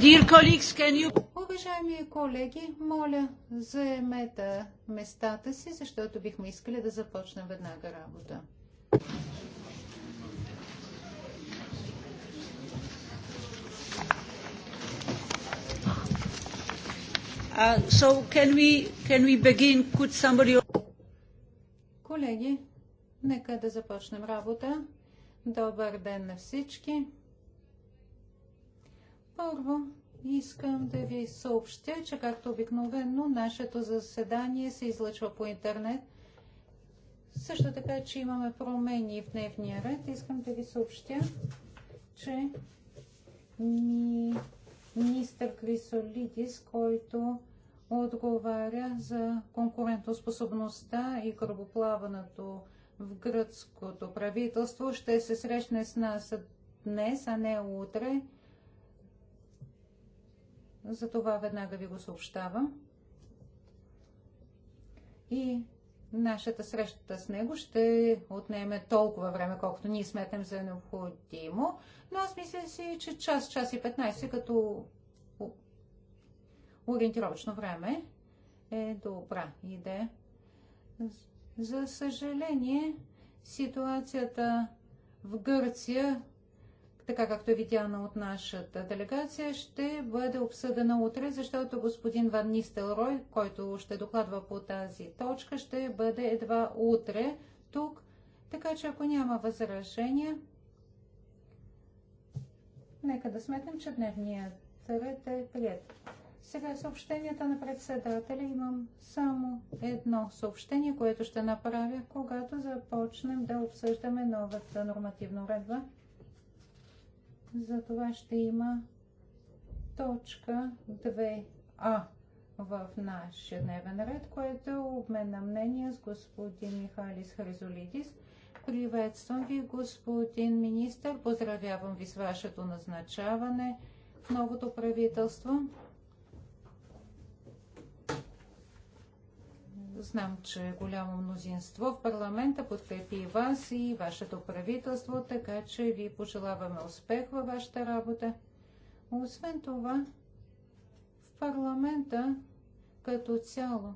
You... Уважаеми колеги, моля, заемете местата си, защото бихме искали да започнем веднага работа. Uh, so can we, can we begin? Could somebody... Колеги, нека да започнем работа. Добър ден на всички. Първо, искам да ви съобщя, че както обикновено нашето заседание се излъчва по интернет. Също така, че имаме промени в дневния ред. Искам да ви съобщя, че ми, министър Крисолидис, който отговаря за конкурентоспособността и кръвоплаването в гръцкото правителство, ще се срещне с нас днес, а не утре за това веднага ви го съобщавам. И нашата среща с него ще отнеме толкова време, колкото ние сметнем за необходимо, но аз мисля си, че час, час и 15 като ориентировочно време е добра идея. За съжаление, ситуацията в Гърция така както е видяна от нашата делегация, ще бъде обсъдена утре, защото господин Ван Нистелрой, който ще докладва по тази точка, ще бъде едва утре тук. Така че ако няма възражения, нека да сметнем, че дневният ред е прият. Сега съобщенията на председателя имам само едно съобщение, което ще направя, когато започнем да обсъждаме новата нормативна уредба. Затова ще има точка 2а в нашия дневен ред, което е обмен на мнение с господин Михалис Хризолидис. Приветствам ви, господин министр. Поздравявам ви с вашето назначаване в новото правителство. Знам, че голямо мнозинство в парламента подкрепи вас и вашето правителство, така че ви пожелаваме успех във вашата работа. Освен това, в парламента като цяло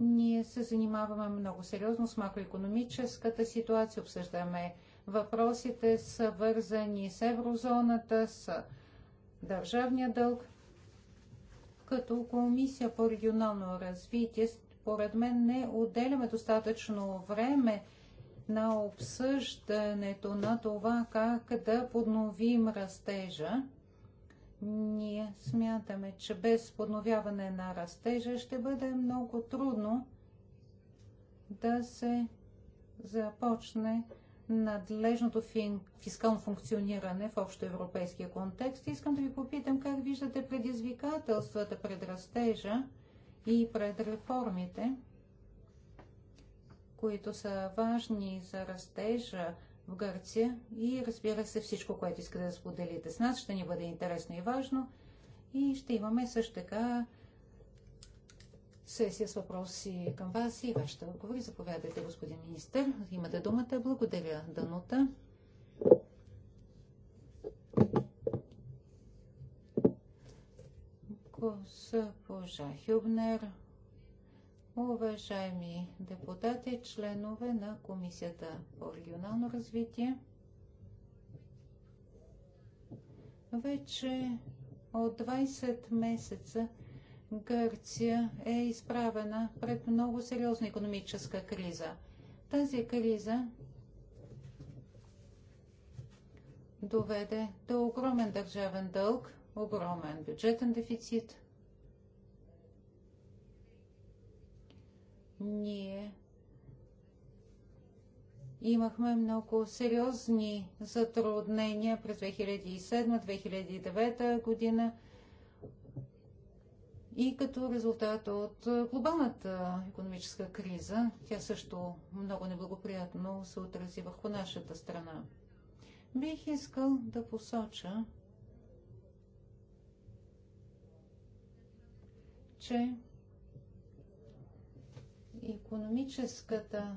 ние се занимаваме много сериозно с макроекономическата ситуация, обсъждаме въпросите, свързани с еврозоната, с държавния дълг. Като комисия по регионално развитие според мен не отделяме достатъчно време на обсъждането на това как да подновим растежа. Ние смятаме, че без подновяване на растежа ще бъде много трудно да се започне надлежното фискално функциониране в общо европейския контекст. Искам да ви попитам как виждате предизвикателствата пред растежа и пред реформите, които са важни за растежа в Гърция и разбира се всичко, което искате да споделите с нас, ще ни бъде интересно и важно и ще имаме също така сесия с въпроси към вас и вашите отговори. Заповядайте, господин министр. Имате думата. Благодаря, Данута. госпожа Хюбнер, уважаеми депутати, членове на Комисията по регионално развитие. Вече от 20 месеца Гърция е изправена пред много сериозна економическа криза. Тази криза доведе до огромен държавен дълг, огромен бюджетен дефицит. Ние имахме много сериозни затруднения през 2007-2009 година и като резултат от глобалната економическа криза, тя също много неблагоприятно се отрази върху нашата страна. Бих искал да посоча, че економическата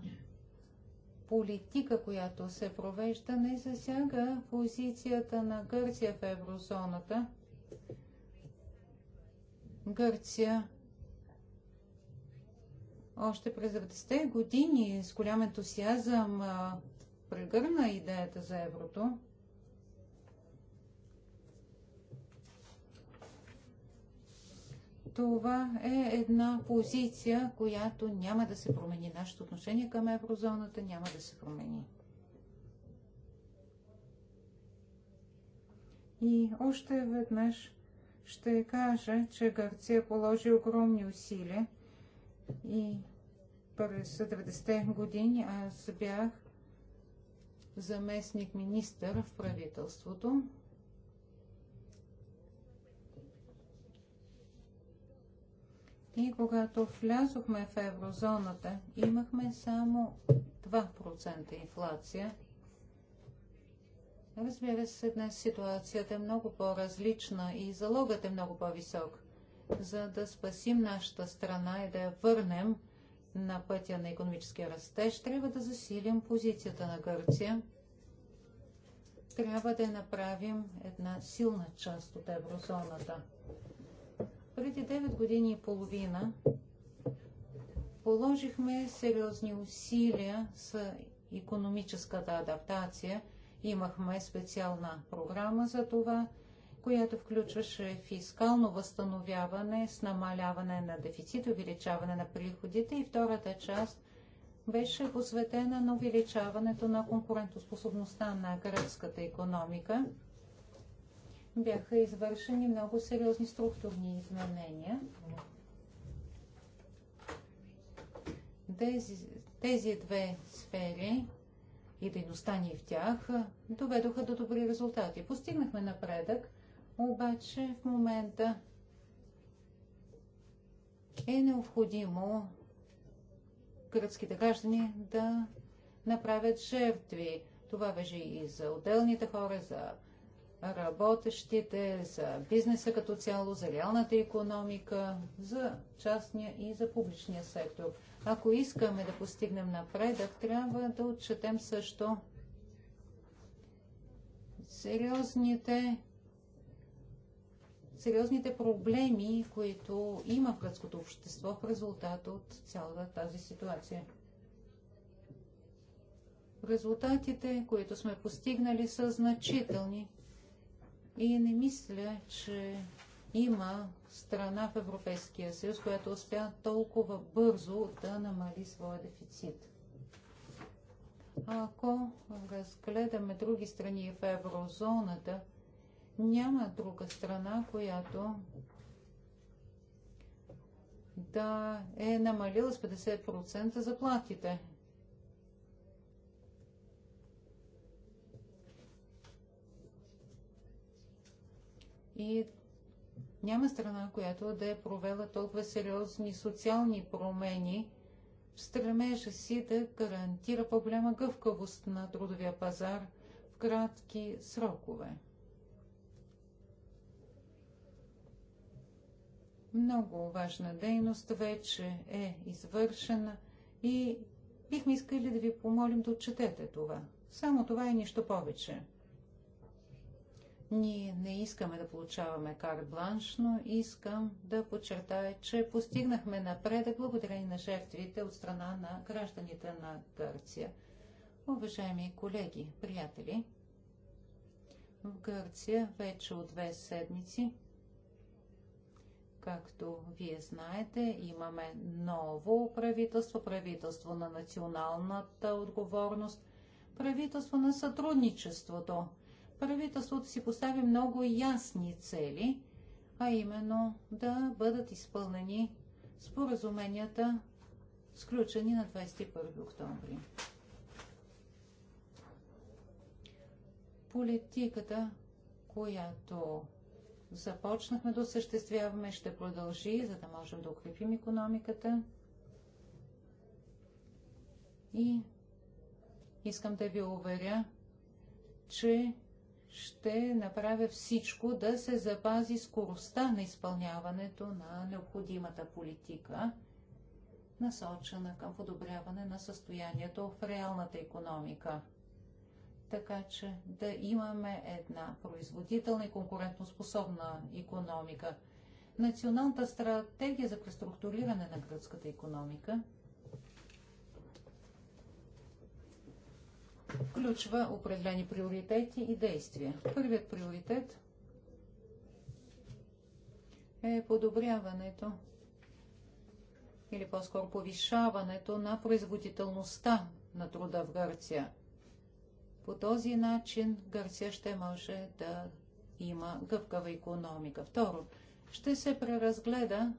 политика, която се провежда, не засяга позицията на Гърция в еврозоната. Гърция още през 90-те години с голям ентусиазъм прегърна идеята за еврото. Това е една позиция, която няма да се промени. Нашето отношение към еврозоната няма да се промени. И още веднъж ще кажа, че Гърция положи огромни усилия и през 90-те години аз бях заместник министър в правителството. И когато влязохме в еврозоната, имахме само 2% инфлация. Разбира се, днес ситуацията е много по-различна и залогът е много по-висок. За да спасим нашата страна и да я върнем на пътя на економическия растеж, трябва да засилим позицията на Гърция. Трябва да направим една силна част от еврозоната преди 9 години и половина положихме сериозни усилия с економическата адаптация. Имахме специална програма за това, която включваше фискално възстановяване с намаляване на дефицит, увеличаване на приходите и втората част беше посветена на увеличаването на конкурентоспособността на гръцката економика – бяха извършени много сериозни структурни изменения. Тези, тези две сфери и дейността ни в тях доведоха до добри резултати. Постигнахме напредък, обаче в момента е необходимо гръцките граждани да направят жертви. Това въжи и за отделните хора, за работещите, за бизнеса като цяло, за реалната економика, за частния и за публичния сектор. Ако искаме да постигнем напредък, трябва да отчетем също сериозните сериозните проблеми, които има в гръцкото общество в резултат от цялата тази ситуация. Резултатите, които сме постигнали, са значителни и не мисля, че има страна в Европейския съюз, която успя толкова бързо да намали своя дефицит. Ако разгледаме други страни в еврозоната, няма друга страна, която да е намалила с 50% заплатите. И няма страна, която да е провела толкова сериозни социални промени в стремежа си да гарантира по-голяма гъвкавост на трудовия пазар в кратки срокове. Много важна дейност вече е извършена и бихме искали да ви помолим да отчетете това. Само това е нищо повече. Ние не искаме да получаваме карт бланш, но искам да подчертая, че постигнахме напредък благодарение на жертвите от страна на гражданите на Гърция. Уважаеми колеги, приятели, в Гърция вече от две седмици, както вие знаете, имаме ново правителство, правителство на националната отговорност, правителство на сътрудничеството – правителството си постави много ясни цели, а именно да бъдат изпълнени споразуменията, сключени на 21 октомври. Политиката, която започнахме да осъществяваме, ще продължи, за да можем да укрепим економиката. И искам да ви уверя, че ще направя всичко да се запази скоростта на изпълняването на необходимата политика, насочена към подобряване на състоянието в реалната економика. Така че да имаме една производителна и конкурентоспособна економика. Националната стратегия за преструктуриране на гръцката економика – включва определени приоритети и действия. Първият приоритет е подобряването или по-скоро повишаването на производителността на труда в Гърция. По този начин Гърция ще може да има гъвкава економика. Второ, ще се преразгледа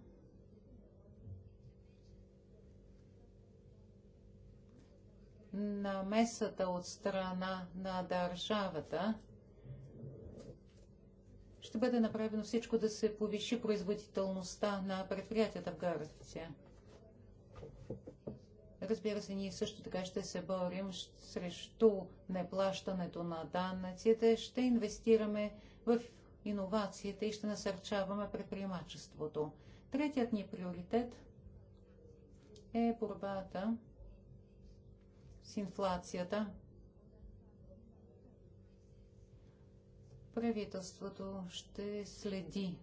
на месата от страна на държавата, ще бъде направено всичко да се повиши производителността на предприятията в Гърция. Разбира се, ние също така ще се борим срещу неплащането на данъците, ще инвестираме в иновациите и ще насърчаваме предприемачеството. Третият ни приоритет е борбата с инфлацията. Правителството ще следи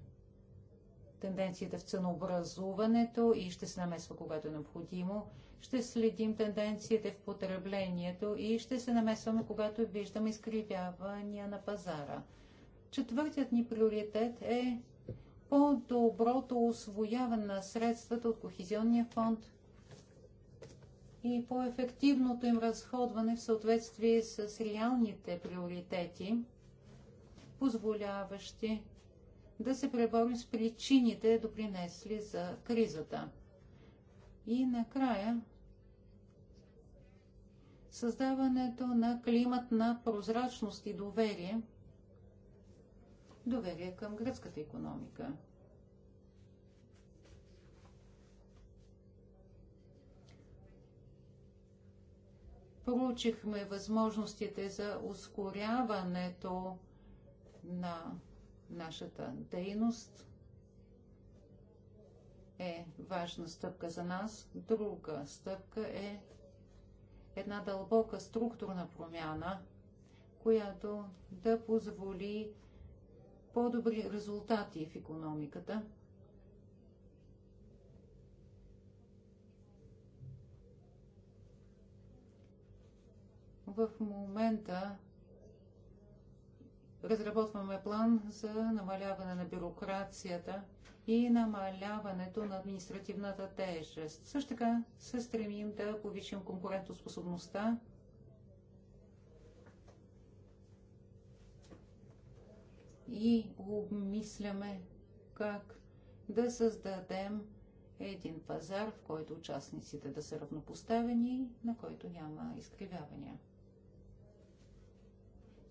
тенденциите в ценообразуването и ще се намесва, когато е необходимо. Ще следим тенденциите в потреблението и ще се намесваме, когато виждаме изкривявания на пазара. Четвъртият ни приоритет е по-доброто освояване на средствата от Кохизионния фонд и по-ефективното им разходване в съответствие с реалните приоритети, позволяващи да се преборим с причините, допринесли за кризата. И накрая създаването на климат на прозрачност и доверие, доверие към гръцката економика. проучихме възможностите за ускоряването на нашата дейност. Е важна стъпка за нас. Друга стъпка е една дълбока структурна промяна, която да позволи по-добри резултати в економиката. В момента разработваме план за намаляване на бюрокрацията и намаляването на административната тежест. Също така се стремим да повишим конкурентоспособността и обмисляме как да създадем един пазар, в който участниците да са равнопоставени, на който няма изкривявания.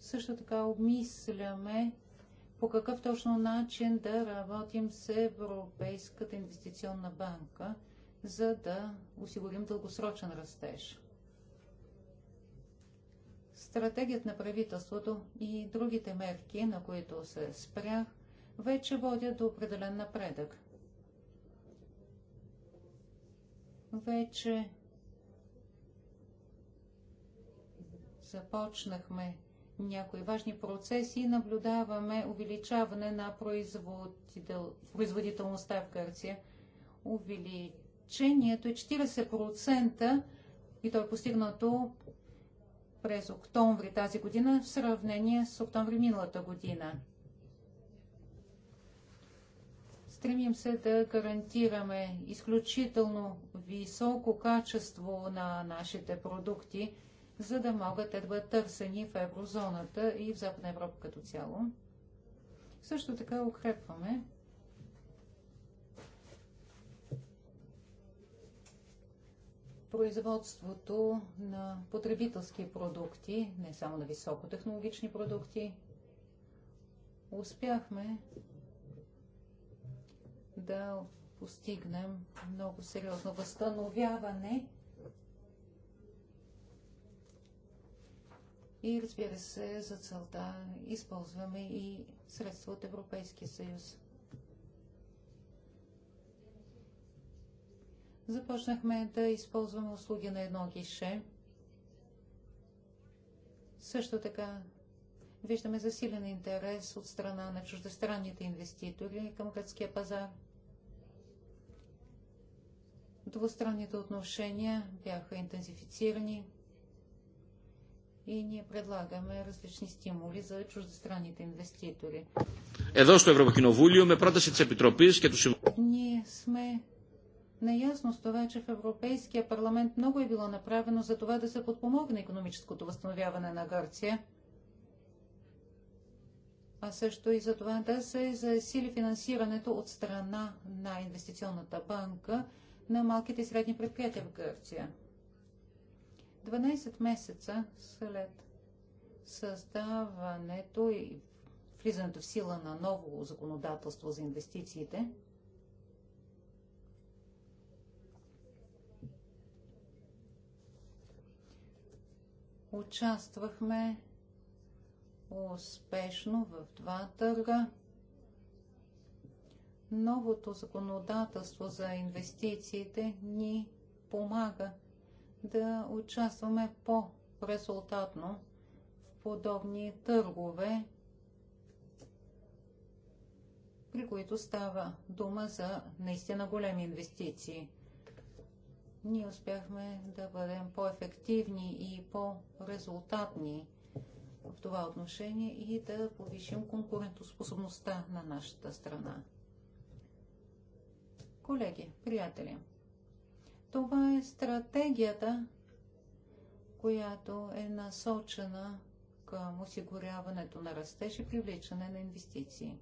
Също така обмисляме по какъв точно начин да работим с Европейската инвестиционна банка, за да осигурим дългосрочен растеж. Стратегията на правителството и другите мерки, на които се спрях, вече водят до определен напредък. Вече започнахме някои важни процеси наблюдаваме увеличаване на производител... производителността в Гърция. Увеличението е 40% и то е постигнато през октомври тази година в сравнение с октомври миналата година. Стремим се да гарантираме изключително високо качество на нашите продукти – за да могат те да бъдат търсени в еврозоната и в Западна Европа като цяло. Също така укрепваме производството на потребителски продукти, не само на високотехнологични продукти. Успяхме да постигнем много сериозно възстановяване И разбира се, за целта използваме и средства от Европейския съюз. Започнахме да използваме услуги на едно гише. Също така виждаме засилен интерес от страна на чуждестранните инвеститори към гръцкия пазар. Двустранните отношения бяха интензифицирани и ние предлагаме различни стимули за чуждестранните инвеститори. Εδώ στο Ευρωκοινοβούλιο με πρόταση της Επιτροπής και του Ние сме наясно с това, че в Европейския парламент много е било направено за това да се подпомогне економическото възстановяване на Гърция, а също и за това да се засили финансирането от страна на инвестиционната банка на малките и средни предприятия в Гърция. 12 месеца след създаването и влизането в сила на ново законодателство за инвестициите, участвахме успешно в два търга. Новото законодателство за инвестициите ни помага да участваме по-резултатно в подобни търгове, при които става дума за наистина големи инвестиции. Ние успяхме да бъдем по-ефективни и по-резултатни в това отношение и да повишим конкурентоспособността на нашата страна. Колеги, приятели, това е стратегията, която е насочена към осигуряването на растеж и привличане на инвестиции.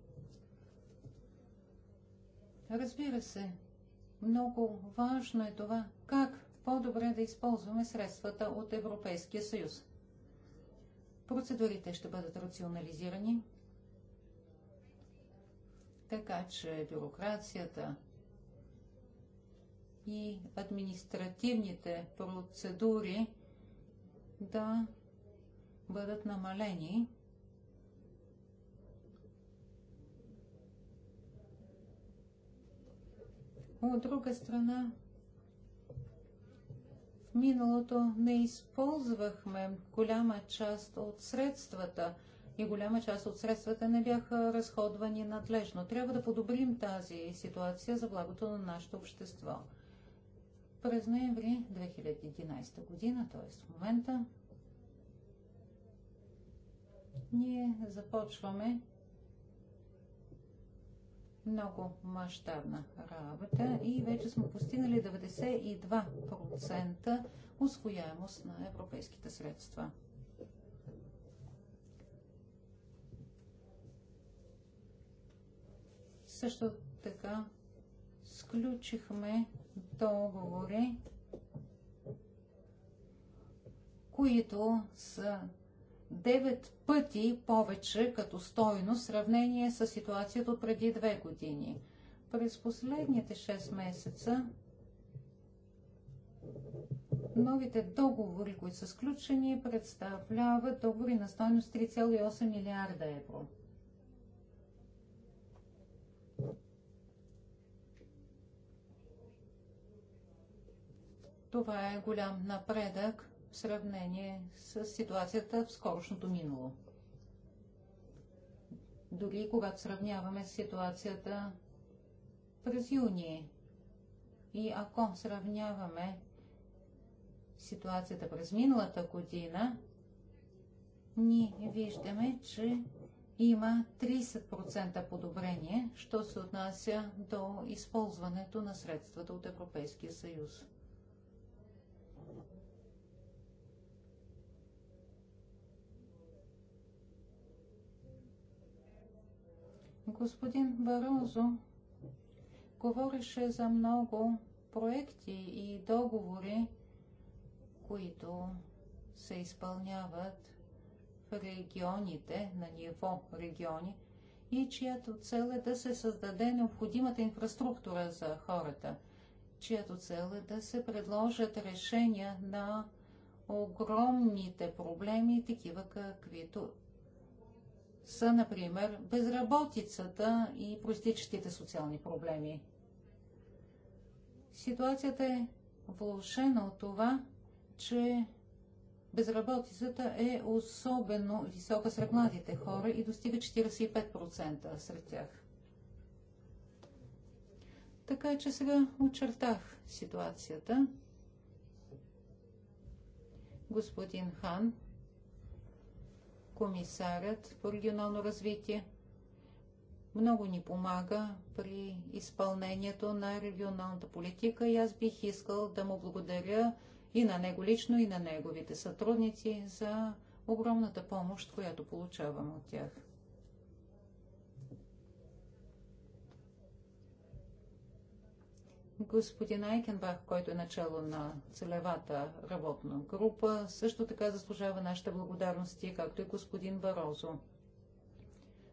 Разбира се, много важно е това как по-добре да използваме средствата от Европейския съюз. Процедурите ще бъдат рационализирани, така че бюрокрацията, и административните процедури да бъдат намалени. От друга страна, в миналото не използвахме голяма част от средствата и голяма част от средствата не бяха разходвани надлежно. Трябва да подобрим тази ситуация за благото на нашето общество. През ноември 2011 година, т.е. в момента, ние започваме много мащабна работа и вече сме постигнали 92% усвояемост на европейските средства. Също така сключихме договори, които са 9 пъти повече като стойност в сравнение с ситуацията от преди 2 години. През последните 6 месеца новите договори, които са сключени, представляват договори на стойност 3,8 милиарда евро. Това е голям напредък в сравнение с ситуацията в скорошното минало. Дори когато сравняваме с ситуацията през юни и ако сравняваме ситуацията през миналата година, ние виждаме, че има 30% подобрение, що се отнася до използването на средствата от Европейския съюз. Господин Барозо говореше за много проекти и договори, които се изпълняват в регионите, на ниво региони, и чиято цел е да се създаде необходимата инфраструктура за хората, чиято цел е да се предложат решения на огромните проблеми, такива каквито са, например, безработицата и проистичащите социални проблеми. Ситуацията е влушена от това, че безработицата е особено висока сред младите хора и достига 45% сред тях. Така че сега очертах ситуацията. Господин Хан комисарят по регионално развитие много ни помага при изпълнението на регионалната политика и аз бих искал да му благодаря и на него лично, и на неговите сътрудници за огромната помощ, която получавам от тях. Господин Айкенбах, който е начало на целевата работна група, също така заслужава нашите благодарности, както и господин Барозо.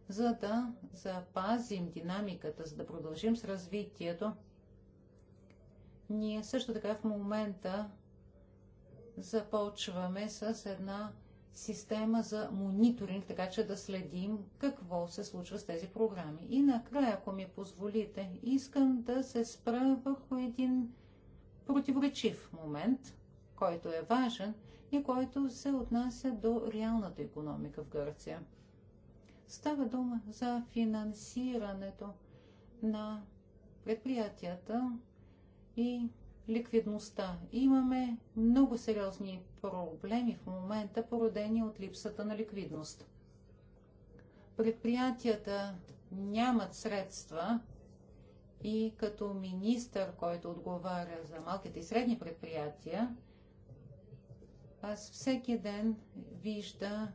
За да запазим динамиката, за да продължим с развитието, ние също така в момента започваме с една система за мониторинг, така че да следим какво се случва с тези програми. И накрая, ако ми позволите, искам да се спра върху един противоречив момент, който е важен и който се отнася до реалната економика в Гърция. Става дума за финансирането на предприятията и ликвидността. Имаме много сериозни проблеми в момента, породени от липсата на ликвидност. Предприятията нямат средства и като министър, който отговаря за малките и средни предприятия, аз всеки ден вижда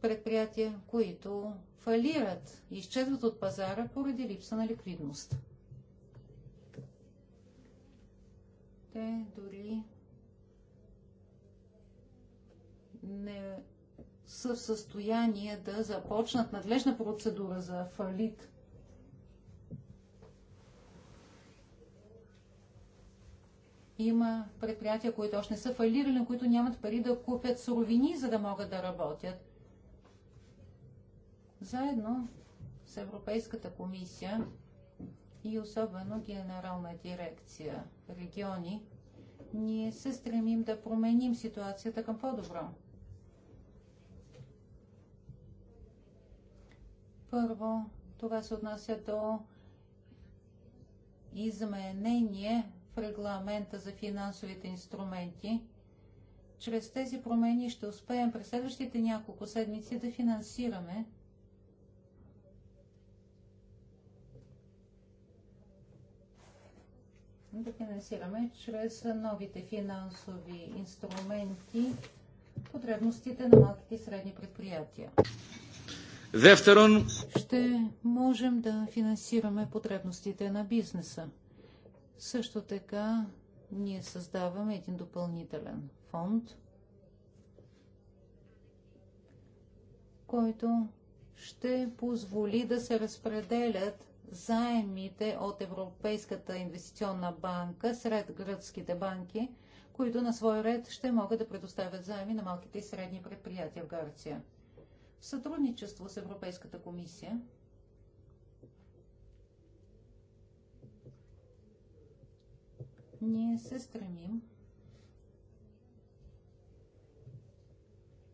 предприятия, които фалират, изчезват от пазара поради липса на ликвидност. те дори не са в състояние да започнат надлежна процедура за фалит. Има предприятия, които още не са фалирали, които нямат пари да купят суровини, за да могат да работят. Заедно с Европейската комисия и особено Генерална дирекция региони, ние се стремим да променим ситуацията към по-добро. Първо, това се отнася до изменение в регламента за финансовите инструменти. Чрез тези промени ще успеем през следващите няколко седмици да финансираме да финансираме чрез новите финансови инструменти потребностите на малките и средни предприятия. Дефтерон. Ще можем да финансираме потребностите на бизнеса. Също така ние създаваме един допълнителен фонд, който ще позволи да се разпределят заемите от Европейската инвестиционна банка сред гръцките банки, които на свой ред ще могат да предоставят заеми на малките и средни предприятия в Гърция. В сътрудничество с Европейската комисия ние се стремим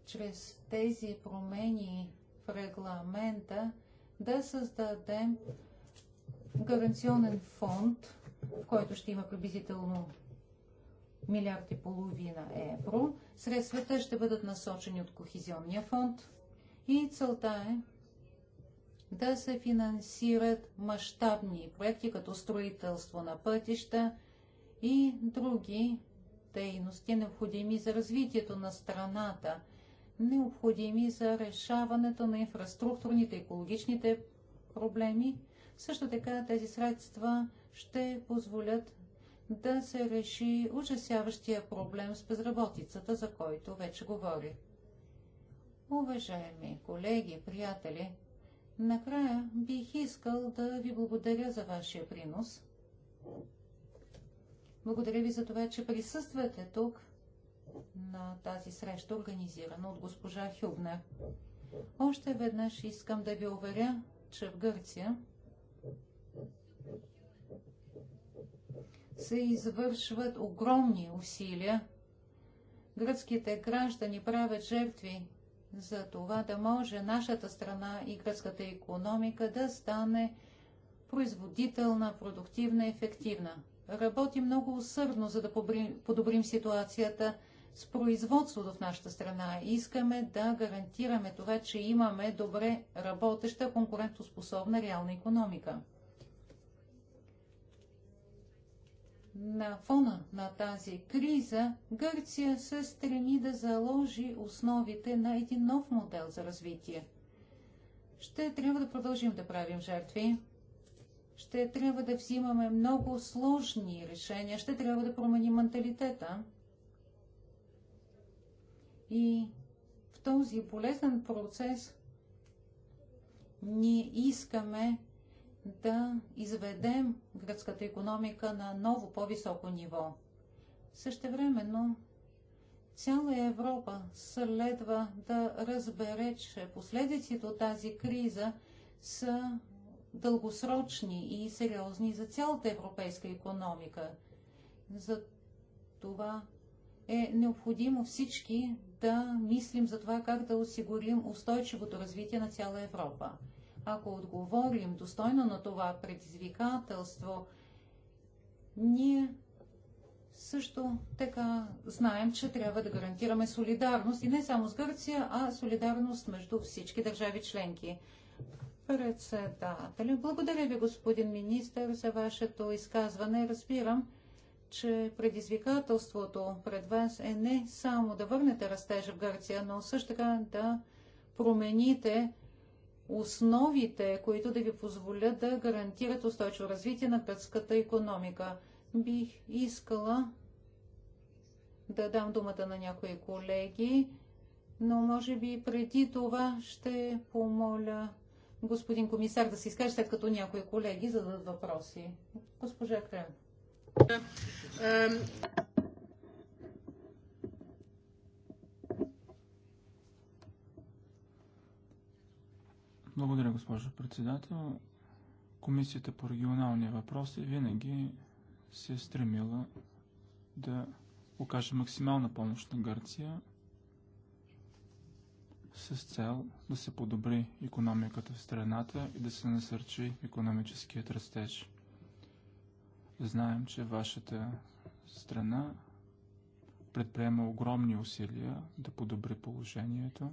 чрез тези промени в регламента да създадем гаранционен фонд, в който ще има приблизително милиард и половина евро. Средствата ще бъдат насочени от Кохизионния фонд и целта е да се финансират мащабни проекти, като строителство на пътища и други дейности, необходими за развитието на страната, необходими за решаването на инфраструктурните и екологичните проблеми също така тези средства ще позволят да се реши ужасяващия проблем с безработицата, за който вече говорих. Уважаеми колеги, приятели, накрая бих искал да ви благодаря за вашия принос. Благодаря ви за това, че присъствате тук на тази среща, организирана от госпожа Хюбнер. Още веднъж искам да ви уверя, че в Гърция се извършват огромни усилия. Гръцките граждани правят жертви за това да може нашата страна и гръцката економика да стане производителна, продуктивна, ефективна. Работи много усърдно, за да подобрим ситуацията с производството в нашата страна. Искаме да гарантираме това, че имаме добре работеща, конкурентоспособна реална економика. на фона на тази криза Гърция се стреми да заложи основите на един нов модел за развитие. Ще трябва да продължим да правим жертви. Ще трябва да взимаме много сложни решения. Ще трябва да променим менталитета. И в този полезен процес ние искаме да изведем гръцката економика на ново по-високо ниво. Същевременно цяла Европа следва да разбере, че последиците от тази криза са дългосрочни и сериозни за цялата европейска економика. За това е необходимо всички да мислим за това как да осигурим устойчивото развитие на цяла Европа ако отговорим достойно на това предизвикателство, ние също така знаем, че трябва да гарантираме солидарност и не само с Гърция, а солидарност между всички държави членки. Председателя, благодаря ви, господин министр, за вашето изказване. Разбирам, че предизвикателството пред вас е не само да върнете растежа в Гърция, но също така да промените основите, които да ви позволят да гарантират устойчиво развитие на гръцката економика. Бих искала да дам думата на някои колеги, но може би преди това ще помоля господин комисар да се изкаже, след като някои колеги зададат въпроси. Госпожа Крем. Благодаря, госпожо председател. Комисията по регионални въпроси винаги се е стремила да окаже максимална помощ на Гърция с цел да се подобри економиката в страната и да се насърчи економическият растеж. Знаем, че вашата страна предприема огромни усилия да подобри положението.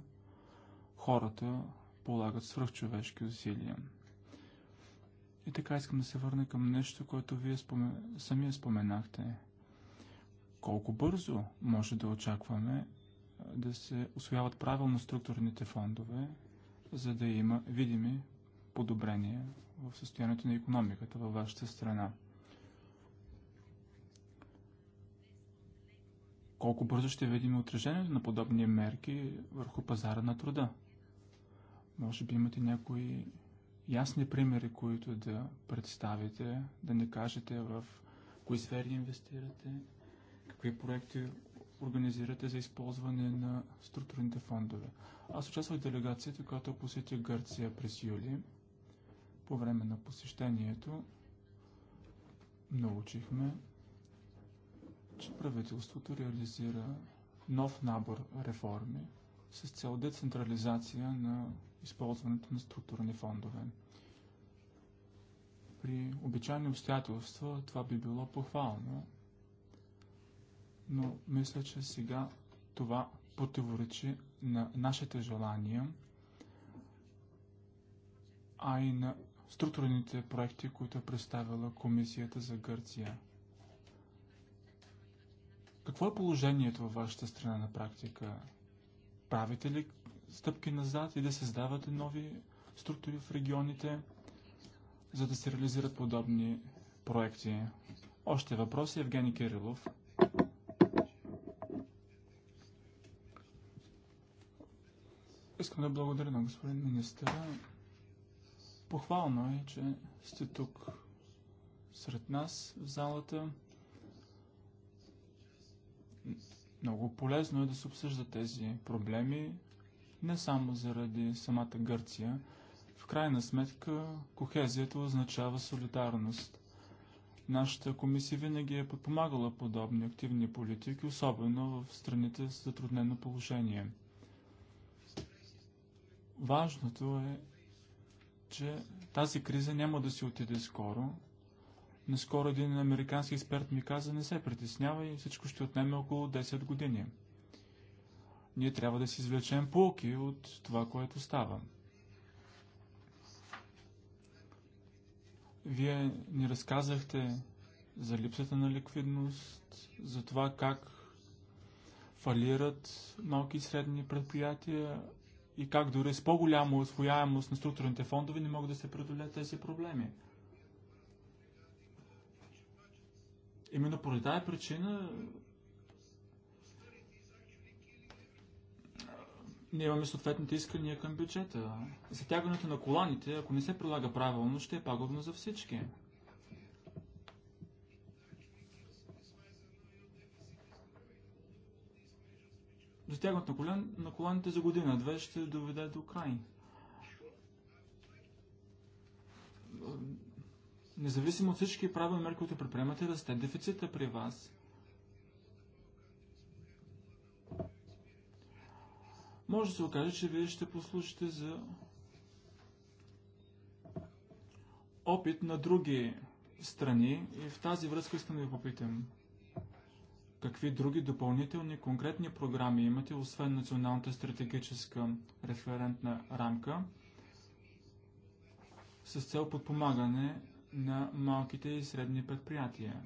Хората полагат свръхчовешки усилия. И така искам да се върна към нещо, което вие спомен... самия споменахте. Колко бързо може да очакваме да се освояват правилно структурните фондове, за да има видими подобрения в състоянието на економиката във вашата страна? Колко бързо ще видим отражението на подобни мерки върху пазара на труда? Може би имате някои ясни примери, които да представите, да не кажете в кои сфери инвестирате, какви проекти организирате за използване на структурните фондове. Аз участвах в делегацията, която посети Гърция през юли. По време на посещението научихме, че правителството реализира нов набор реформи с цел децентрализация на използването на структурни фондове. При обичайни обстоятелства това би било похвално, но мисля, че сега това противоречи на нашите желания, а и на структурните проекти, които е представила Комисията за Гърция. Какво е положението във вашата страна на практика? Правите ли стъпки назад и да създавате нови структури в регионите, за да се реализират подобни проекти. Още въпроси, Евгений Кирилов. Искам да благодаря на господин министъра. Похвално е, че сте тук сред нас в залата. Много полезно е да се обсъждат тези проблеми не само заради самата Гърция. В крайна сметка, кохезията означава солидарност. Нашата комисия винаги е подпомагала подобни активни политики, особено в страните с затруднено положение. Важното е, че тази криза няма да си отиде скоро. Наскоро един американски експерт ми каза, не се притеснявай, всичко ще отнеме около 10 години ние трябва да си извлечем полки от това, което става. Вие ни разказахте за липсата на ликвидност, за това как фалират малки и средни предприятия и как дори с по-голяма освояемост на структурните фондове не могат да се преодолеят тези проблеми. Именно поради тази причина Ние имаме съответните искания към бюджета. Затягането на коланите, ако не се прилага правилно, ще е пагубно за всички. Затягането на, колен, на коланите за година-две ще доведе до край. Независимо от всички правилни мерки, които предприемате, расте дефицита при вас – може да се окаже, че вие ще послушате за опит на други страни и в тази връзка искам да ви попитам. Какви други допълнителни конкретни програми имате, освен националната стратегическа референтна рамка, с цел подпомагане на малките и средни предприятия,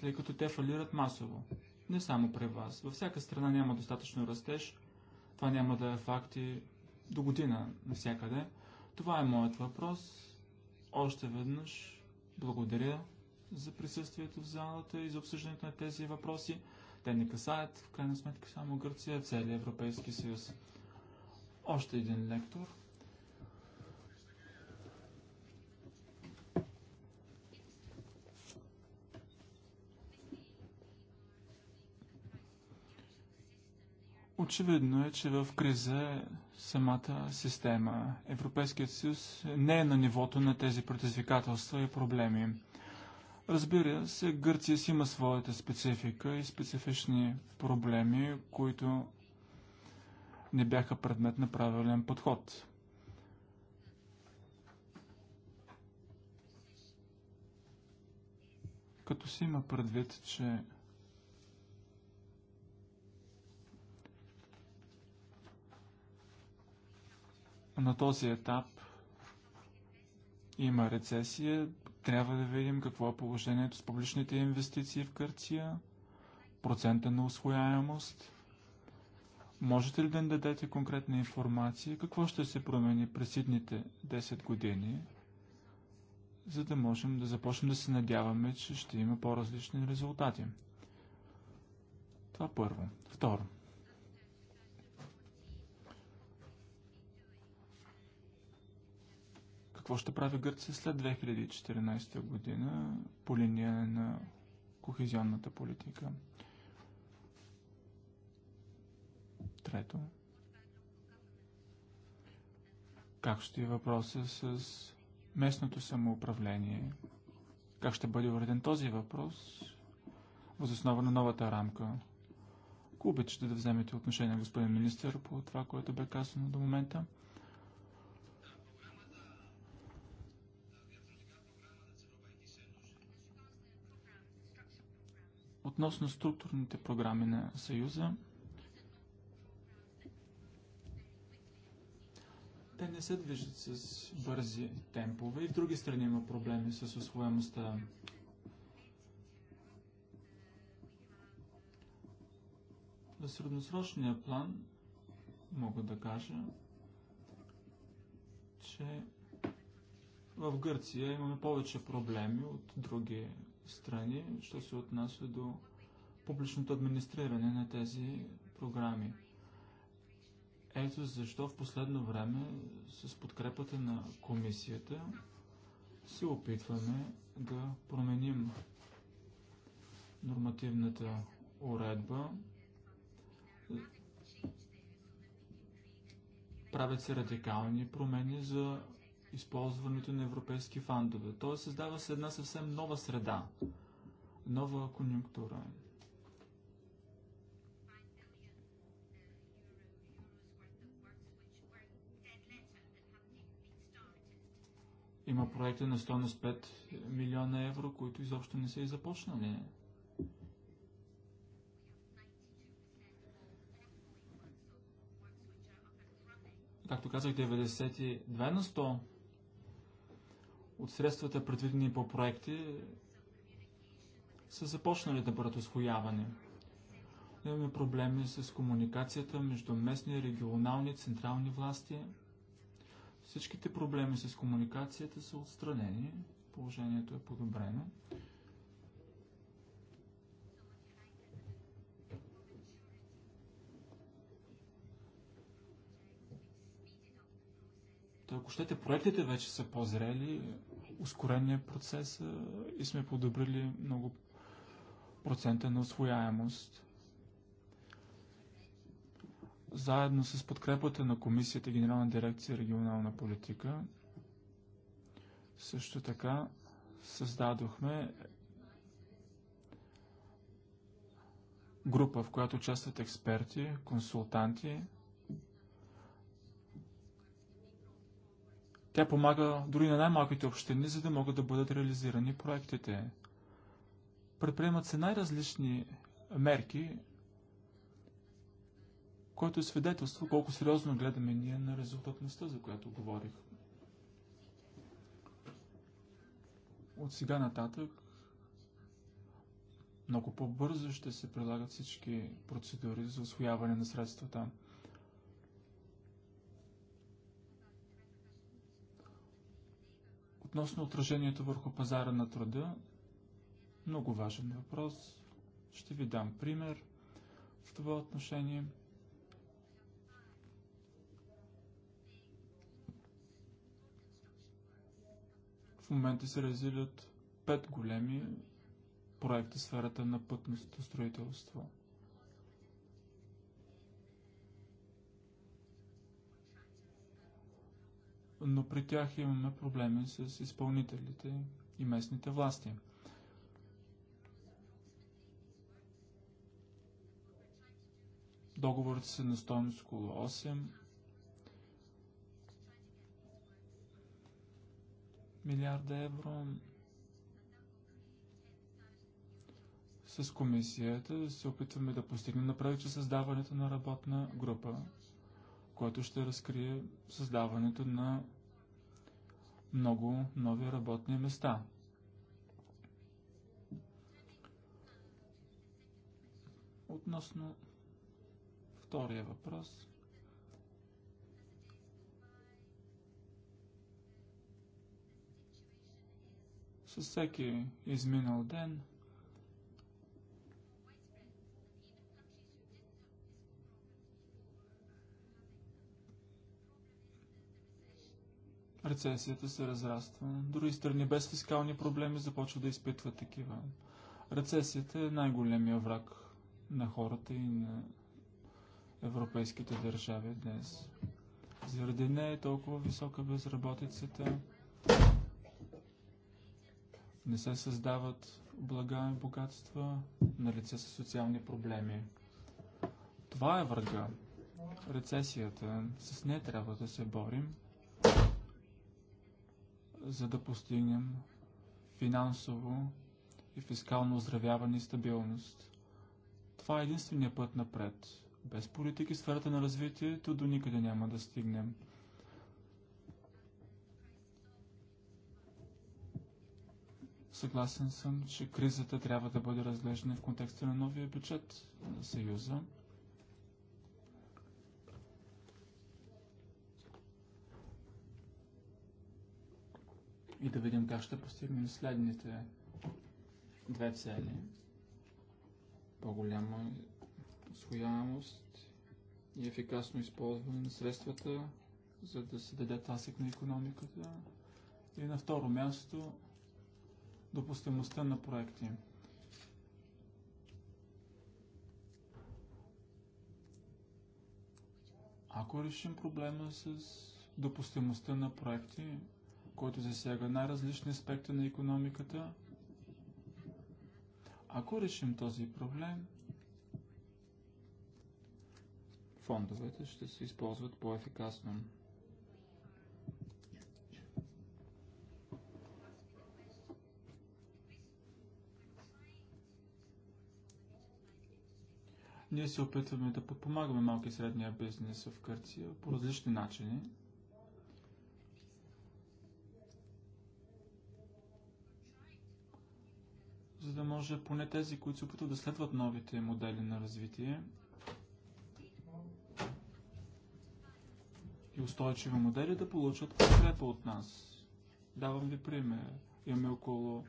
тъй като те фалират масово? Не само при вас. Във всяка страна няма достатъчно растеж, това няма да е факт и до година навсякъде. Това е моят въпрос. Още веднъж благодаря за присъствието в залата и за обсъждането на тези въпроси. Те не касаят, в крайна сметка, само Гърция, целият Европейски съюз. Още един лектор. Очевидно е, че в криза е самата система. Европейският съюз не е на нивото на тези предизвикателства и проблеми. Разбира се, Гърция си има своята специфика и специфични проблеми, които не бяха предмет на правилен подход. Като си има предвид, че На този етап има рецесия. Трябва да видим какво е положението с публичните инвестиции в Гърция, процента на освояемост. Можете ли да ни дадете конкретна информация какво ще се промени през идните 10 години, за да можем да започнем да се надяваме, че ще има по-различни резултати? Това първо. Второ. какво ще прави Гърция след 2014 година по линия на кохезионната политика. Трето. Как ще е въпроса с местното самоуправление? Как ще бъде уреден този въпрос? Възоснова на новата рамка. Ако обичате да вземете отношение, господин министър, по това, което бе казано до момента. Относно структурните програми на Съюза, те не се движат с бързи темпове и в други страни има проблеми с освоемостта. За средносрочния план мога да кажа, че в Гърция имаме повече проблеми от други страни, що се отнася до публичното администриране на тези програми. Ето защо в последно време с подкрепата на комисията се опитваме да променим нормативната уредба. Правят се радикални промени за използването на европейски фандове. Тоест създава се една съвсем нова среда, нова конюнктура. Има проекти на стоеност 5 милиона евро, които изобщо не са и започнали. Както казах, 92 на 100 от средствата, предвидени по проекти, са започнали да бъдат освоявани. Имаме проблеми с комуникацията между местни, регионални, централни власти. Всичките проблеми с комуникацията са отстранени. Положението е подобрено. Та, ако щете, проектите вече са по-зрели, ускорения е процес и сме подобрили много процента на освояемост. Заедно с подкрепата на Комисията Генерална дирекция регионална политика, също така създадохме група, в която участват експерти, консултанти, Тя помага дори на най-малките общини, за да могат да бъдат реализирани проектите. Предприемат се най-различни мерки, което е свидетелство колко сериозно гледаме ние на резултатността, за която говорих. От сега нататък много по-бързо ще се прилагат всички процедури за освояване на средствата. Относно отражението върху пазара на труда, много важен въпрос. Ще ви дам пример в това отношение. В момента се разделят пет големи проекти в сферата на пътното строителство. но при тях имаме проблеми с изпълнителите и местните власти. Договорите са на стоеност около 8 милиарда евро. С комисията се опитваме да постигнем направи, че създаването на работна група, която ще разкрие създаването на много нови работни места. Относно втория въпрос. С всеки изминал ден – Рецесията се разраства. Други страни без фискални проблеми започват да изпитват такива. Рецесията е най-големия враг на хората и на европейските държави днес. Заради нея е толкова висока безработицата. Не се създават блага и богатства, на лице са социални проблеми. Това е врага. Рецесията. С нея трябва да се борим за да постигнем финансово и фискално оздравяване и стабилност. Това е единствения път напред. Без политики в сферата на развитието до никъде няма да стигнем. Съгласен съм, че кризата трябва да бъде разглеждана в контекста на новия бюджет на Съюза – и да видим как ще постигнем следните две цели. По-голяма освояемост и ефикасно използване на средствата, за да се даде тасък на економиката. И на второ място допустимостта на проекти. Ако решим проблема с допустимостта на проекти, който засяга най-различни аспекти на економиката. Ако решим този проблем, фондовете ще се използват по-ефикасно. Ние се опитваме да подпомагаме малки и средния бизнес в Кърция по различни начини – да може поне тези, които се опитват да следват новите модели на развитие и устойчиви модели, да получат подкрепа от нас. Давам ви пример. Имаме около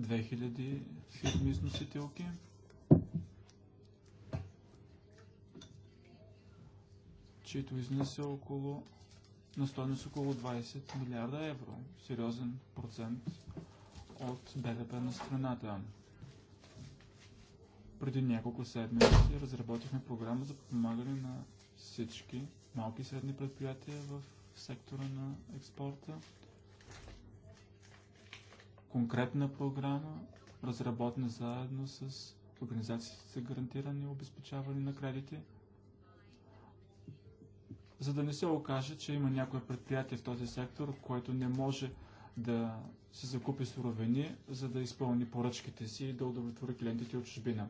2000 фирми износителки. чието износ е около на стойност около 20 милиарда евро. Сериозен процент от БВП на страната. Преди няколко седмици разработихме програма за подпомагане на всички малки и средни предприятия в сектора на експорта. Конкретна програма, разработена заедно с Организацията за гарантиране и обезпечаване на кредити, за да не се окаже, че има някое предприятие в този сектор, което не може да си закупи суровини, за да изпълни поръчките си и да удовлетвори клиентите от чужбина.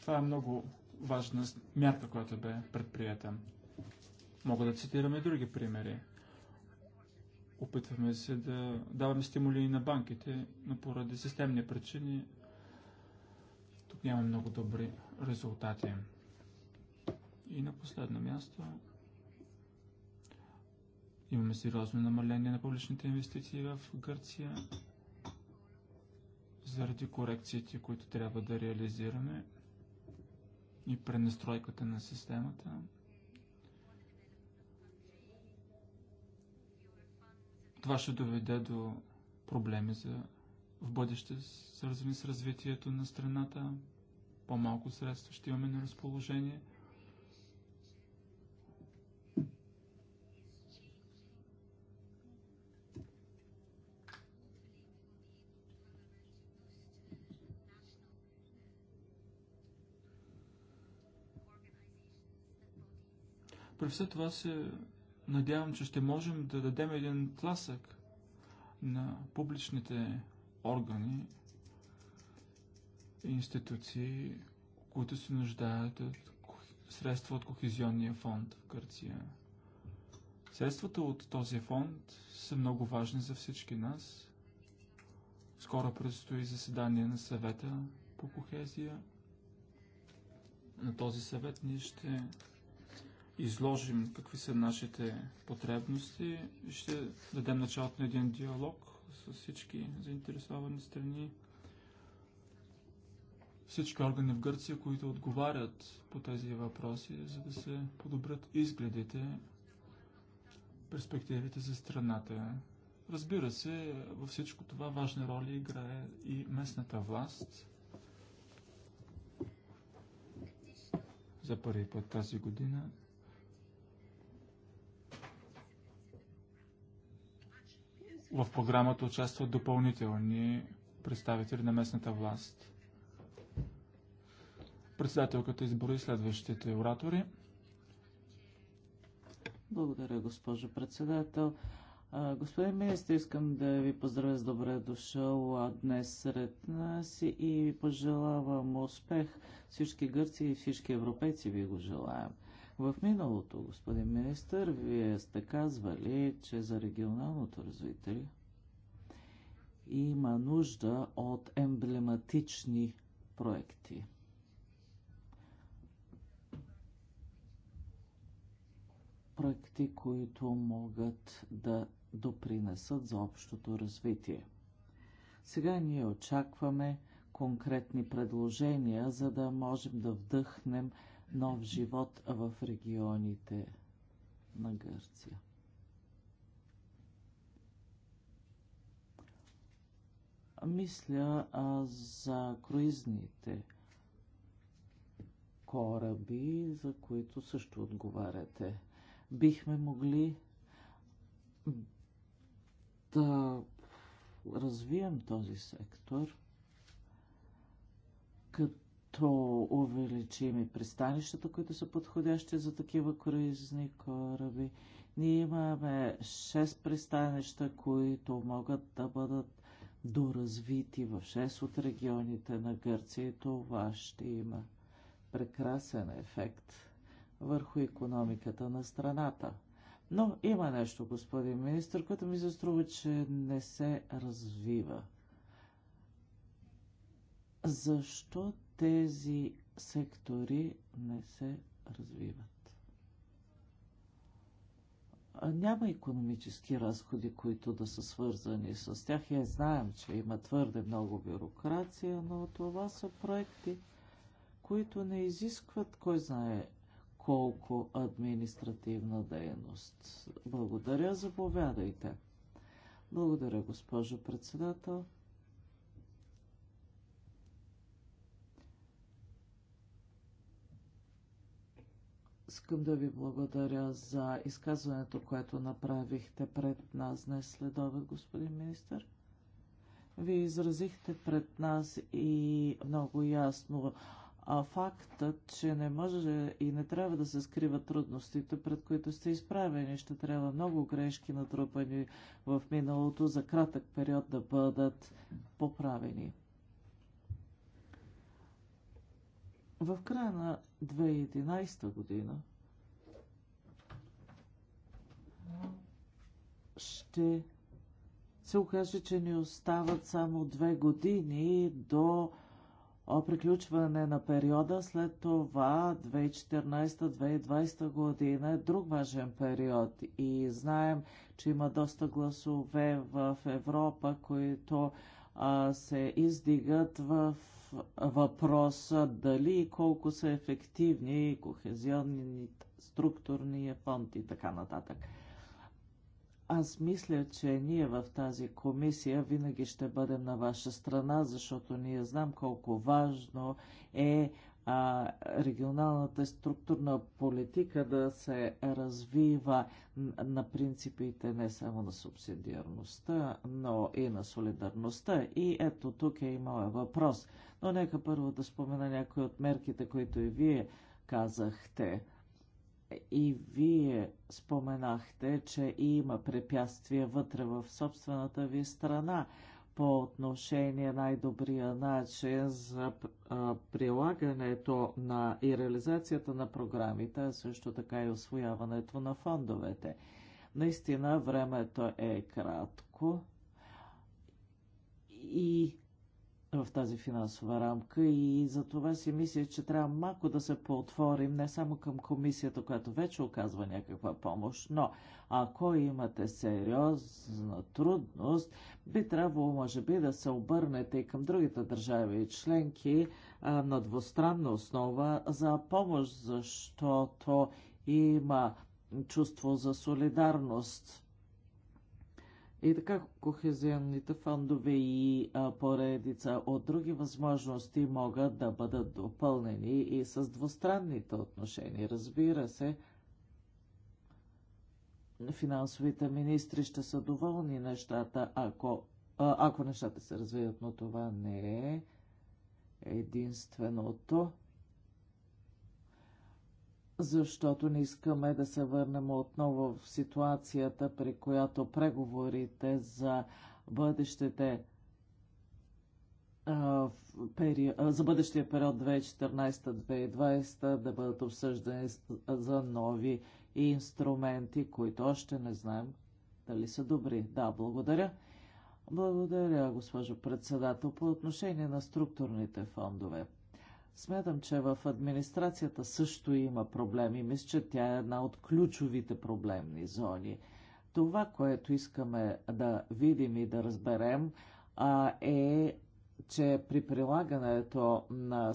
Това е много важна мярка, която бе предприята. Мога да цитираме други примери. Опитваме се да даваме стимули и на банките, но поради системни причини тук няма много добри резултати. И на последно място Имаме сериозно намаление на публичните инвестиции в Гърция заради корекциите, които трябва да реализираме и пренастройката на системата. Това ще доведе до проблеми за в бъдеще, свързани с развитието на страната. По-малко средства ще имаме на разположение – все това се надявам, че ще можем да дадем един тласък на публичните органи и институции, които се нуждаят от средства от Кохезионния фонд в Гърция. Средствата от този фонд са много важни за всички нас. Скоро предстои заседание на съвета по кохезия. На този съвет ние ще изложим какви са нашите потребности и ще дадем началото на един диалог с всички заинтересовани страни, всички органи в Гърция, които отговарят по тези въпроси, за да се подобрят изгледите, перспективите за страната. Разбира се, във всичко това важна роля играе и местната власт. За първи път тази година В програмата участват допълнителни представители на местната власт. Председателката избори следващите оратори. Благодаря, госпожо председател. Господин министр, искам да ви поздравя с добре дошъл днес сред нас и ви пожелавам успех. Всички гърци и всички европейци ви го желаем. В миналото, господин министър, вие сте казвали, че за регионалното развитие има нужда от емблематични проекти. Проекти, които могат да допринесат за общото развитие. Сега ние очакваме конкретни предложения, за да можем да вдъхнем нов живот в регионите на Гърция. Мисля а, за круизните кораби, за които също отговаряте. Бихме могли да развием този сектор, като като увеличим и пристанищата, които са подходящи за такива круизни кораби. Ние имаме 6 пристанища, които могат да бъдат доразвити в 6 от регионите на Гърция и това ще има прекрасен ефект върху економиката на страната. Но има нещо, господин министр, което ми се струва, че не се развива. Защото тези сектори не се развиват. Няма економически разходи, които да са свързани с тях. Я е, знаем, че има твърде много бюрокрация, но това са проекти, които не изискват кой знае колко административна дейност. Благодаря, заповядайте. Благодаря, госпожо председател. Искам да ви благодаря за изказването, което направихте пред нас днес след обед, господин министър. Вие изразихте пред нас и много ясно а фактът, че не може и не трябва да се скриват трудностите, пред които сте изправени. Ще трябва много грешки натрупани в миналото за кратък период да бъдат поправени. В края на 2011 година ще се окаже, че ни остават само две години до приключване на периода. След това 2014-2020 година е друг важен период и знаем, че има доста гласове в Европа, които а, се издигат в въпроса дали и колко са ефективни кохезионни структурния фонд и така нататък. Аз мисля, че ние в тази комисия винаги ще бъдем на ваша страна, защото ние знам колко важно е а, регионалната структурна политика да се развива на принципите не само на субсидиарността, но и на солидарността. И ето тук е и моят въпрос – но нека първо да спомена някои от мерките, които и вие казахте. И вие споменахте, че има препятствия вътре в собствената ви страна по отношение най-добрия начин за прилагането на и реализацията на програмите, а също така и освояването на фондовете. Наистина времето е кратко и в тази финансова рамка и за това си мисля, че трябва малко да се поотворим не само към комисията, която вече оказва някаква помощ, но ако имате сериозна трудност, би трябвало, може би, да се обърнете и към другите държави и членки а, на двустранна основа за помощ, защото има чувство за солидарност и така кохезионните фондове и а, поредица от други възможности могат да бъдат допълнени и с двустранните отношения. Разбира се, финансовите министри ще са доволни нещата, ако, а, ако нещата се развият, но това не е единственото защото не искаме да се върнем отново в ситуацията, при която преговорите за бъдещите за бъдещия период 2014-2020 да бъдат обсъждани за нови инструменти, които още не знаем дали са добри. Да, благодаря. Благодаря, госпожо председател, по отношение на структурните фондове. Смятам, че в администрацията също има проблеми. Мисля, че тя е една от ключовите проблемни зони. Това, което искаме да видим и да разберем, а, е, че при прилагането на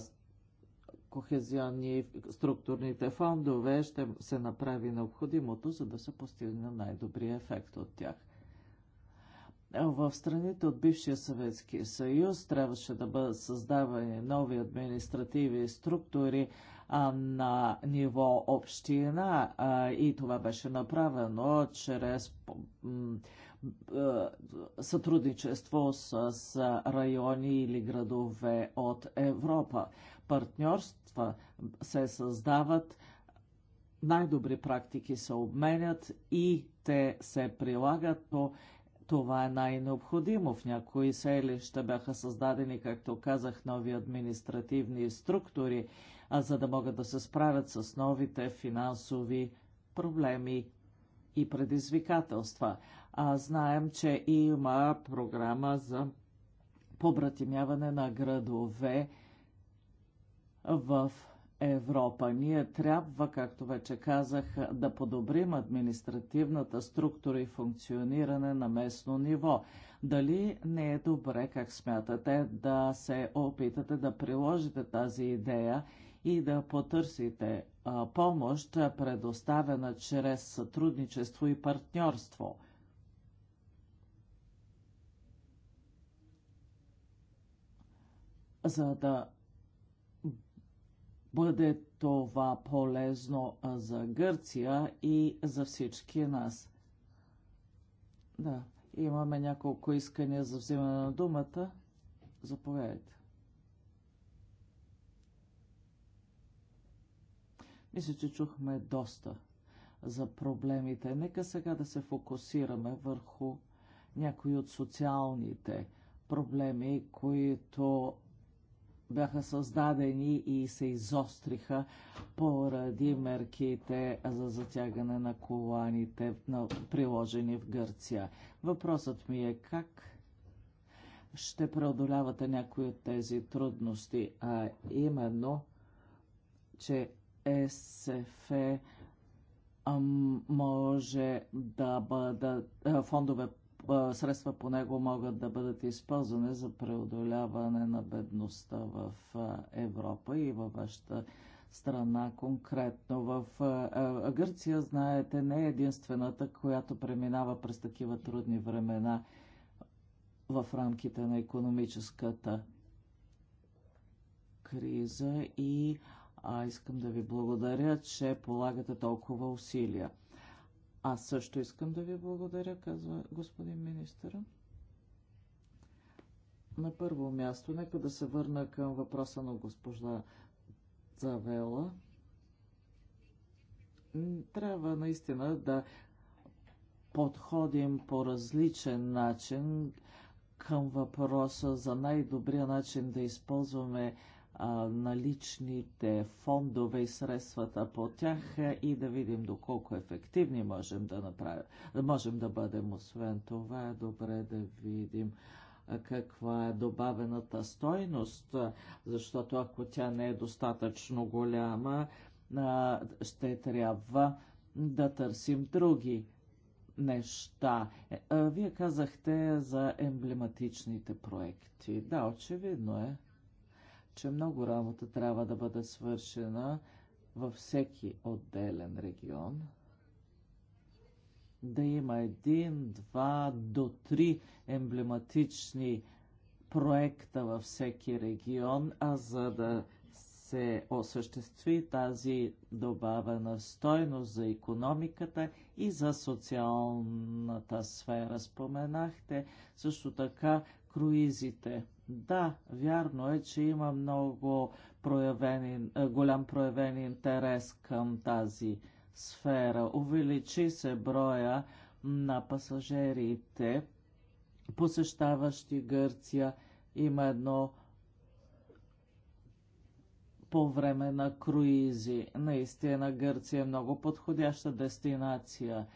кохезионни структурните фондове ще се направи необходимото, за да се постигне най-добрия ефект от тях в страните от бившия Съветски съюз трябваше да бъдат създавани нови административни структури а, на ниво община а, и това беше направено чрез сътрудничество с, с райони или градове от Европа. Партньорства се създават, най-добри практики се обменят и те се прилагат по това е най-необходимо. В някои селища бяха създадени, както казах, нови административни структури, а за да могат да се справят с новите финансови проблеми и предизвикателства. А знаем, че има програма за побратимяване на градове в Европа. Ние трябва, както вече казах, да подобрим административната структура и функциониране на местно ниво. Дали не е добре, как смятате, да се опитате да приложите тази идея и да потърсите помощ, предоставена чрез сътрудничество и партньорство? За да бъде това полезно за Гърция и за всички нас. Да, имаме няколко искания за взимане на думата. Заповядайте. Мисля, че чухме доста за проблемите. Нека сега да се фокусираме върху някои от социалните проблеми, които бяха създадени и се изостриха поради мерките за затягане на коланите, приложени в Гърция. Въпросът ми е как ще преодолявате някои от тези трудности, а именно, че СФ може да бъдат фондове средства по него могат да бъдат използвани за преодоляване на бедността в Европа и във вашата страна конкретно. В Гърция, знаете, не е единствената, която преминава през такива трудни времена в рамките на економическата криза и а, искам да ви благодаря, че полагате толкова усилия. Аз също искам да ви благодаря, казва господин министъра. На първо място, нека да се върна към въпроса на госпожа Завела. Трябва наистина да подходим по различен начин към въпроса за най-добрия начин да използваме наличните фондове и средствата по тях е, и да видим доколко ефективни можем да направим. Можем да бъдем. Освен това е добре да видим каква е добавената стойност, защото ако тя не е достатъчно голяма, ще трябва да търсим други неща. Е, вие казахте за емблематичните проекти. Да, очевидно е че много работа трябва да бъде свършена във всеки отделен регион. Да има един, два до три емблематични проекта във всеки регион, а за да се осъществи тази добавена стойност за економиката и за социалната сфера. Споменахте също така круизите. Да, вярно е, че има много проявени, е, голям проявен интерес към тази сфера. Увеличи се броя на пасажирите, посещаващи Гърция. Има едно по време на круизи. Наистина Гърция е много подходяща дестинация.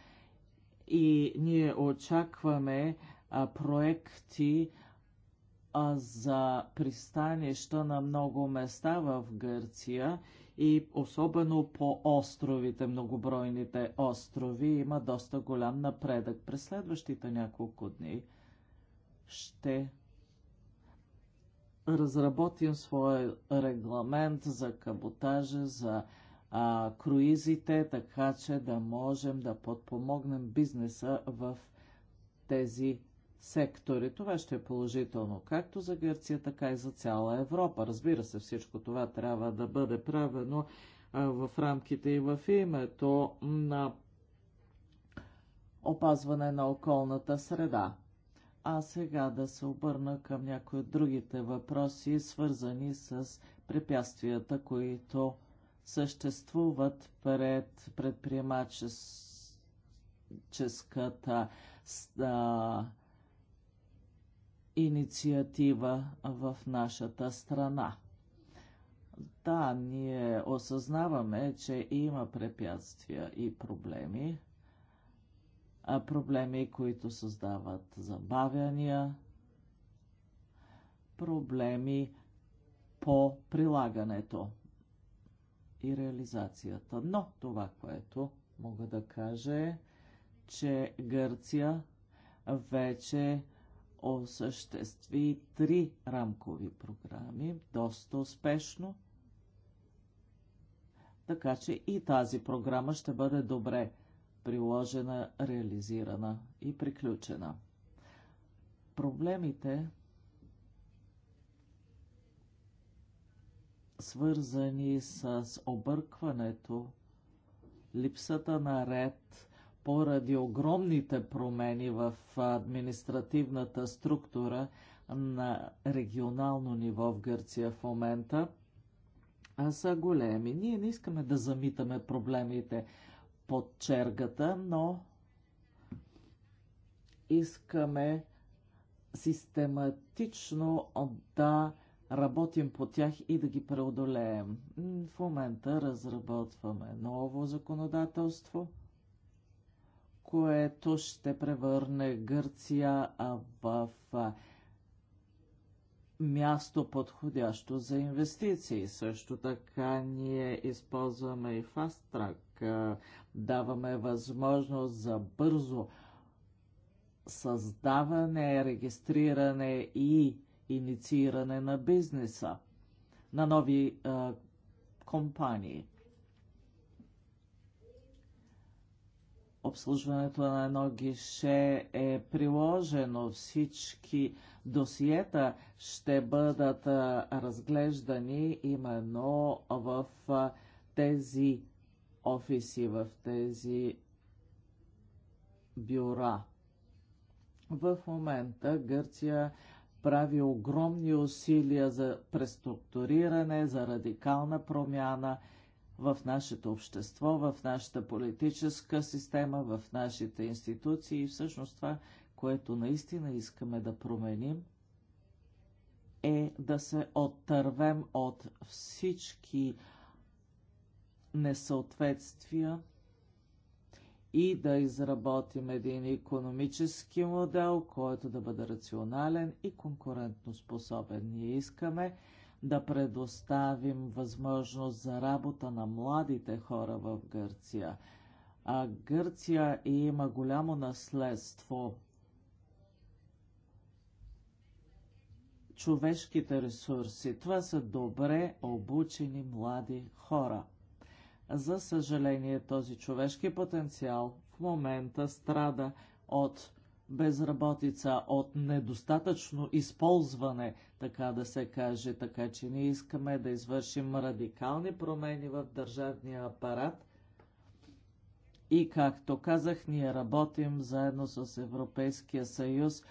И ние очакваме а, проекти, за пристанища на много места в Гърция и особено по островите, многобройните острови, има доста голям напредък. През следващите няколко дни ще разработим своя регламент за каботажа, за а, круизите, така че да можем да подпомогнем бизнеса в тези сектори. Това ще е положително както за Гърция, така и за цяла Европа. Разбира се, всичко това трябва да бъде правено в рамките и в името на опазване на околната среда. А сега да се обърна към някои от другите въпроси, свързани с препятствията, които съществуват пред предприемаческата инициатива в нашата страна. Да, ние осъзнаваме, че има препятствия и проблеми, а проблеми, които създават забавяния, проблеми по прилагането и реализацията. Но това, което мога да кажа е, че Гърция вече осъществи три рамкови програми, доста успешно. Така че и тази програма ще бъде добре приложена, реализирана и приключена. Проблемите, свързани с объркването, липсата на ред – поради огромните промени в административната структура на регионално ниво в Гърция в момента, са големи. Ние не искаме да замитаме проблемите под чергата, но искаме систематично да работим по тях и да ги преодолеем. В момента разработваме ново законодателство – което ще превърне Гърция в място подходящо за инвестиции. Също така ние използваме и Fast Track. Даваме възможност за бързо създаване, регистриране и иницииране на бизнеса, на нови а, компании. обслужването на едно гише е приложено. Всички досиета ще бъдат разглеждани именно в тези офиси, в тези бюра. В момента Гърция прави огромни усилия за преструктуриране, за радикална промяна – в нашето общество, в нашата политическа система, в нашите институции и всъщност това, което наистина искаме да променим, е да се оттървем от всички несъответствия и да изработим един економически модел, който да бъде рационален и конкурентно способен. Ние искаме да предоставим възможност за работа на младите хора в Гърция. А Гърция има голямо наследство. Човешките ресурси. Това са добре обучени млади хора. За съжаление, този човешки потенциал в момента страда от безработица, от недостатъчно използване, така да се каже. Така че ние искаме да извършим радикални промени в държавния апарат. И както казах, ние работим заедно с Европейския съюз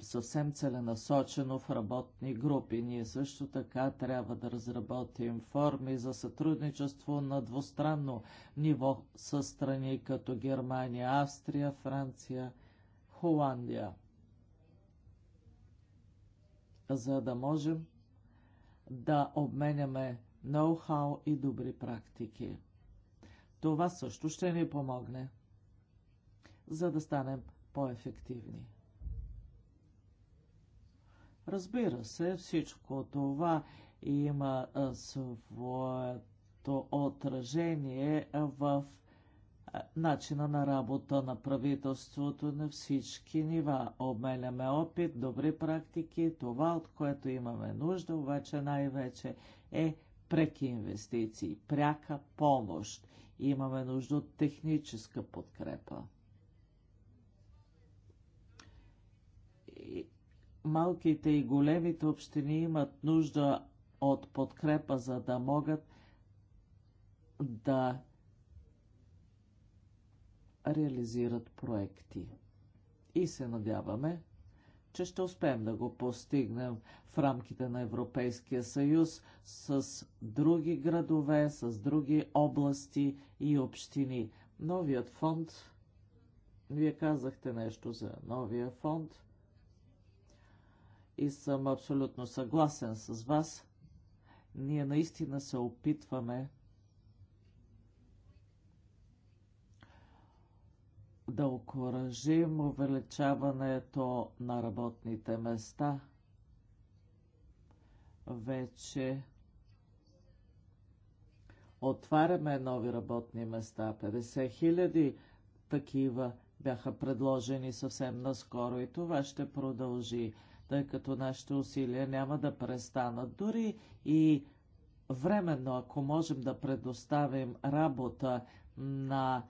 съвсем целенасочено в работни групи. Ние също така трябва да разработим форми за сътрудничество на двустранно ниво с страни като Германия, Австрия, Франция Холандия, за да можем да обменяме ноу-хау и добри практики. Това също ще ни помогне, за да станем по-ефективни. Разбира се, всичко това има своето отражение в начина на работа на правителството на всички нива. Обменяме опит, добри практики, това от което имаме нужда, обаче най-вече е преки инвестиции, пряка помощ. Имаме нужда от техническа подкрепа. малките и големите общини имат нужда от подкрепа, за да могат да реализират проекти. И се надяваме, че ще успеем да го постигнем в рамките на Европейския съюз с други градове, с други области и общини. Новият фонд, вие казахте нещо за новия фонд и съм абсолютно съгласен с вас. Ние наистина се опитваме да окоръжим увеличаването на работните места. Вече отваряме нови работни места. 50 хиляди такива бяха предложени съвсем наскоро и това ще продължи, тъй като нашите усилия няма да престанат. Дори и временно, ако можем да предоставим работа на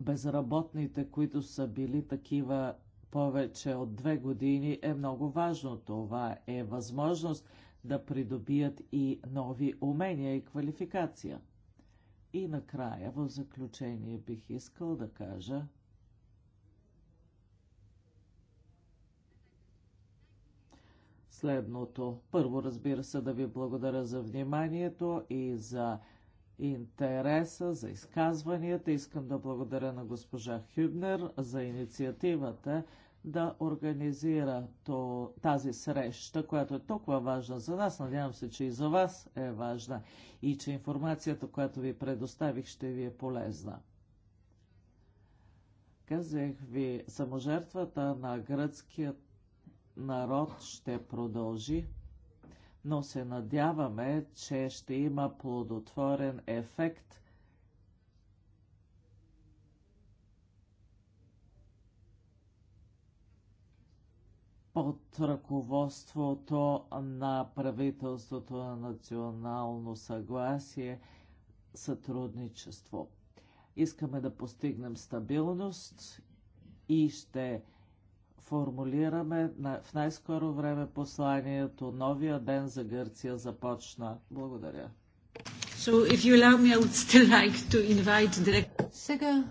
безработните, които са били такива повече от две години, е много важно. Това е възможност да придобият и нови умения и квалификация. И накрая, в заключение, бих искал да кажа, следното. Първо, разбира се, да ви благодаря за вниманието и за интереса, за изказванията. Искам да благодаря на госпожа Хюбнер за инициативата да организира то, тази среща, която е толкова важна за нас. Надявам се, че и за вас е важна и че информацията, която ви предоставих, ще ви е полезна. Казах ви, саможертвата на гръцкият народ ще продължи но се надяваме, че ще има плодотворен ефект под ръководството на правителството на национално съгласие, сътрудничество. Искаме да постигнем стабилност и ще формулираме в най-скоро време посланието Новия ден за Гърция започна. Благодаря. So if you allow me, I would still like to invite direct... Сега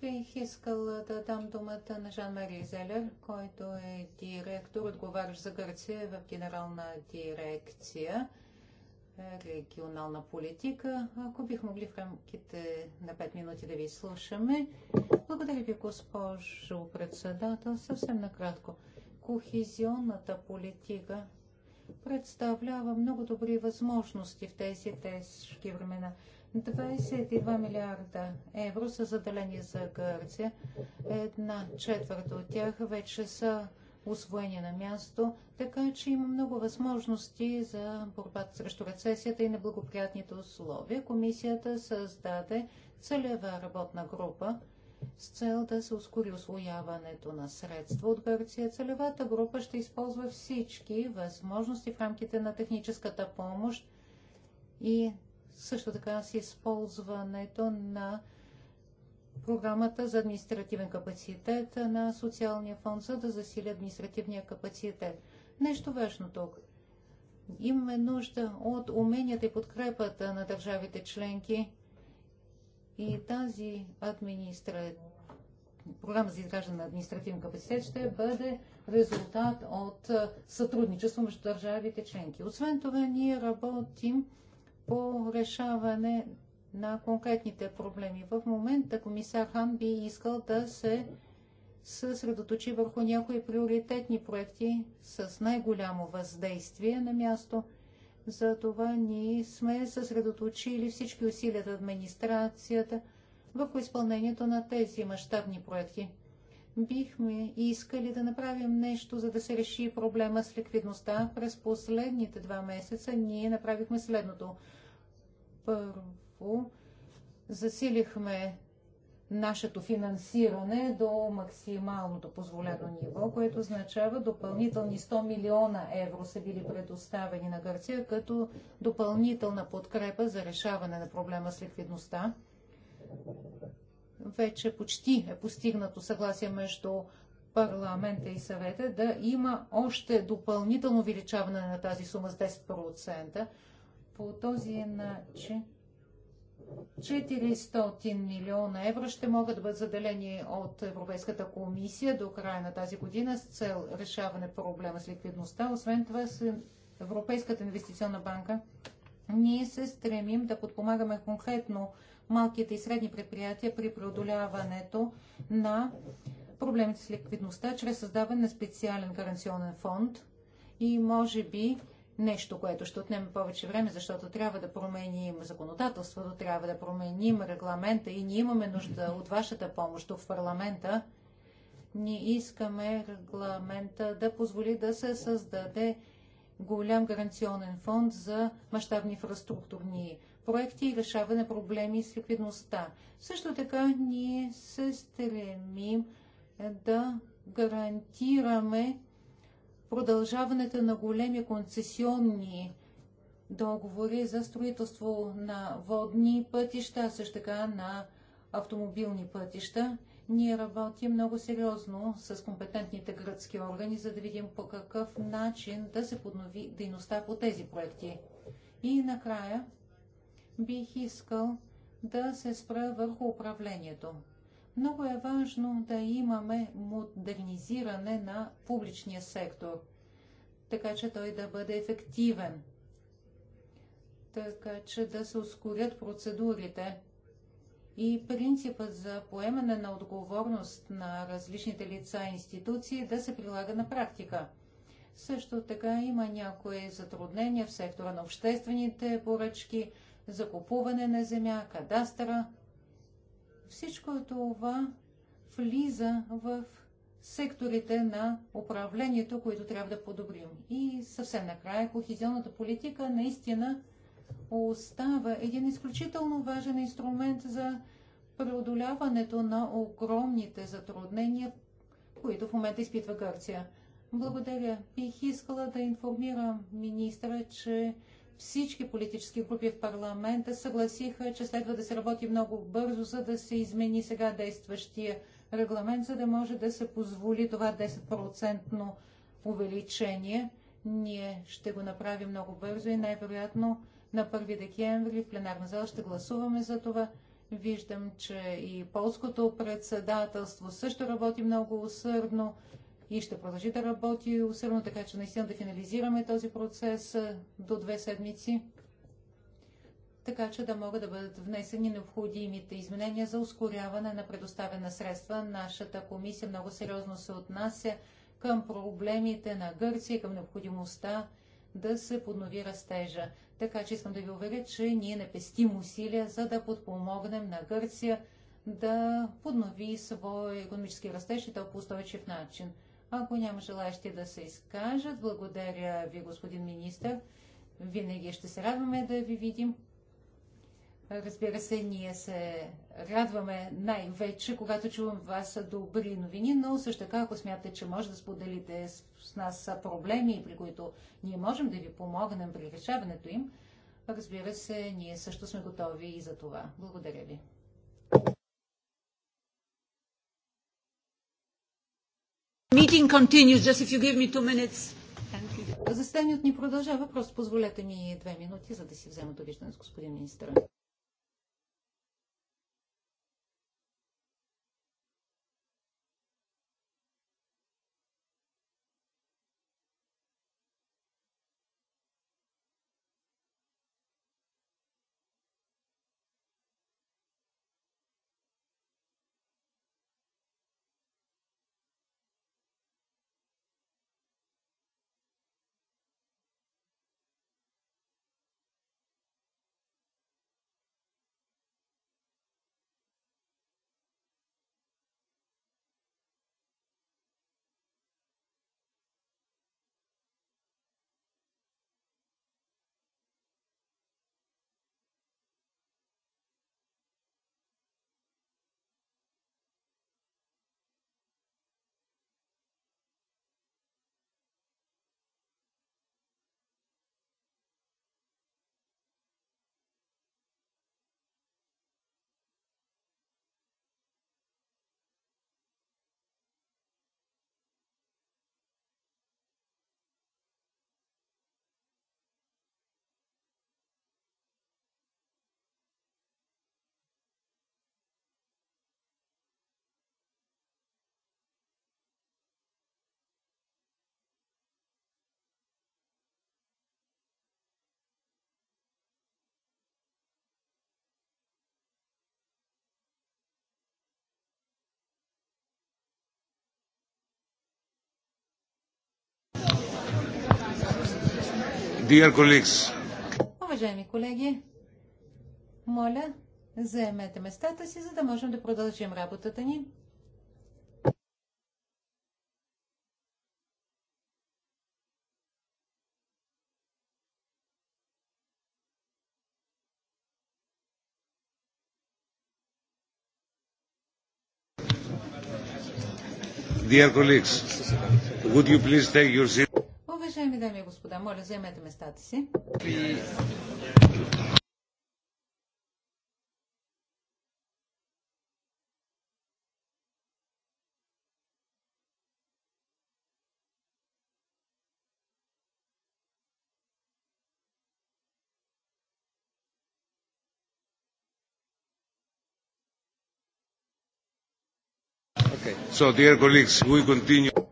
бих искал да дам думата на Жан-Мари Зелер, който е директор, отговарящ за Гърция в Генерална дирекция регионална политика. Ако бих могли в рамките на 5 минути да ви слушаме. Благодаря ви, госпожо председател. Съвсем накратко. Кохезионната политика представлява много добри възможности в тези тежки времена. 22 милиарда евро са заделени за Гърция. Една четвърта от тях вече са освоени на място, така че има много възможности за борбата срещу рецесията и неблагоприятните условия. Комисията създаде целева работна група с цел да се ускори освояването на средства от Гърция. Целевата група ще използва всички възможности в рамките на техническата помощ и също така с използването на програмата за административен капацитет на социалния фонд, за да засили административния капацитет. Нещо важно тук. Имаме нужда от уменията и подкрепата на държавите членки и тази администра... програма за изграждане на административен капацитет ще бъде резултат от сътрудничество между държавите членки. Освен това, ние работим по решаване на конкретните проблеми. В момента комисар Хан би искал да се съсредоточи върху някои приоритетни проекти с най-голямо въздействие на място – за това ние сме съсредоточили всички усилия на администрацията върху изпълнението на тези мащабни проекти. Бихме искали да направим нещо, за да се реши проблема с ликвидността. През последните два месеца ние направихме следното. Първо, засилихме нашето финансиране до максималното позволено ниво, което означава допълнителни 100 милиона евро са били предоставени на Гърция като допълнителна подкрепа за решаване на проблема с ликвидността. Вече почти е постигнато съгласие между парламента и съвета да има още допълнително увеличаване на тази сума с 10%. По този начин 400 милиона евро ще могат да бъдат заделени от Европейската комисия до края на тази година с цел решаване проблема с ликвидността. Освен това, с Европейската инвестиционна банка ние се стремим да подпомагаме конкретно малките и средни предприятия при преодоляването на проблемите с ликвидността чрез създаване на специален гаранционен фонд и може би нещо, което ще отнеме повече време, защото трябва да променим законодателството, трябва да променим регламента и ние имаме нужда от вашата помощ тук в парламента. Ние искаме регламента да позволи да се създаде голям гаранционен фонд за мащабни инфраструктурни проекти и решаване проблеми с ликвидността. Също така ние се стремим да гарантираме продължаването на големи концесионни договори за строителство на водни пътища, а също така на автомобилни пътища. Ние работим много сериозно с компетентните гръцки органи, за да видим по какъв начин да се поднови дейността по тези проекти. И накрая бих искал да се спра върху управлението. Много е важно да имаме модернизиране на публичния сектор, така че той да бъде ефективен, така че да се ускорят процедурите и принципът за поемане на отговорност на различните лица и институции да се прилага на практика. Също така има някои затруднения в сектора на обществените поръчки, закупуване на земя, кадастъра – всичко това влиза в секторите на управлението, които трябва да подобрим. И съвсем накрая, кохезионната политика наистина остава един изключително важен инструмент за преодоляването на огромните затруднения, които в момента изпитва Гърция. Благодаря. Бих искала да информирам министра, че всички политически групи в парламента съгласиха, че следва да се работи много бързо, за да се измени сега действащия регламент, за да може да се позволи това 10% увеличение. Ние ще го направим много бързо и най-вероятно на 1 декември в пленарна зала ще гласуваме за това. Виждам, че и полското председателство също работи много усърдно и ще продължи да работи усърно, така че наистина да финализираме този процес до две седмици, така че да могат да бъдат внесени необходимите изменения за ускоряване на предоставена средства. Нашата комисия много сериозно се отнася към проблемите на Гърция и към необходимостта да се поднови растежа. Така че искам да ви уверя, че ние не пестим усилия, за да подпомогнем на Гърция да поднови своя економически растеж и то по устойчив начин. Ако няма желаящи да се изкажат, благодаря ви, господин министр. Винаги ще се радваме да ви видим. Разбира се, ние се радваме най-вече, когато чувам вас добри новини, но също така, ако смятате, че може да споделите с нас проблеми, при които ние можем да ви помогнем при решаването им, разбира се, ние също сме готови и за това. Благодаря ви. Meeting continues, just if you give me two minutes. Заседанието ни продължава. Просто позволете ми две минути, за да си взема довиждане с господин министър. Dear colleagues. Уважаеми колеги, моля, заемете местата си, за да можем да продължим работата ни. Dear colleagues, would you please take your seat? Уважаеми дами и господа, моля, вземете местата си. So, dear colleagues, we continue.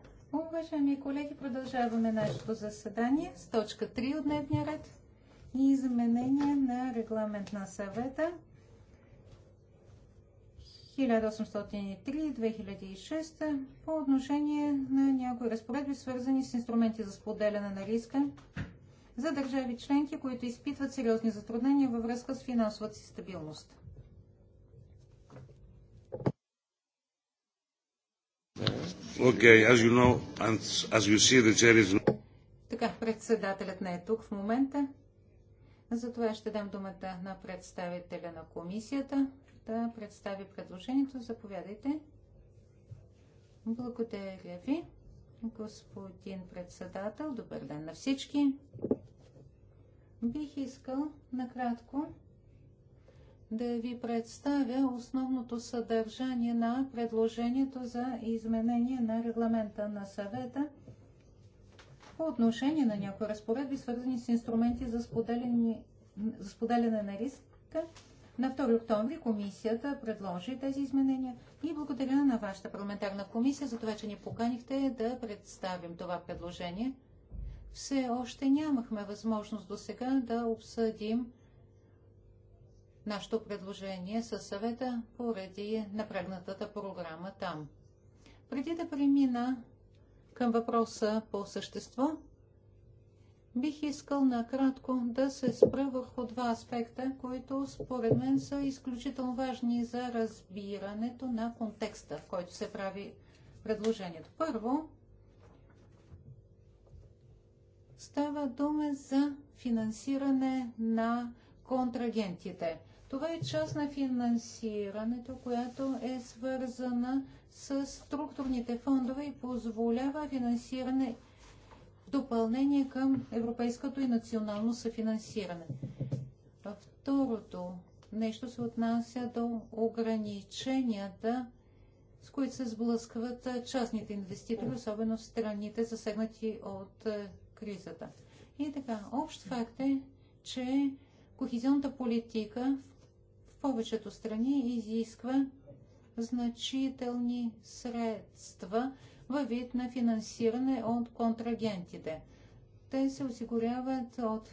Уважаеми колеги, продължаваме нашето заседание с точка 3 от дневния ред и изменение на регламент на съвета 1803-2006 по отношение на някои разпоредби, свързани с инструменти за споделяне на риска за държави членки, които изпитват сериозни затруднения във връзка с финансовата си стабилност. Okay, as you know, as you see, the chair is... Така, председателят не е тук в момента. Затова ще дам думата на представителя на комисията да представи предложението. Заповядайте. Благодаря ви, господин председател. Добър ден на всички. Бих искал накратко да ви представя основното съдържание на предложението за изменение на регламента на съвета по отношение на някои разпоредби, свързани с инструменти за споделяне, за споделяне на риска. На 2 октомври комисията предложи тези изменения и благодаря на вашата парламентарна комисия за това, че ни поканихте да представим това предложение. Все още нямахме възможност до сега да обсъдим нашето предложение със съвета поради напрегнатата програма там. Преди да премина към въпроса по същество, бих искал накратко да се спра върху два аспекта, които според мен са изключително важни за разбирането на контекста, в който се прави предложението. Първо, става дума за финансиране на контрагентите. Това е част на финансирането, която е свързана с структурните фондове и позволява финансиране в допълнение към европейското и национално съфинансиране. Второто нещо се отнася до ограниченията, с които се сблъскват частните инвеститори, особено в страните засегнати от е, кризата. И така, общ факт е, че кохезионната политика повечето страни изисква значителни средства във вид на финансиране от контрагентите. Те се осигуряват от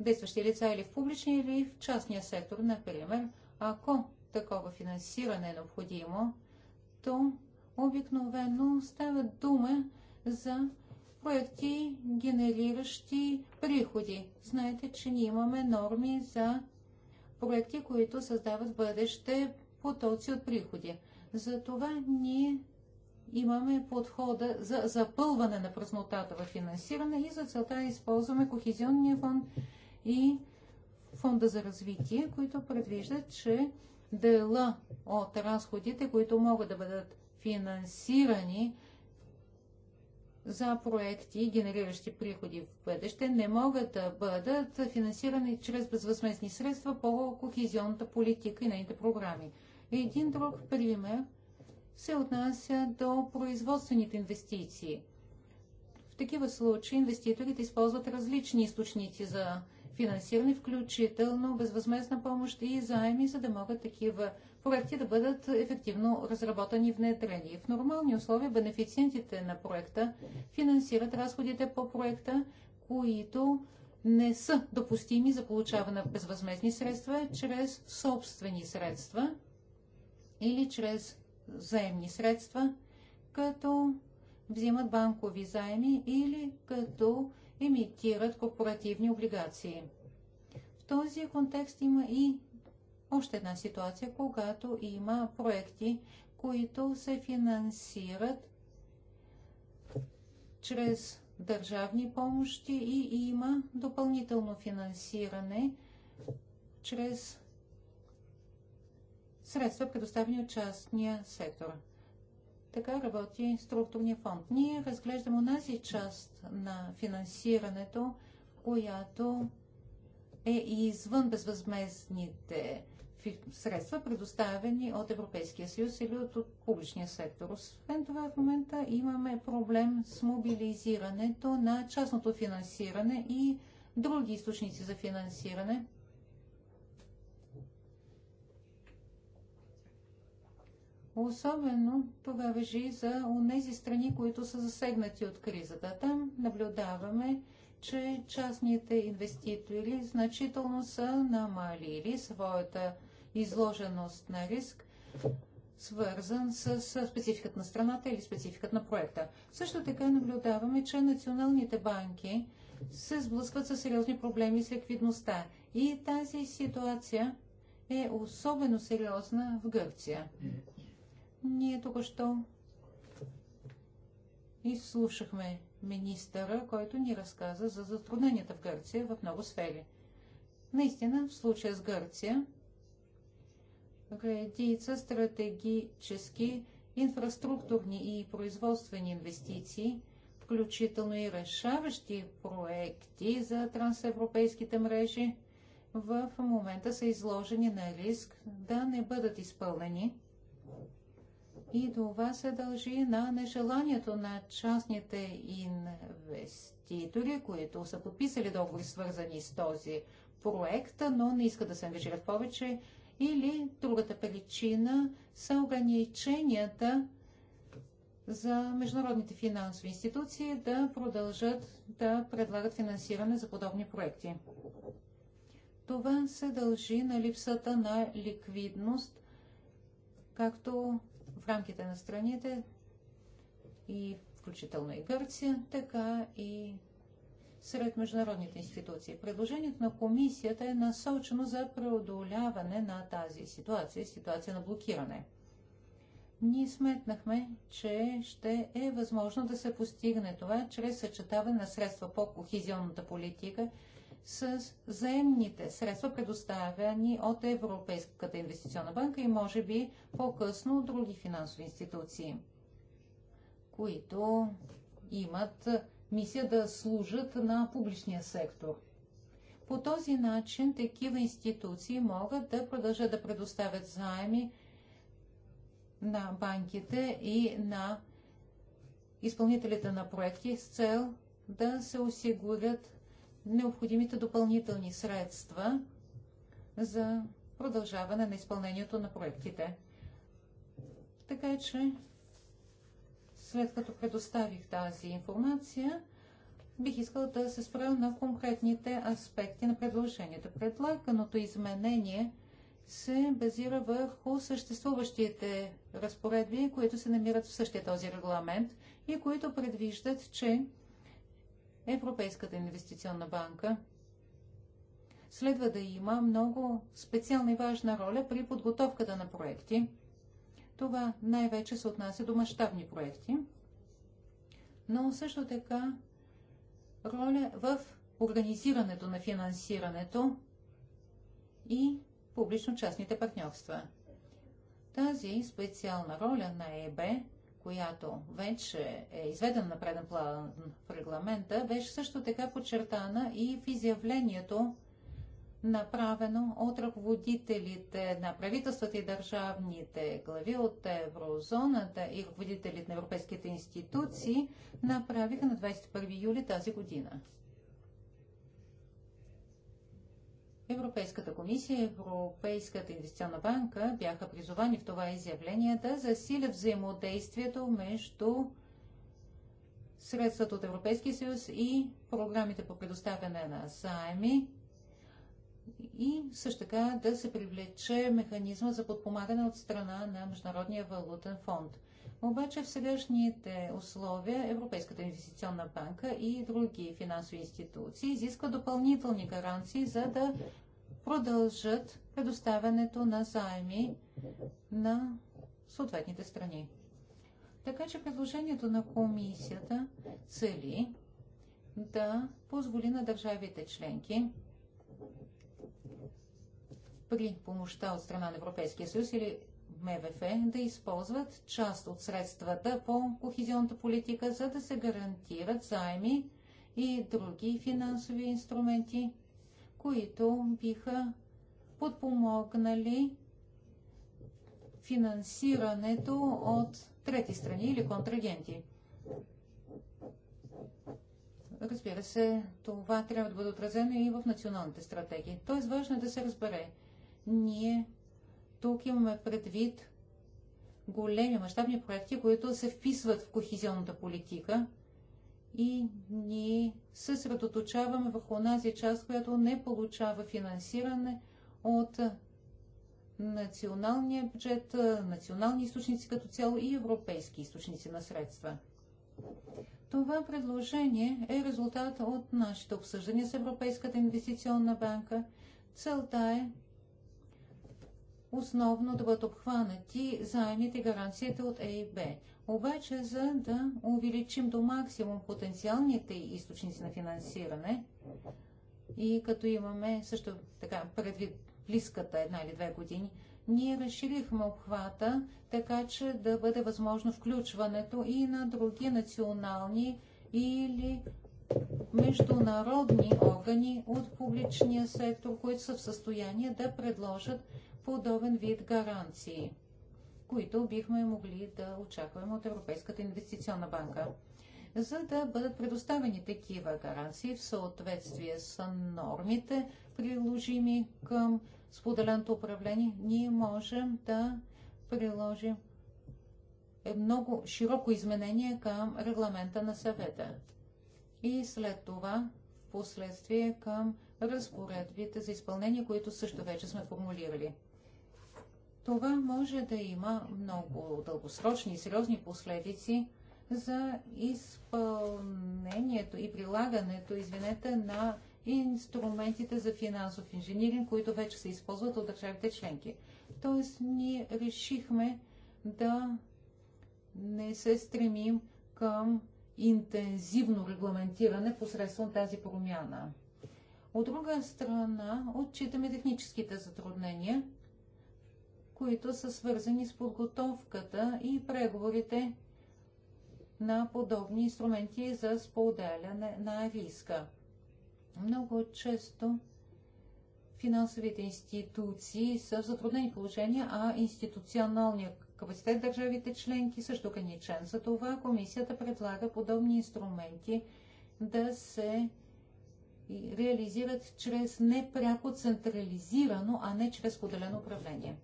действащи лица или в публичния, или в частния сектор. Например, ако такова финансиране е необходимо, то обикновено става дума за проекти, генериращи приходи. Знаете, че ние имаме норми за проекти, които създават бъдеще потоци от приходи. Затова ние имаме подхода за запълване на празнотата в финансиране и за целта използваме Кохезионния фонд и Фонда за развитие, които предвиждат, че дела от разходите, които могат да бъдат финансирани за проекти, генериращи приходи в бъдеще, не могат да бъдат финансирани чрез безвъзместни средства по кохезионната политика и нейните програми. Един друг пример се отнася до производствените инвестиции. В такива случаи инвеститорите използват различни източници за финансиране, включително безвъзместна помощ и заеми, за да могат такива проекти да бъдат ефективно разработени и внедрени. В нормални условия бенефициентите на проекта финансират разходите по проекта, които не са допустими за получаване на безвъзмезни средства чрез собствени средства или чрез заемни средства, като взимат банкови заеми или като емитират корпоративни облигации. В този контекст има и още една ситуация, когато има проекти, които се финансират чрез държавни помощи и има допълнително финансиране чрез средства, предоставени от частния сектор. Така работи структурния фонд. Ние разглеждаме тази част на финансирането, която е извън безвъзмезните средства, предоставени от Европейския съюз или от публичния сектор. Освен това, в момента имаме проблем с мобилизирането на частното финансиране и други източници за финансиране. Особено това въжи за тези страни, които са засегнати от кризата. Там наблюдаваме, че частните инвеститори значително са намалили своята изложеност на риск, свързан с спецификат на страната или спецификът на проекта. Също така наблюдаваме, че националните банки се сблъскват с сериозни проблеми с ликвидността. И тази ситуация е особено сериозна в Гърция. Ние тук що изслушахме министъра, който ни разказа за затрудненията в Гърция в много сфери. Наистина, в случая с Гърция, редица стратегически, инфраструктурни и производствени инвестиции, включително и решаващи проекти за трансевропейските мрежи, в момента са изложени на риск да не бъдат изпълнени. И това се дължи на нежеланието на частните инвеститори, които са подписали договори, свързани с този проект, но не искат да се ангажират повече или другата причина са ограниченията за международните финансови институции да продължат да предлагат финансиране за подобни проекти. Това се дължи на липсата на ликвидност, както в рамките на страните и включително и Гърция, така и сред международните институции. Предложението на комисията е насочено за преодоляване на тази ситуация, ситуация на блокиране. Ние сметнахме, че ще е възможно да се постигне това чрез съчетаване на средства по кохизионната политика с заемните средства, предоставяни от Европейската инвестиционна банка и може би по-късно други финансови институции, които имат мисия да служат на публичния сектор. По този начин такива институции могат да продължат да предоставят заеми на банките и на изпълнителите на проекти с цел да се осигурят необходимите допълнителни средства за продължаване на изпълнението на проектите. Така че след като предоставих тази информация, бих искал да се спра на конкретните аспекти на предложението. Предлаганото изменение се базира върху съществуващите разпоредби, които се намират в същия този регламент и които предвиждат, че Европейската инвестиционна банка следва да има много специална и важна роля при подготовката на проекти това най-вече се отнася до мащабни проекти, но също така роля в организирането на финансирането и публично-частните партньорства. Тази специална роля на ЕБ, която вече е изведена на преден план в регламента, беше също така подчертана и в изявлението направено от ръководителите на правителствата и държавните глави от еврозоната и ръководителите на европейските институции направиха на 21 юли тази година. Европейската комисия и Европейската инвестиционна банка бяха призовани в това изявление да засилят взаимодействието между средствата от Европейския съюз и програмите по предоставяне на заеми и също така да се привлече механизма за подпомагане от страна на Международния валутен фонд. Обаче в сегашните условия Европейската инвестиционна банка и други финансови институции изискват допълнителни гаранции, за да продължат предоставянето на заеми на съответните страни. Така че предложението на комисията цели да позволи на държавите членки при помощта от страна на Европейския съюз или МВФ да използват част от средствата по кохезионната политика, за да се гарантират заеми и други финансови инструменти, които биха подпомогнали финансирането от трети страни или контрагенти. Разбира се, това трябва да бъде отразено и в националните стратегии. Тоест важно е да се разбере ние тук имаме предвид големи мащабни проекти, които се вписват в кохизионната политика и ние съсредоточаваме върху тази част, която не получава финансиране от националния бюджет, национални източници като цяло и европейски източници на средства. Това предложение е резултат от нашите обсъждания с Европейската инвестиционна банка. Целта е основно да бъдат обхванати заемите гаранциите от ЕИБ. Обаче, за да увеличим до максимум потенциалните източници на финансиране и като имаме също така предвид близката една или две години, ние разширихме обхвата, така че да бъде възможно включването и на други национални или международни органи от публичния сектор, които са в състояние да предложат подобен вид гаранции, които бихме могли да очакваме от Европейската инвестиционна банка. За да бъдат предоставени такива гаранции в съответствие с нормите, приложими към споделеното управление, ние можем да приложим е много широко изменение към регламента на съвета. И след това, в последствие към разпоредбите за изпълнение, които също вече сме формулирали това може да има много дългосрочни и сериозни последици за изпълнението и прилагането, извинете, на инструментите за финансов инженеринг, които вече се използват от държавите членки. Тоест, ние решихме да не се стремим към интензивно регламентиране посредством тази промяна. От друга страна, отчитаме техническите затруднения – които са свързани с подготовката и преговорите на подобни инструменти за споделяне на риска. Много често финансовите институции са в затруднени положения, а институционалният капацитет държавите членки също ограничен. За това комисията предлага подобни инструменти да се реализират чрез непряко централизирано, а не чрез поделено управление.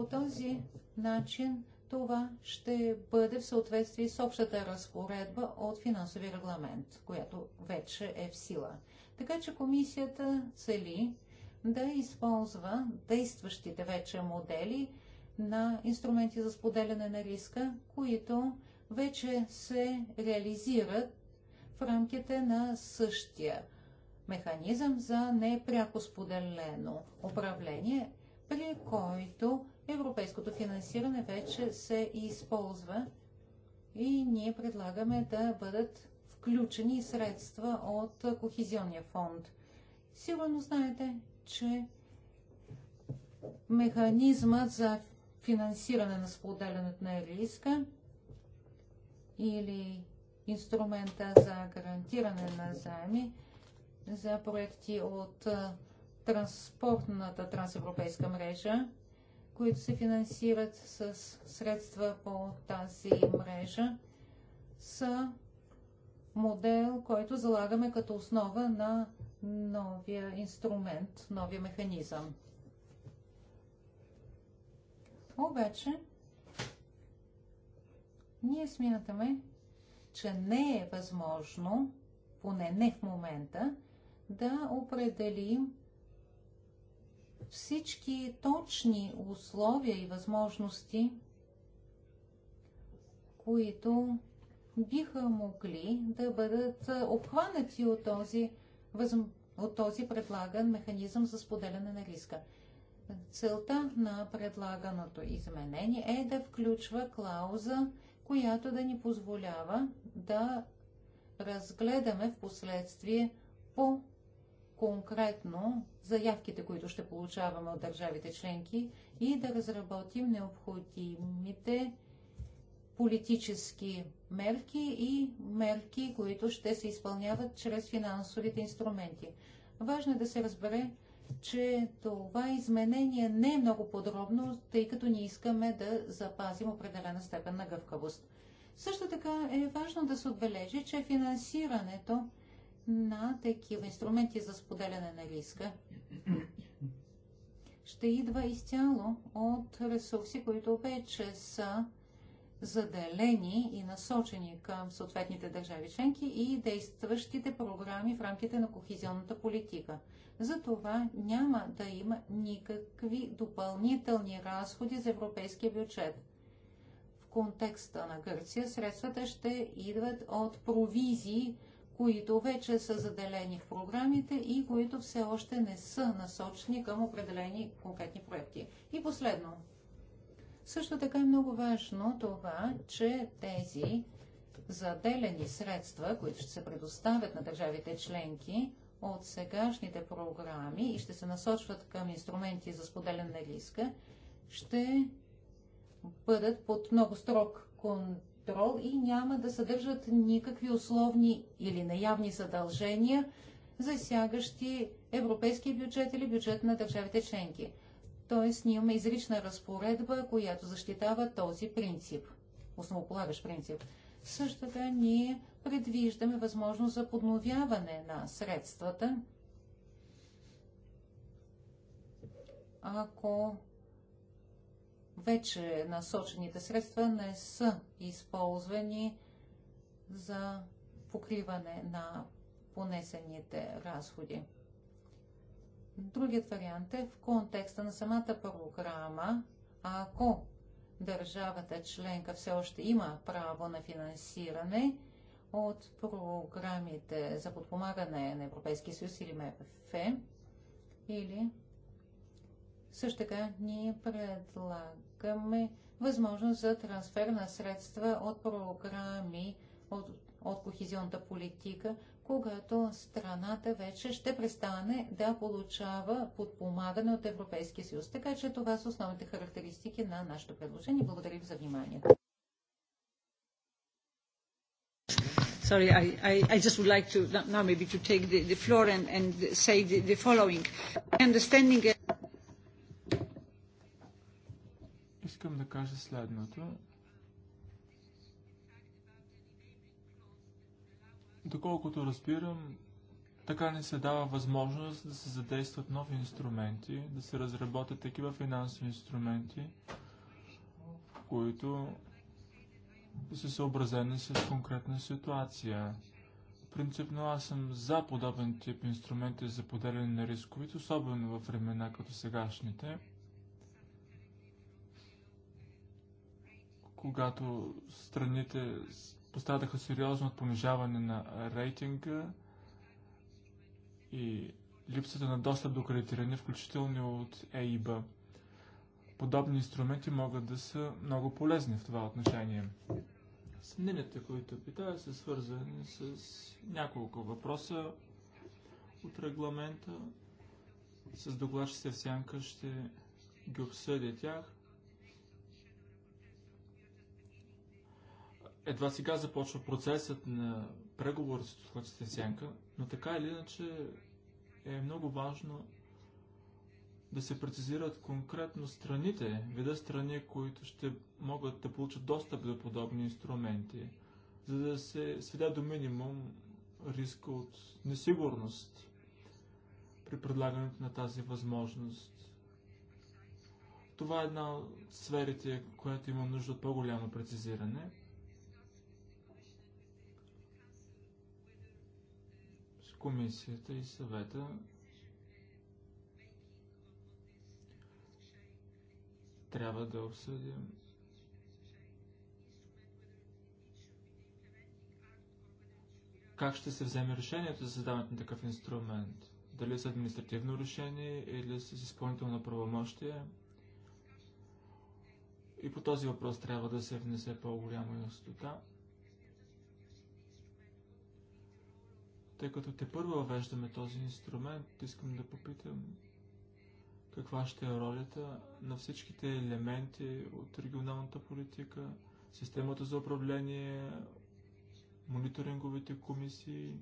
По този начин това ще бъде в съответствие с общата разпоредба от финансови регламент, която вече е в сила. Така че комисията цели да използва действащите вече модели на инструменти за споделяне на риска, които вече се реализират в рамките на същия механизъм за непряко споделено управление, при който Европейското финансиране вече се използва и ние предлагаме да бъдат включени средства от Кохизионния фонд. Сигурно знаете, че механизмът за финансиране на споделянето на риска или инструмента за гарантиране на заеми за проекти от транспортната трансевропейска мрежа които се финансират с средства по тази мрежа, са модел, който залагаме като основа на новия инструмент, новия механизъм. Обаче, ние смятаме, че не е възможно, поне не в момента, да определим всички точни условия и възможности, които биха могли да бъдат обхванати от този, от този предлаган механизъм за споделяне на риска. Целта на предлаганото изменение е да включва клауза, която да ни позволява да разгледаме в последствие по конкретно заявките, които ще получаваме от държавите членки и да разработим необходимите политически мерки и мерки, които ще се изпълняват чрез финансовите инструменти. Важно е да се разбере, че това изменение не е много подробно, тъй като ние искаме да запазим определена степен на гъвкавост. Също така е важно да се отбележи, че финансирането на такива инструменти за споделяне на риска ще идва изцяло от ресурси, които вече са заделени и насочени към съответните държави членки и действащите програми в рамките на кохизионната политика. Затова няма да има никакви допълнителни разходи за европейския бюджет. В контекста на Гърция средствата ще идват от провизии които вече са заделени в програмите и които все още не са насочени към определени конкретни проекти. И последно. Също така е много важно това, че тези заделени средства, които ще се предоставят на държавите членки от сегашните програми и ще се насочват към инструменти за споделяне на риска, ще бъдат под много строг контакт контрол и няма да съдържат никакви условни или наявни задължения, засягащи европейския бюджет или бюджет на държавите членки. Тоест, ние имаме изрична разпоредба, която защитава този принцип, основополагащ принцип. Също така ние предвиждаме възможност за подновяване на средствата, ако вече насочените средства не са използвани за покриване на понесените разходи. Другият вариант е в контекста на самата програма, ако държавата членка все още има право на финансиране от програмите за подпомагане на Европейския съюз или МФФ, или също така ние предлагаме искаме възможност за трансфер на средства от програми от, от кохизионната политика, когато страната вече ще престане да получава подпомагане от Европейския съюз. Така че това са основните характеристики на нашето предложение. Благодаря ви за вниманието. Sorry, I, I, I just would like to now maybe to take the, the floor and, and say the, the following. Understanding искам да кажа следното. Доколкото разбирам, така не се дава възможност да се задействат нови инструменти, да се разработят такива финансови инструменти, които са съобразени с конкретна ситуация. Принципно аз съм за подобен тип инструменти за поделяне на рисковите, особено в времена като сегашните – когато страните пострадаха сериозно от понижаване на рейтинга и липсата на достъп до кредитиране, включително от ЕИБ. Подобни инструменти могат да са много полезни в това отношение. Съмненията, които питая, са свързани с няколко въпроса от регламента. С докладчица в сянка ще ги обсъдя тях. едва сега започва процесът на преговор с Тухлачите Сянка, но така или иначе е много важно да се прецизират конкретно страните, вида страни, които ще могат да получат достъп до подобни инструменти, за да се сведе до минимум риска от несигурност при предлагането на тази възможност. Това е една от сферите, която има нужда от по-голямо прецизиране. комисията и съвета трябва да обсъдим как ще се вземе решението за създаването на такъв инструмент. Дали с административно решение или с изпълнително правомощие. И по този въпрос трябва да се внесе по-голяма яснота. Тъй като те първо въвеждаме този инструмент, искам да попитам каква ще е ролята на всичките елементи от регионалната политика, системата за управление, мониторинговите комисии,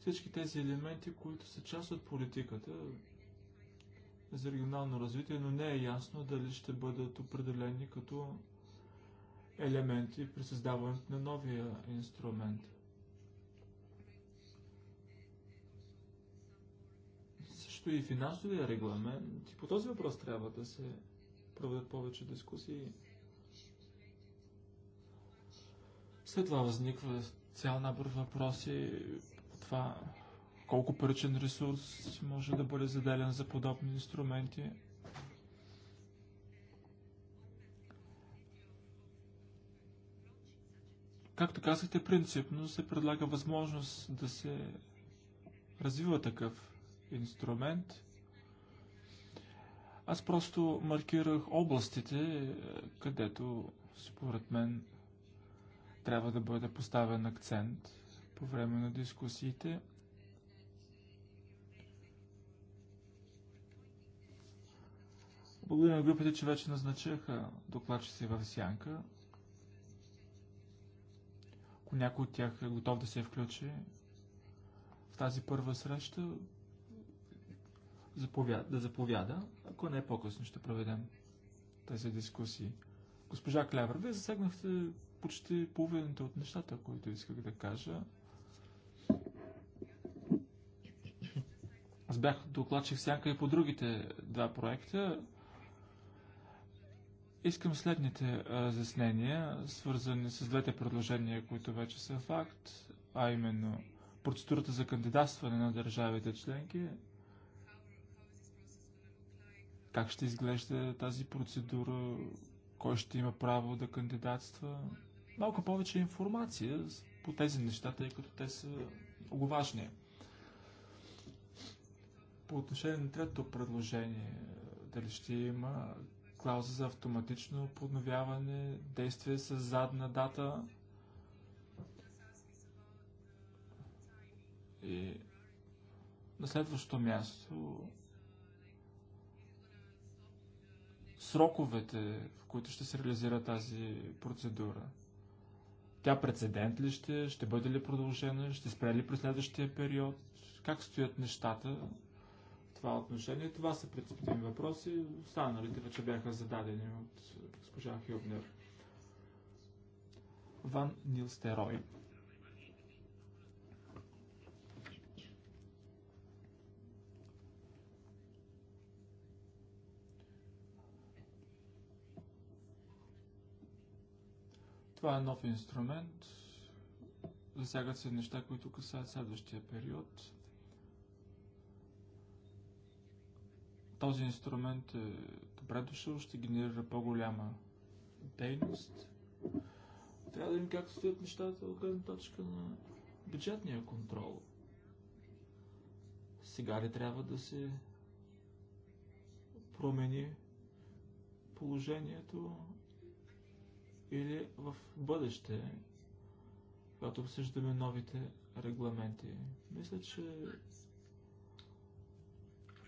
всички тези елементи, които са част от политиката за регионално развитие, но не е ясно дали ще бъдат определени като елементи при създаването на новия инструмент. Също и финансовия регламент. И по този въпрос трябва да се проведат повече дискусии. След това възниква цял набор въпроси по това колко паричен ресурс може да бъде заделен за подобни инструменти. Както казахте, принципно се предлага възможност да се развива такъв инструмент. Аз просто маркирах областите, където според мен трябва да бъде поставен акцент по време на дискусиите. Благодаря на групите, че вече назначаха докладчици в Сянка ако някой от тях е готов да се включи в тази първа среща, заповяда, да заповяда, ако не по-късно ще проведем тези дискусии. Госпожа Клевър, вие засегнахте почти половината от нещата, които исках да кажа. Аз бях докладчик сянка и по другите два проекта. Искам следните разяснения, свързани с двете предложения, които вече са факт, а именно процедурата за кандидатстване на държавите членки, как ще изглежда тази процедура, кой ще има право да кандидатства. Малко повече информация по тези неща, тъй като те са много важни. По отношение на третото предложение, дали ще има клауза за автоматично подновяване, действие с задна дата и на следващо място сроковете, в които ще се реализира тази процедура. Тя прецедент ли ще, е? ще бъде ли продължена, ще спре ли през следващия период, как стоят нещата това отношение. Това са принципните ми въпроси. Останалите вече бяха зададени от госпожа Хюбнер. Ван Нилстерой. Това е нов инструмент. Засягат се неща, които касаят следващия период. Този инструмент е добре дошъл, ще генерира по-голяма дейност. Трябва да видим как стоят нещата от гледна точка на бюджетния контрол. Сега ли трябва да се промени положението или в бъдеще, когато обсъждаме новите регламенти. Мисля, че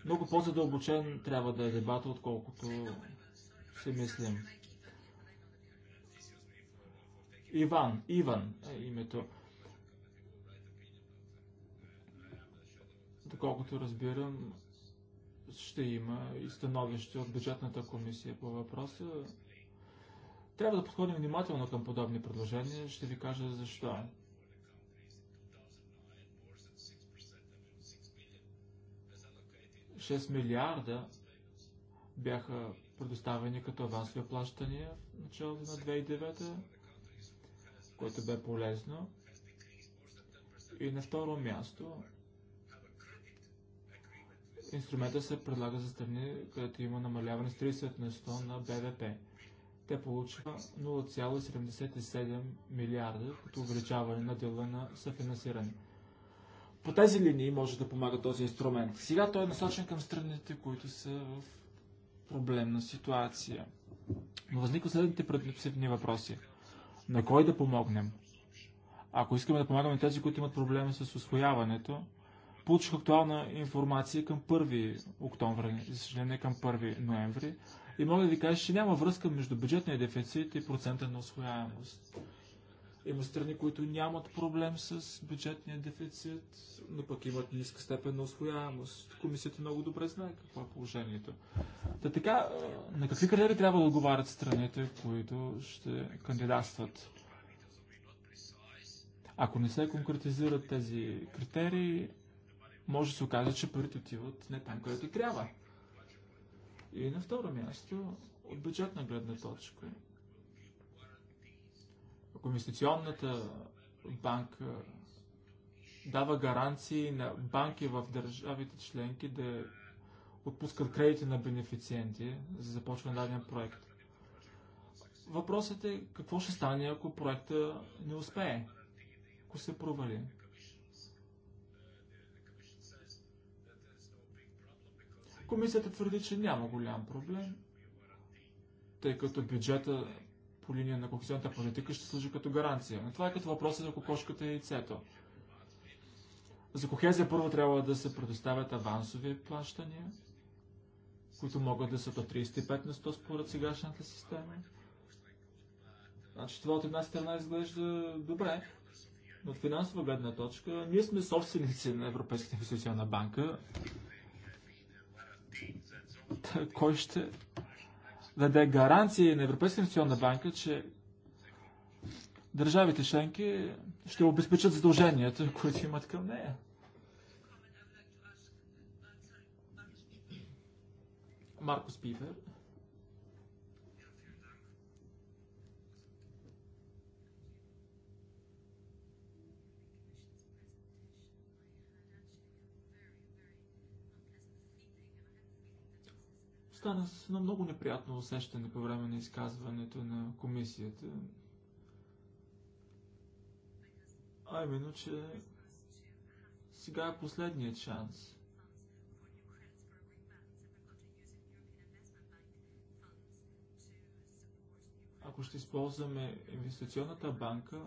много по-задълбочен трябва да е дебата, отколкото си мислим. Иван, Иван е името. Доколкото разбирам, ще има и становище от бюджетната комисия по въпроса. Трябва да подходим внимателно към подобни предложения. Ще ви кажа защо. 6 милиарда бяха предоставени като авансови плащания в началото на 2009, което бе полезно. И на второ място, инструмента се предлага за страни, където има намаляване с 30 на 100 на БВП. Те получиха 0,77 милиарда като увеличаване на дела на съфинансиране по тези линии може да помага този инструмент. Сега той е насочен към страните, които са в проблемна ситуация. Но възниква следните предпосивни въпроси. На кой да помогнем? Ако искаме да помагаме тези, които имат проблеми с освояването, получих актуална информация към 1 октомври, за съжаление към 1 ноември, и мога да ви кажа, че няма връзка между бюджетния дефицит и процента на освояемост. Има страни, които нямат проблем с бюджетния дефицит, но пък имат ниска степен на освояемост. Комисията много добре знае какво е положението. Та така, на какви критерии трябва да отговарят страните, които ще кандидатстват? Ако не се конкретизират тези критерии, може да се окаже, че парите отиват не там, където трябва. И на второ място, от бюджетна гледна точка, ако инвестиционната банка дава гаранции на банки в държавите членки да отпускат кредити на бенефициенти за започване на даден проект. Въпросът е какво ще стане, ако проекта не успее, ако се провали. Комисията твърди, че няма голям проблем, тъй като бюджета по линия на кохезионната политика ще служи като гаранция. Но това е като въпроса е за кокошката и яйцето. За кохезия първо трябва да се предоставят авансови плащания, които могат да са до 35 на 100 според сегашната система. Значи това от една страна изглежда добре, но от финансова гледна точка ние сме собственици на Европейската инвестиционна банка. Та, кой ще даде гаранции на Европейска инвестиционна банка, че държавите членки ще обезпечат задълженията, които имат към нея. Маркус Пипер. Стана с едно много неприятно усещане по време на изказването на комисията. А именно, че сега е последният шанс. Ако ще използваме инвестиционната банка,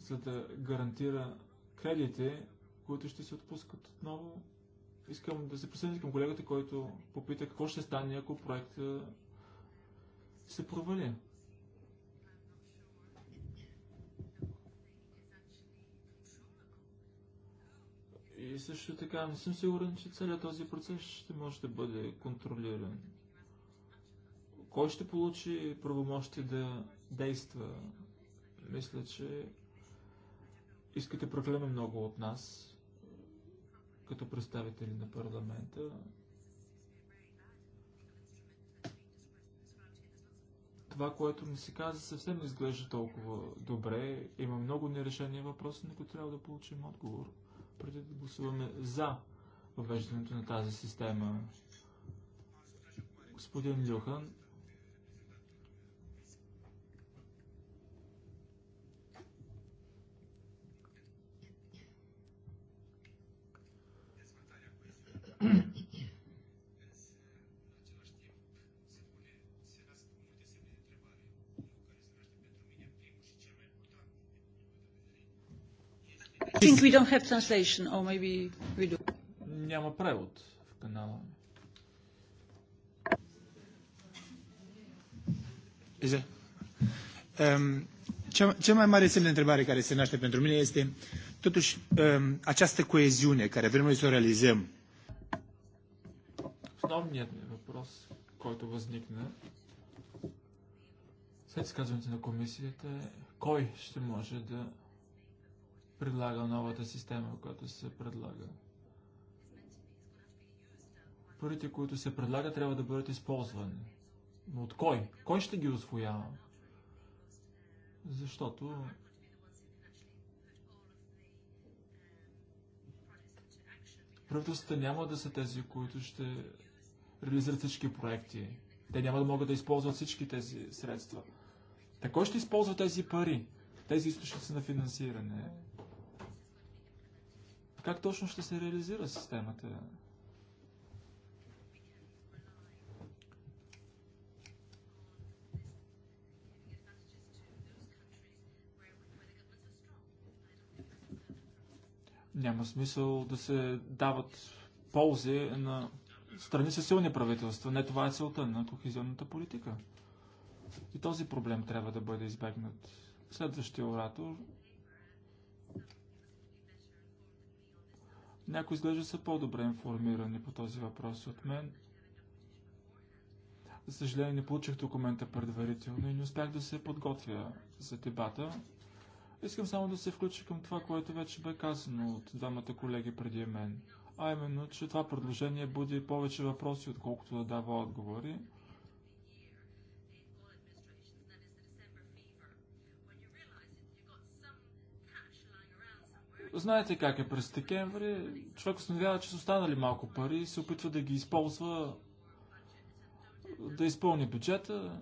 за да гарантира кредите, които ще се отпускат отново Искам да се присъединя към колегата, който попита какво ще стане, ако проектът се провали. И също така не съм сигурен, че целият този процес ще може да бъде контролиран. Кой ще получи правомощи да действа? Мисля, че искате прекалено много от нас като представители на парламента. Това, което ми се каза, съвсем не изглежда толкова добре. Има много нерешени въпроси, на които трябва да получим отговор, преди да гласуваме за въвеждането на тази система. Господин Люхан, I think we don't have translation, or maybe we do. Няма превод в канала. Is Cea mai mare semn de întrebare care se naște pentru mine este, totuși, această coeziune care vrem noi să o realizăm основният въпрос, който възникна след изказването на комисията е кой ще може да предлага новата система, която се предлага. Парите, които се предлагат, трябва да бъдат използвани. Но от кой? Кой ще ги освоява? Защото правителствата няма да са тези, които ще реализират всички проекти. Те няма да могат да използват всички тези средства. Та кой ще използва тези пари, тези източници на финансиране? Как точно ще се реализира системата? няма смисъл да се дават ползи на страни са силни правителства. Не това е целта на кохезионната политика. И този проблем трябва да бъде избегнат. Следващия оратор. Някои изглежда са по-добре информирани по този въпрос от мен. За съжаление не получих документа предварително и не успях да се подготвя за дебата. Искам само да се включа към това, което вече бе казано от двамата колеги преди мен а именно, че това предложение буди повече въпроси, отколкото да дава отговори. Знаете как е през декември. Човек установява, че са останали малко пари и се опитва да ги използва, да изпълни бюджета.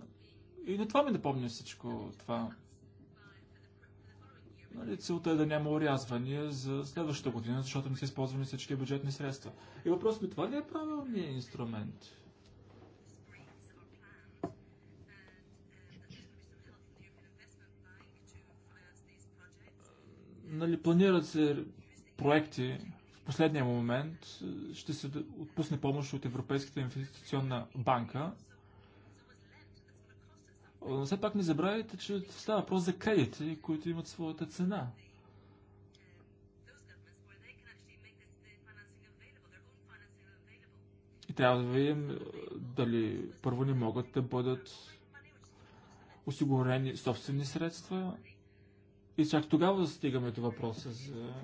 И на това ми напомня всичко това. Нали, целта е да няма урязвания за следващата година, защото не са използвани всички бюджетни средства. И въпросът ми, това ли е правилният инструмент? Нали, планират се проекти в последния момент, ще се отпусне помощ от Европейската инвестиционна банка, но все пак не забравяйте, че става въпрос за кредити, които имат своята цена. И трябва да видим е, дали първо не могат да бъдат осигурени собствени средства и чак тогава да стигаме до въпроса за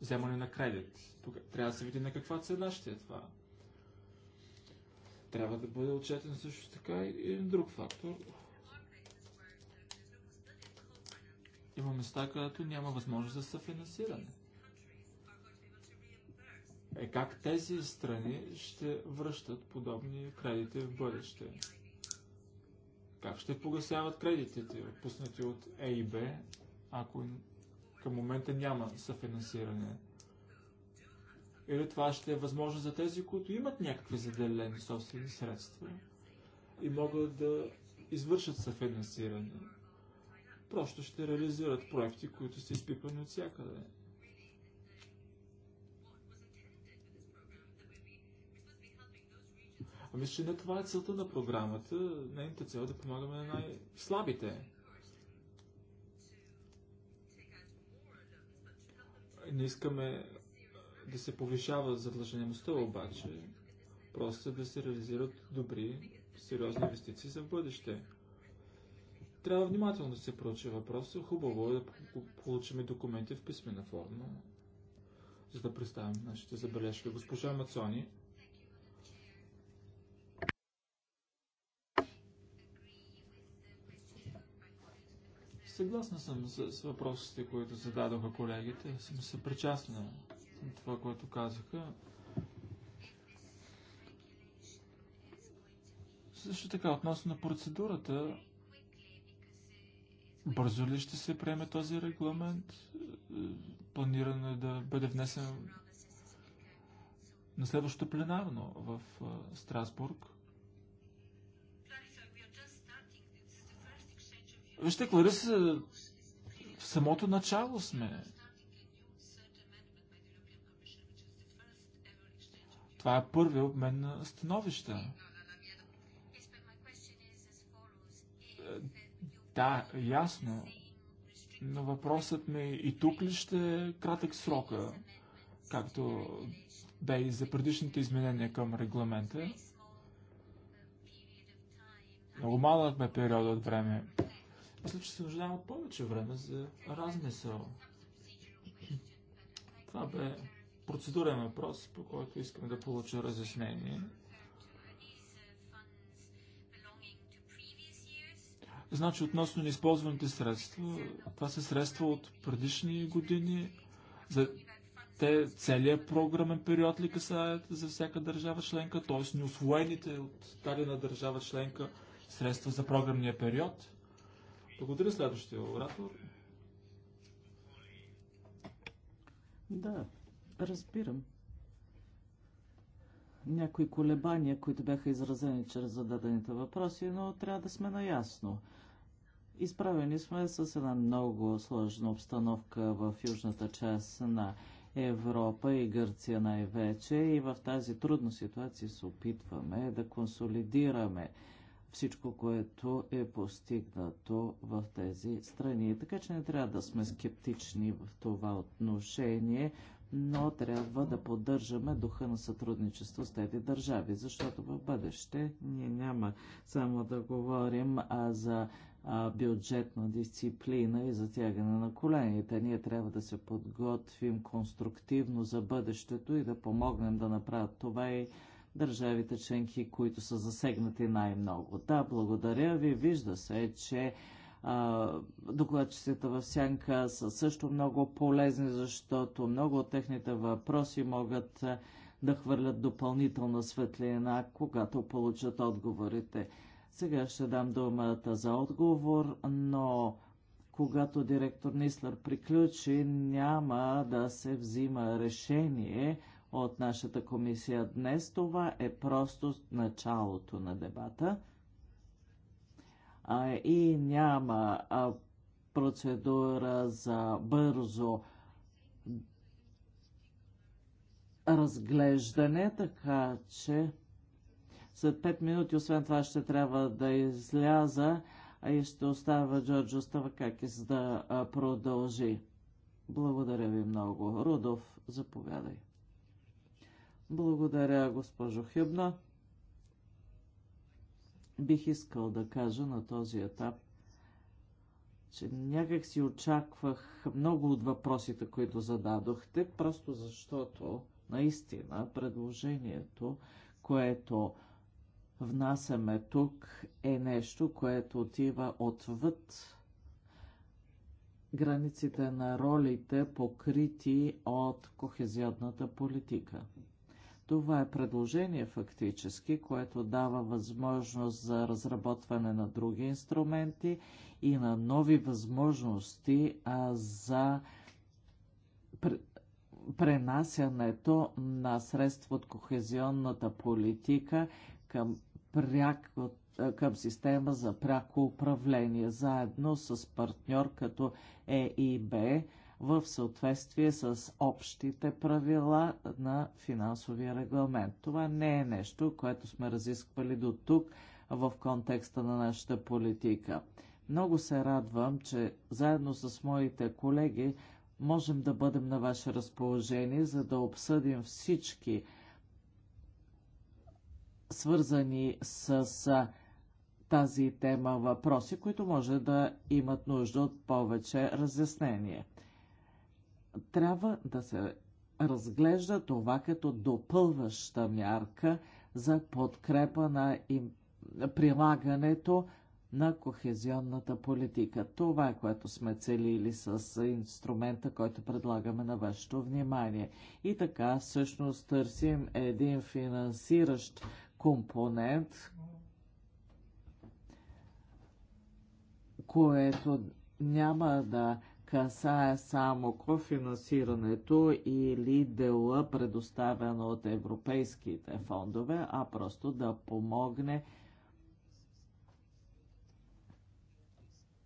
вземане на кредит. Тога, трябва да се види на каква цена ще е това. Трябва да бъде отчетен също така и друг фактор – Има места, където няма възможност за съфинансиране. Е как тези страни ще връщат подобни кредити в бъдеще? Как ще погасяват кредитите, отпуснати от и Б, ако към момента няма съфинансиране? Или това ще е възможно за тези, които имат някакви заделени собствени средства и могат да извършат съфинансиране? Просто ще реализират проекти, които са изпипани от всякъде. А мисля, че не това е целта на програмата. Нейната цел е да помагаме на най-слабите. Не искаме да се повишава задлъжнемостта, обаче просто да се реализират добри, сериозни инвестиции за бъдеще. Трябва внимателно да се проучи въпроса. Хубаво е да получим документи в писмена форма, за да представим нашите забележки. Госпожа Мацони. Съгласна съм с, с въпросите, които зададоха колегите. Съм съпричастна на това, което казаха. Също така, относно на процедурата, Бързо ли ще се приеме този регламент? Планирано е да бъде внесен на следващото пленарно в Страсбург. Вижте, Кларис, в самото начало сме. Това е първият обмен на становища. Да, ясно. Но въпросът ми е, и тук ли ще е кратък срока, както бе и за предишните изменения към регламента? Много малък бе период от време. Мисля, че се нуждаем от повече време за размисъл. Това бе процедурен въпрос, по който искам да получа разяснение. Значи, относно неизползваните средства, това са средства от предишни години. За те целият програмен период ли касаят за всяка държава членка, т.е. неосвоените от дадена държава членка средства за програмния период? Благодаря следващия оратор. Да, разбирам. Някои колебания, които бяха изразени чрез зададените въпроси, но трябва да сме наясно – Изправени сме с една много сложна обстановка в южната част на Европа и Гърция най-вече и в тази трудна ситуация се опитваме да консолидираме всичко, което е постигнато в тези страни. Така че не трябва да сме скептични в това отношение, но трябва да поддържаме духа на сътрудничество с тези държави, защото в бъдеще ние няма само да говорим а за а, бюджетна дисциплина и затягане на колените. Ние трябва да се подготвим конструктивно за бъдещето и да помогнем да направят това и държавите членки, които са засегнати най-много. Да, благодаря ви. Вижда се, че докладчиците в Сянка са също много полезни, защото много от техните въпроси могат да хвърлят допълнителна светлина, когато получат отговорите. Сега ще дам думата за отговор, но когато директор Нислър приключи, няма да се взима решение от нашата комисия днес. Това е просто началото на дебата. А, и няма а, процедура за бързо разглеждане, така че след 5 минути, освен това, ще трябва да изляза и ще оставя Джорджо Ставакакис да продължи. Благодаря ви много. Рудов, заповядай. Благодаря, госпожо Хюбна. Бих искал да кажа на този етап, че някак си очаквах много от въпросите, които зададохте, просто защото наистина предложението, което внасяме тук е нещо, което отива отвъд границите на ролите, покрити от кохезионната политика. Това е предложение фактически, което дава възможност за разработване на други инструменти и на нови възможности а, за пренасянето на средства от кохезионната политика към пряко, към система за пряко управление, заедно с партньор като ЕИБ в съответствие с общите правила на финансовия регламент. Това не е нещо, което сме разисквали до тук в контекста на нашата политика. Много се радвам, че заедно с моите колеги можем да бъдем на ваше разположение, за да обсъдим всички свързани с тази тема въпроси, които може да имат нужда от повече разяснение. Трябва да се разглежда това като допълваща мярка за подкрепа на им... прилагането на кохезионната политика. Това е което сме целили с инструмента, който предлагаме на вашето внимание. И така всъщност търсим един финансиращ компонент, което няма да касае само кофинансирането или дела предоставено от европейските фондове, а просто да помогне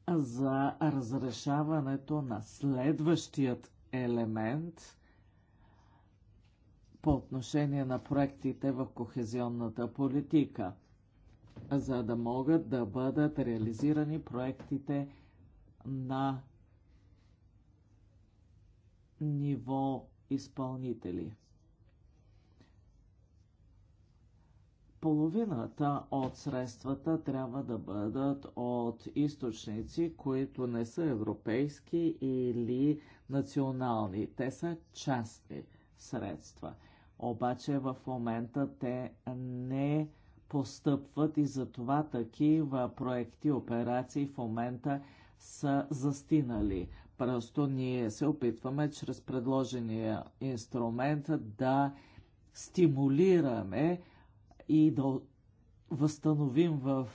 за разрешаването на следващият елемент – по отношение на проектите в кохезионната политика, за да могат да бъдат реализирани проектите на ниво изпълнители. Половината от средствата трябва да бъдат от източници, които не са европейски или национални. Те са частни средства. Обаче в момента те не постъпват и затова такива проекти, операции в момента са застинали. Просто ние се опитваме чрез предложения инструмент да стимулираме и да възстановим в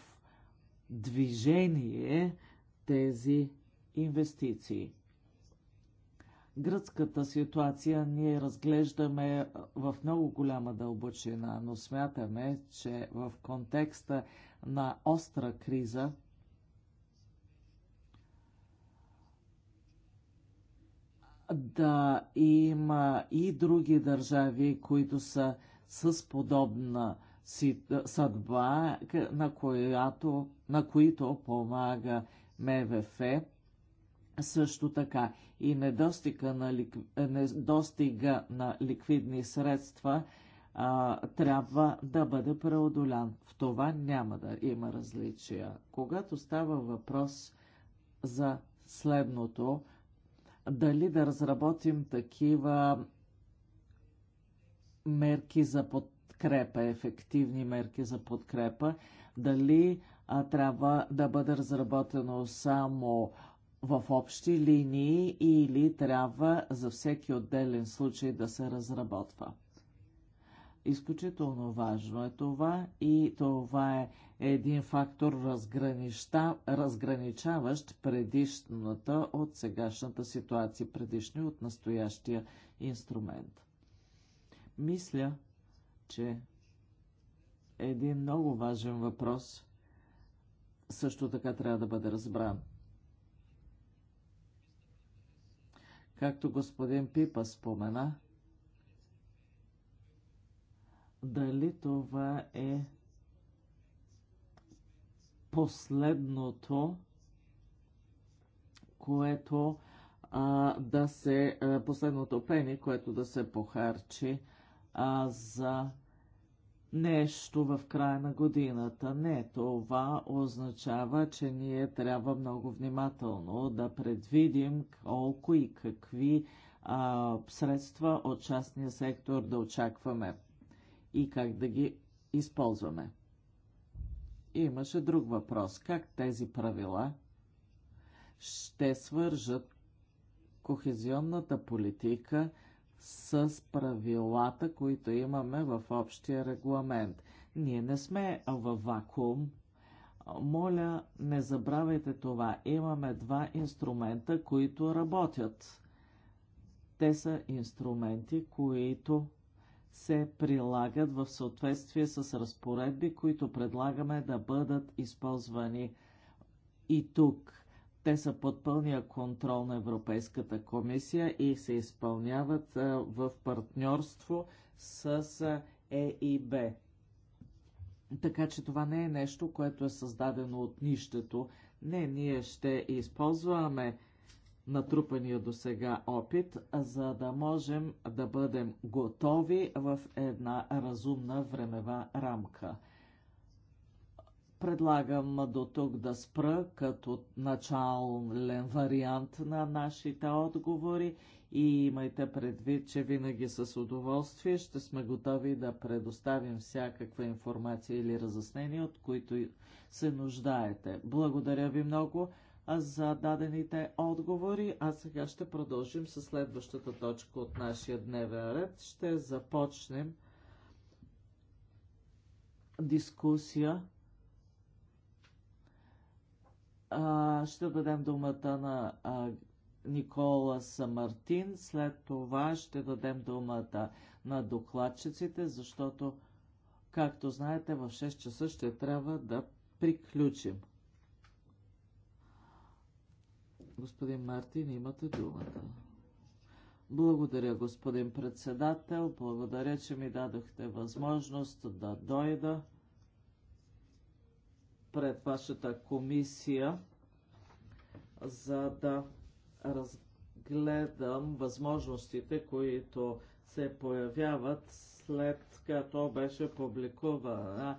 движение тези инвестиции гръцката ситуация ние разглеждаме в много голяма дълбочина, но смятаме, че в контекста на остра криза да има и други държави, които са с подобна съдба, на, която, на които помага МВФ също така и недостига на, лик... Е, недостига на ликвидни средства а, трябва да бъде преодолян. В това няма да има различия. Когато става въпрос за следното, дали да разработим такива мерки за подкрепа, ефективни мерки за подкрепа, дали а, трябва да бъде разработено само в общи линии или трябва за всеки отделен случай да се разработва. Изключително важно е това и това е един фактор разграничаващ предишната от сегашната ситуация, предишния от настоящия инструмент. Мисля, че един много важен въпрос също така трябва да бъде разбран – както господин Пипа спомена, дали това е последното, което а, да се, последното пени, което да се похарчи а, за нещо в края на годината. Не, това означава, че ние трябва много внимателно да предвидим колко и какви а, средства от частния сектор да очакваме и как да ги използваме. И имаше друг въпрос. Как тези правила ще свържат кохезионната политика с правилата, които имаме в общия регламент. Ние не сме в вакуум. Моля, не забравяйте това. Имаме два инструмента, които работят. Те са инструменти, които се прилагат в съответствие с разпоредби, които предлагаме да бъдат използвани и тук. Те са под пълния контрол на Европейската комисия и се изпълняват в партньорство с ЕИБ. Така че това не е нещо, което е създадено от нището. Не, ние ще използваме натрупания до сега опит, за да можем да бъдем готови в една разумна времева рамка. Предлагам до тук да спра като начален вариант на нашите отговори и имайте предвид, че винаги с удоволствие ще сме готови да предоставим всякаква информация или разяснение, от които се нуждаете. Благодаря ви много за дадените отговори, а сега ще продължим с следващата точка от нашия дневен ред. Ще започнем дискусия а, ще дадем думата на а, Никола Самартин. След това ще дадем думата на докладчиците, защото, както знаете, в 6 часа ще трябва да приключим. Господин Мартин, имате думата. Благодаря, господин председател. Благодаря, че ми дадохте възможност да дойда пред вашата комисия, за да разгледам възможностите, които се появяват след като беше публикувана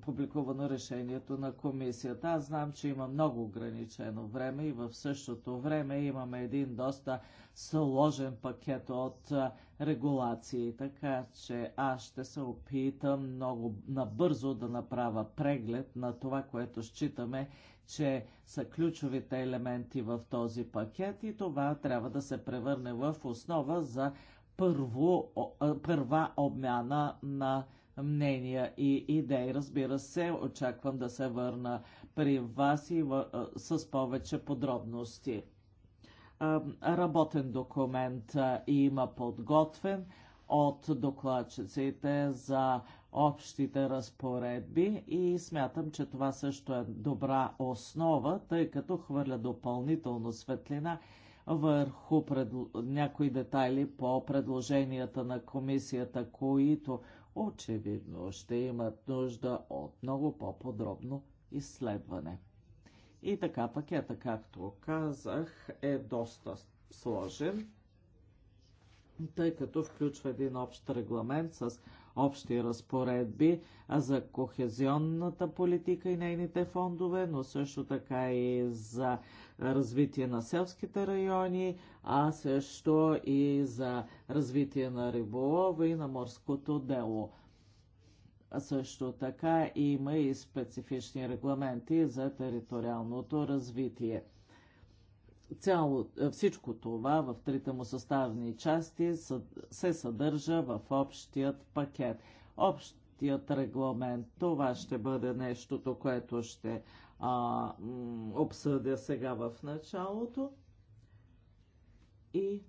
публикувано решението на комисията. Аз знам, че има много ограничено време и в същото време имаме един доста сложен пакет от регулации, така че аз ще се опитам много набързо да направя преглед на това, което считаме, че са ключовите елементи в този пакет и това трябва да се превърне в основа за първо, първа обмяна на мнения и идеи. Разбира се, очаквам да се върна при вас и в, с повече подробности. Работен документ има подготвен от докладчиците за общите разпоредби и смятам, че това също е добра основа, тъй като хвърля допълнително светлина върху пред... някои детайли по предложенията на комисията, които очевидно ще имат нужда от много по-подробно изследване. И така пакета, както казах, е доста сложен, тъй като включва един общ регламент с общи разпоредби за кохезионната политика и нейните фондове, но също така и за развитие на селските райони, а също и за развитие на риболова и на морското дело. също така има и специфични регламенти за териториалното развитие. Цяло, всичко това в трите му съставни части се съдържа в общият пакет. Общият регламент. Това ще бъде нещото, което ще а, обсъдя сега в началото. И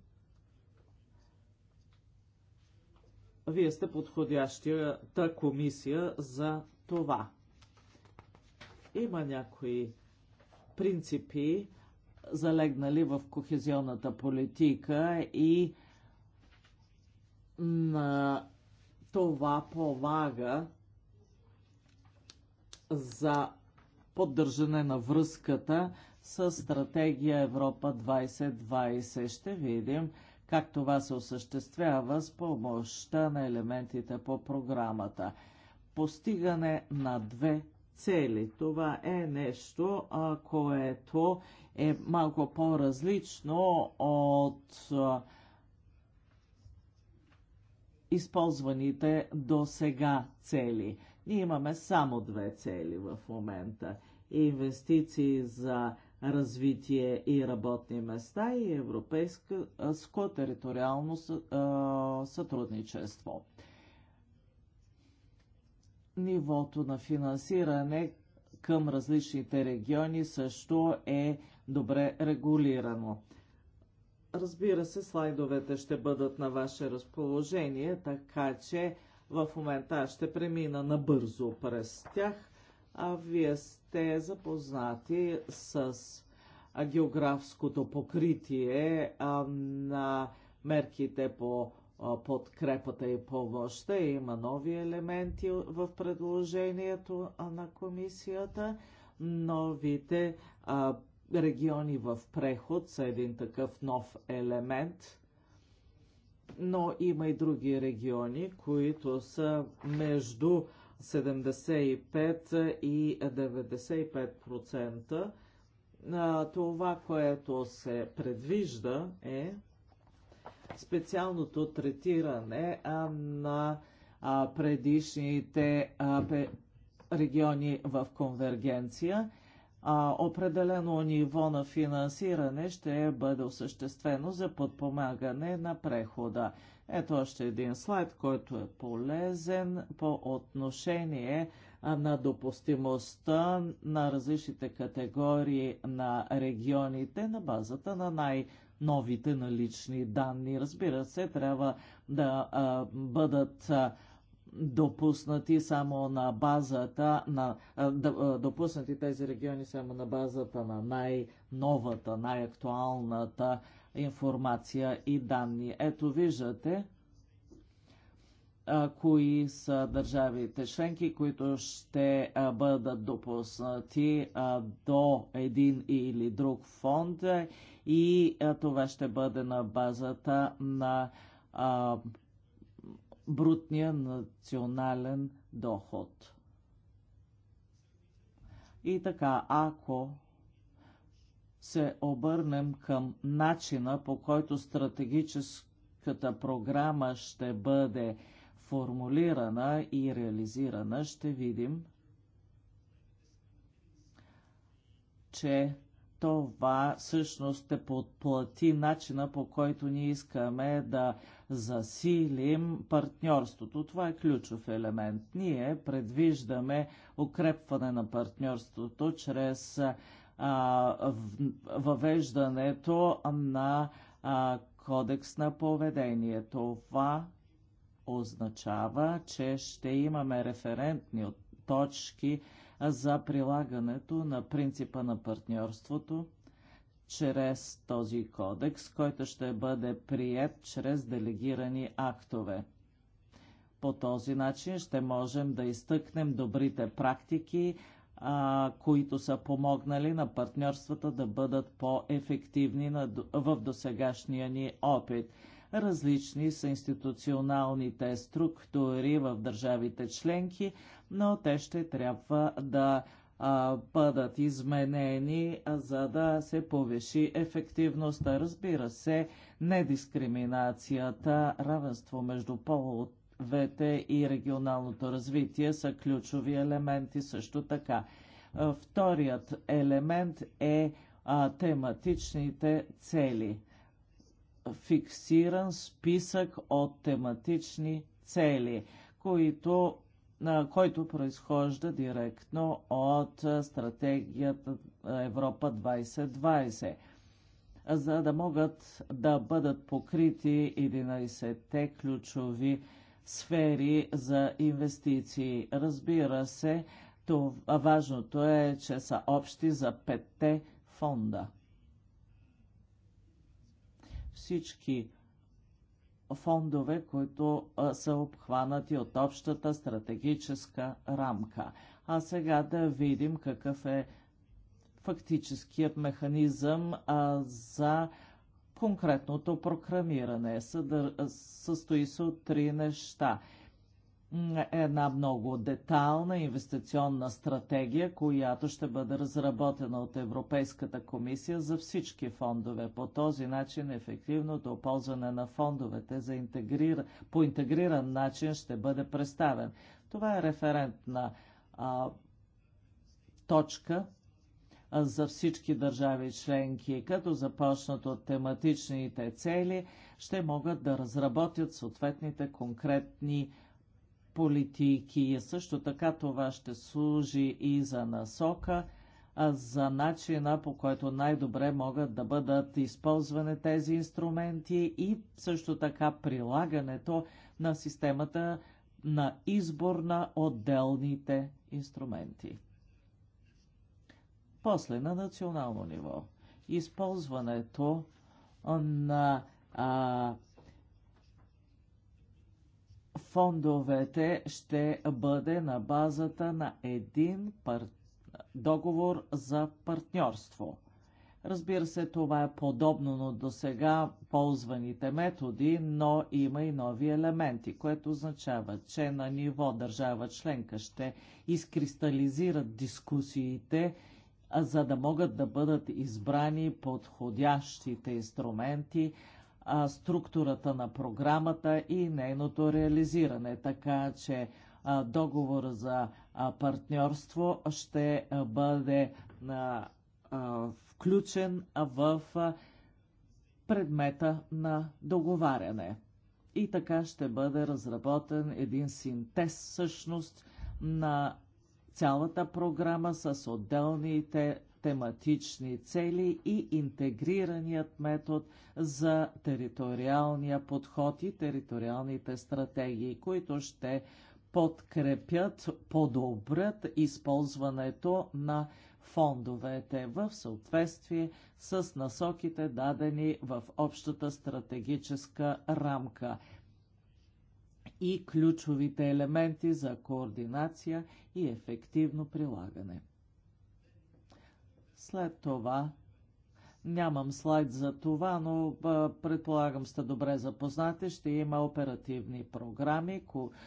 вие сте подходящата комисия за това. Има някои принципи, залегнали в кохезионната политика и на това полага за поддържане на връзката с стратегия Европа 2020. Ще видим как това се осъществява с помощта на елементите по програмата. Постигане на две цели. Това е нещо, което е малко по-различно от използваните до сега цели – ние имаме само две цели в момента. Инвестиции за развитие и работни места и европейско териториално сътрудничество. Нивото на финансиране към различните региони също е добре регулирано. Разбира се, слайдовете ще бъдат на ваше разположение, така че в момента. Аз ще премина набързо през тях, а вие сте запознати с географското покритие на мерките по подкрепата и помощта. Има нови елементи в предложението на комисията. Новите региони в преход са един такъв нов елемент но има и други региони, които са между 75 и 95%. Това, което се предвижда е специалното третиране на предишните региони в конвергенция – а, определено ниво на финансиране ще бъде осъществено за подпомагане на прехода. Ето още един слайд, който е полезен по отношение на допустимостта на различните категории на регионите на базата на най- новите налични данни. Разбира се, трябва да а, бъдат а, допуснати само на базата на допуснати тези региони само на базата на най-новата, най-актуалната информация и данни. Ето виждате кои са държавите членки, които ще бъдат допуснати до един или друг фонд и това ще бъде на базата на брутния национален доход. И така, ако се обърнем към начина по който стратегическата програма ще бъде формулирана и реализирана, ще видим, че това всъщност ще подплати начина по който ние искаме да засилим партньорството. Това е ключов елемент. Ние предвиждаме укрепване на партньорството чрез а, въвеждането на а, кодекс на поведение. Това означава, че ще имаме референтни точки за прилагането на принципа на партньорството чрез този кодекс, който ще бъде прият чрез делегирани актове. По този начин ще можем да изтъкнем добрите практики, а, които са помогнали на партньорствата да бъдат по-ефективни в досегашния ни опит. Различни са институционалните структури в държавите членки, но те ще трябва да а, бъдат изменени, а, за да се повиши ефективността. Разбира се, недискриминацията, равенство между половете и регионалното развитие са ключови елементи също така. А, вторият елемент е а, тематичните цели. Фиксиран списък от тематични цели, които който произхожда директно от стратегията Европа 2020 за да могат да бъдат покрити 11-те ключови сфери за инвестиции. Разбира се, това важното е, че са общи за 5-те фонда. Всички фондове, които са обхванати от общата стратегическа рамка. А сега да видим какъв е фактическият механизъм за конкретното програмиране. Състои се от три неща – една много детална инвестиционна стратегия, която ще бъде разработена от Европейската комисия за всички фондове. По този начин ефективното ползване на фондовете за интегрир... по интегриран начин ще бъде представен. Това е референтна а, точка за всички държави членки, като започнат от тематичните цели, ще могат да разработят съответните конкретни политики. Също така това ще служи и за насока, а за начина по който най-добре могат да бъдат използвани тези инструменти и също така прилагането на системата на избор на отделните инструменти. После на национално ниво използването на а, фондовете ще бъде на базата на един пар... договор за партньорство. Разбира се, това е подобно на до сега ползваните методи, но има и нови елементи, което означава, че на ниво държава членка ще изкристализират дискусиите, за да могат да бъдат избрани подходящите инструменти, а, структурата на програмата и нейното реализиране. Така че а, договор за а, партньорство ще а, бъде а, а, включен в а, предмета на договаряне. И така ще бъде разработен един синтез всъщност на цялата програма с отделните тематични цели и интегрираният метод за териториалния подход и териториалните стратегии, които ще подкрепят, подобрят използването на фондовете в съответствие с насоките дадени в общата стратегическа рамка и ключовите елементи за координация и ефективно прилагане. След това нямам слайд за това, но предполагам сте добре запознати. Ще има оперативни програми,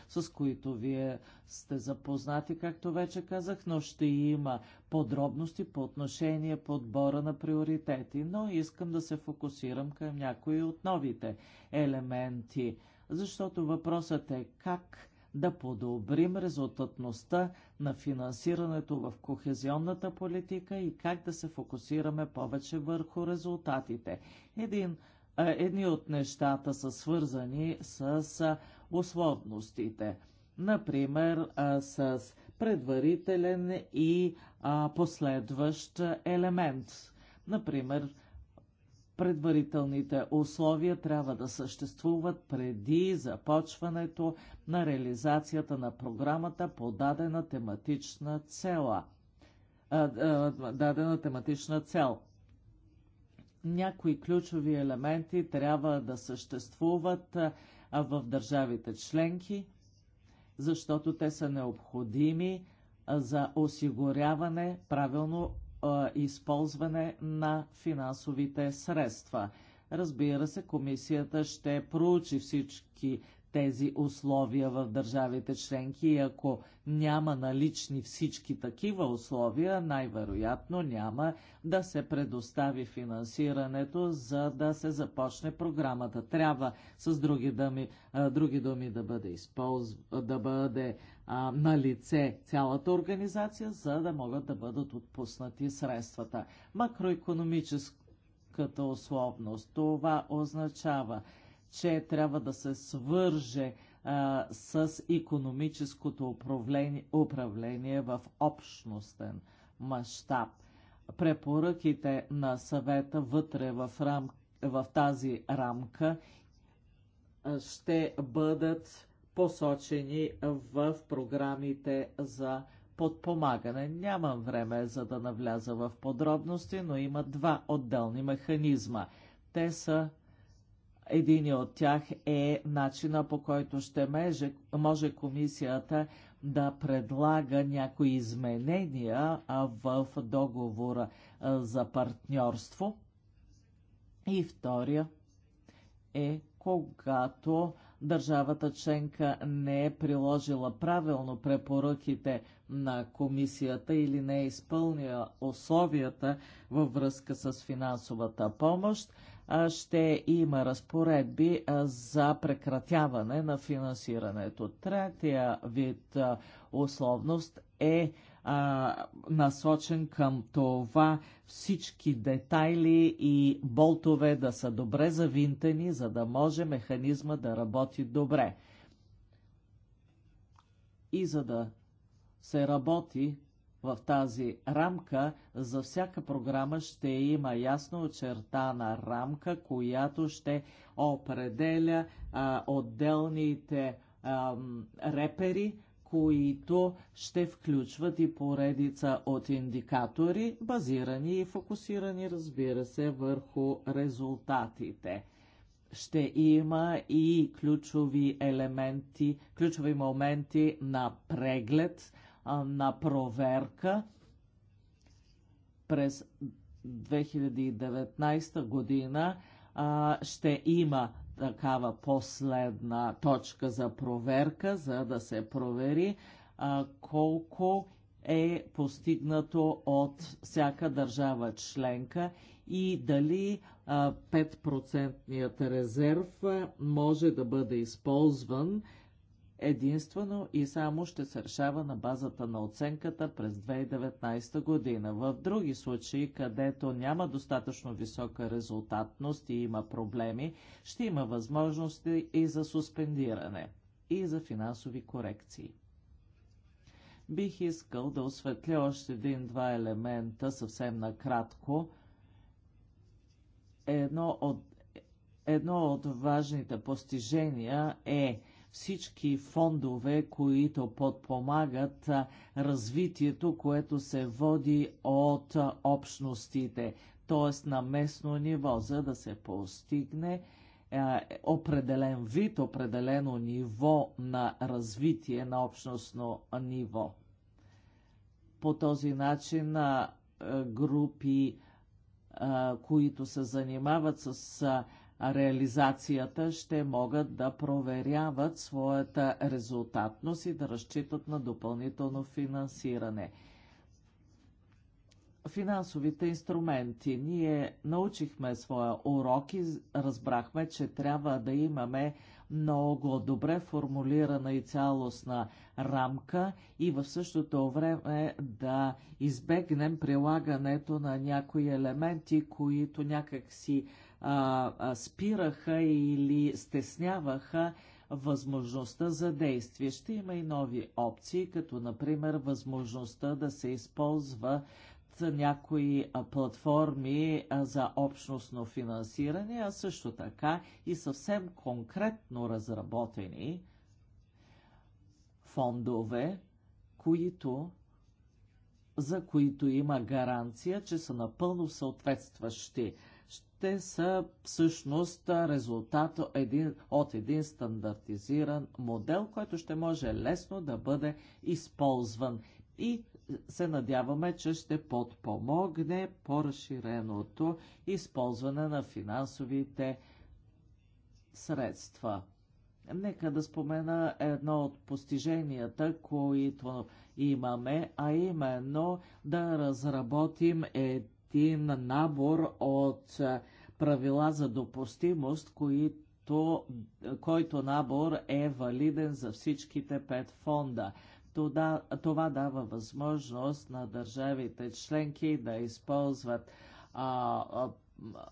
с които вие сте запознати, както вече казах, но ще има подробности по отношение подбора на приоритети. Но искам да се фокусирам към някои от новите елементи, защото въпросът е как да подобрим резултатността на финансирането в кохезионната политика и как да се фокусираме повече върху резултатите. Един, едни от нещата са свързани с условностите. Например, с предварителен и последващ елемент. Например, предварителните условия трябва да съществуват преди започването на реализацията на програмата по дадена тематична цела. А, а, дадена тематична цел. Някои ключови елементи трябва да съществуват в държавите членки, защото те са необходими за осигуряване правилно използване на финансовите средства. Разбира се, комисията ще проучи всички тези условия в държавите членки и ако няма налични всички такива условия, най-вероятно няма да се предостави финансирането, за да се започне програмата. Трябва с други думи, други думи да бъде, използ... да бъде а, на лице цялата организация, за да могат да бъдат отпуснати средствата. Макроекономическата условност. Това означава, че трябва да се свърже а, с економическото управление, управление в общностен мащаб. Препоръките на съвета вътре в, рам, в тази рамка ще бъдат посочени в програмите за подпомагане. Нямам време за да навляза в подробности, но има два отделни механизма. Те са един от тях е начина по който ще може, може комисията да предлага някои изменения в договора за партньорство. И втория е когато държавата членка не е приложила правилно препоръките на комисията или не е изпълнила условията във връзка с финансовата помощ, ще има разпоредби за прекратяване на финансирането. Третия вид условност е а, насочен към това всички детайли и болтове да са добре завинтени, за да може механизма да работи добре. И за да се работи в тази рамка, за всяка програма ще има ясно очертана рамка, която ще определя а, отделните а, репери които ще включват и поредица от индикатори, базирани и фокусирани, разбира се, върху резултатите. Ще има и ключови елементи, ключови моменти на преглед, на проверка през 2019 година ще има такава последна точка за проверка, за да се провери а, колко е постигнато от всяка държава членка и дали 5% резерв може да бъде използван единствено и само ще се решава на базата на оценката през 2019 година. В други случаи, където няма достатъчно висока резултатност и има проблеми, ще има възможности и за суспендиране, и за финансови корекции. Бих искал да осветля още един-два елемента съвсем накратко. Едно от, едно от важните постижения е – всички фондове, които подпомагат развитието, което се води от общностите, т.е. на местно ниво, за да се постигне определен вид, определено ниво на развитие на общностно ниво. По този начин групи, които се занимават с реализацията ще могат да проверяват своята резултатност и да разчитат на допълнително финансиране. Финансовите инструменти. Ние научихме своя урок и разбрахме, че трябва да имаме много добре формулирана и цялостна рамка и в същото време да избегнем прилагането на някои елементи, които някакси си а, а, спираха или стесняваха възможността за действие. Ще има и нови опции, като например възможността да се използва някои платформи за общностно финансиране, а също така и съвсем конкретно разработени фондове, които, за които има гаранция, че са напълно съответстващи те са всъщност резултат от един стандартизиран модел, който ще може лесно да бъде използван и се надяваме, че ще подпомогне по-разширеното използване на финансовите средства. Нека да спомена едно от постиженията, които имаме, а именно да разработим един един набор от е, правила за допустимост, които, е, който набор е валиден за всичките пет фонда. Това, това дава възможност на държавите членки да използват а, а, а,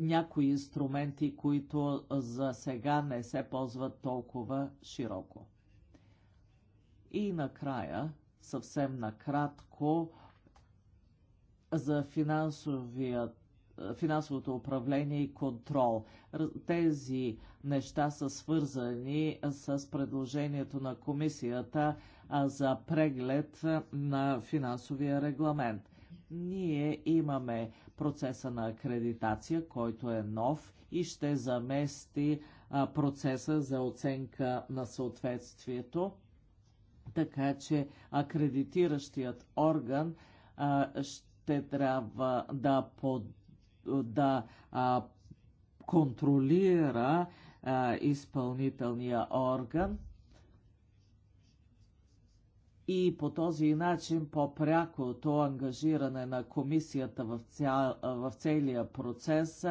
някои инструменти, които за сега не се ползват толкова широко. И накрая съвсем накратко за финансовият финансовото управление и контрол. Тези неща са свързани с предложението на комисията за преглед на финансовия регламент. Ние имаме процеса на акредитация, който е нов и ще замести процеса за оценка на съответствието така че акредитиращият орган а, ще трябва да, под, да а, контролира а, изпълнителния орган и по този начин по-прякото ангажиране на комисията в, ця, в целия процес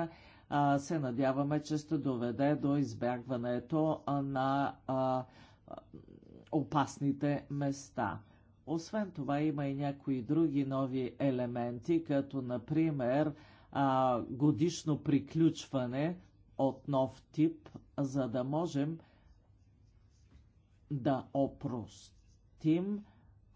а, се надяваме, че ще доведе до избягването на а, опасните места. Освен това има и някои други нови елементи, като например а, годишно приключване от нов тип, за да можем да опростим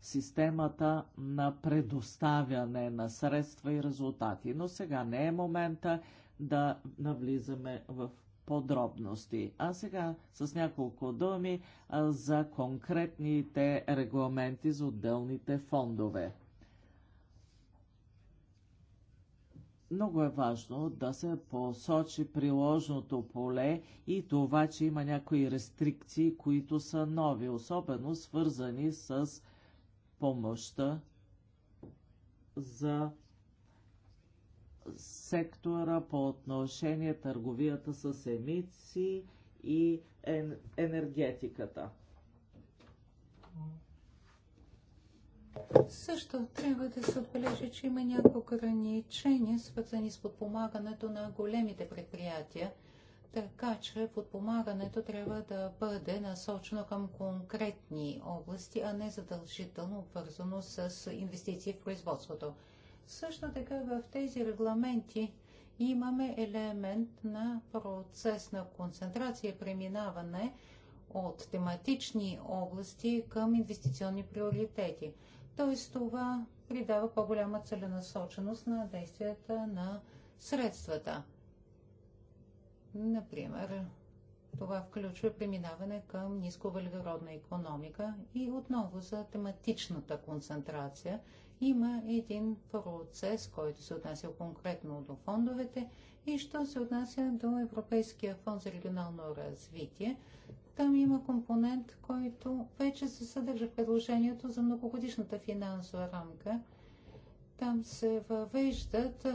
системата на предоставяне на средства и резултати. Но сега не е момента да навлизаме в подробности. А сега с няколко думи а, за конкретните регламенти за отделните фондове. Много е важно да се посочи приложното поле и това, че има някои рестрикции, които са нови, особено свързани с помощта за сектора по отношение търговията с емисии и енергетиката. Също трябва да се отбележи, че има някои ограничения, свързани с подпомагането на големите предприятия, така че подпомагането трябва да бъде насочено към конкретни области, а не задължително обвързано с инвестиции в производството. Също така в тези регламенти имаме елемент на процес на концентрация, преминаване от тематични области към инвестиционни приоритети. Т.е. това придава по-голяма целенасоченост на действията на средствата. Например, това включва преминаване към нисковъглеродна економика и отново за тематичната концентрация – има един процес, който се отнася конкретно до фондовете и що се отнася до Европейския фонд за регионално развитие. Там има компонент, който вече се съдържа в предложението за многогодишната финансова рамка. Там се въвеждат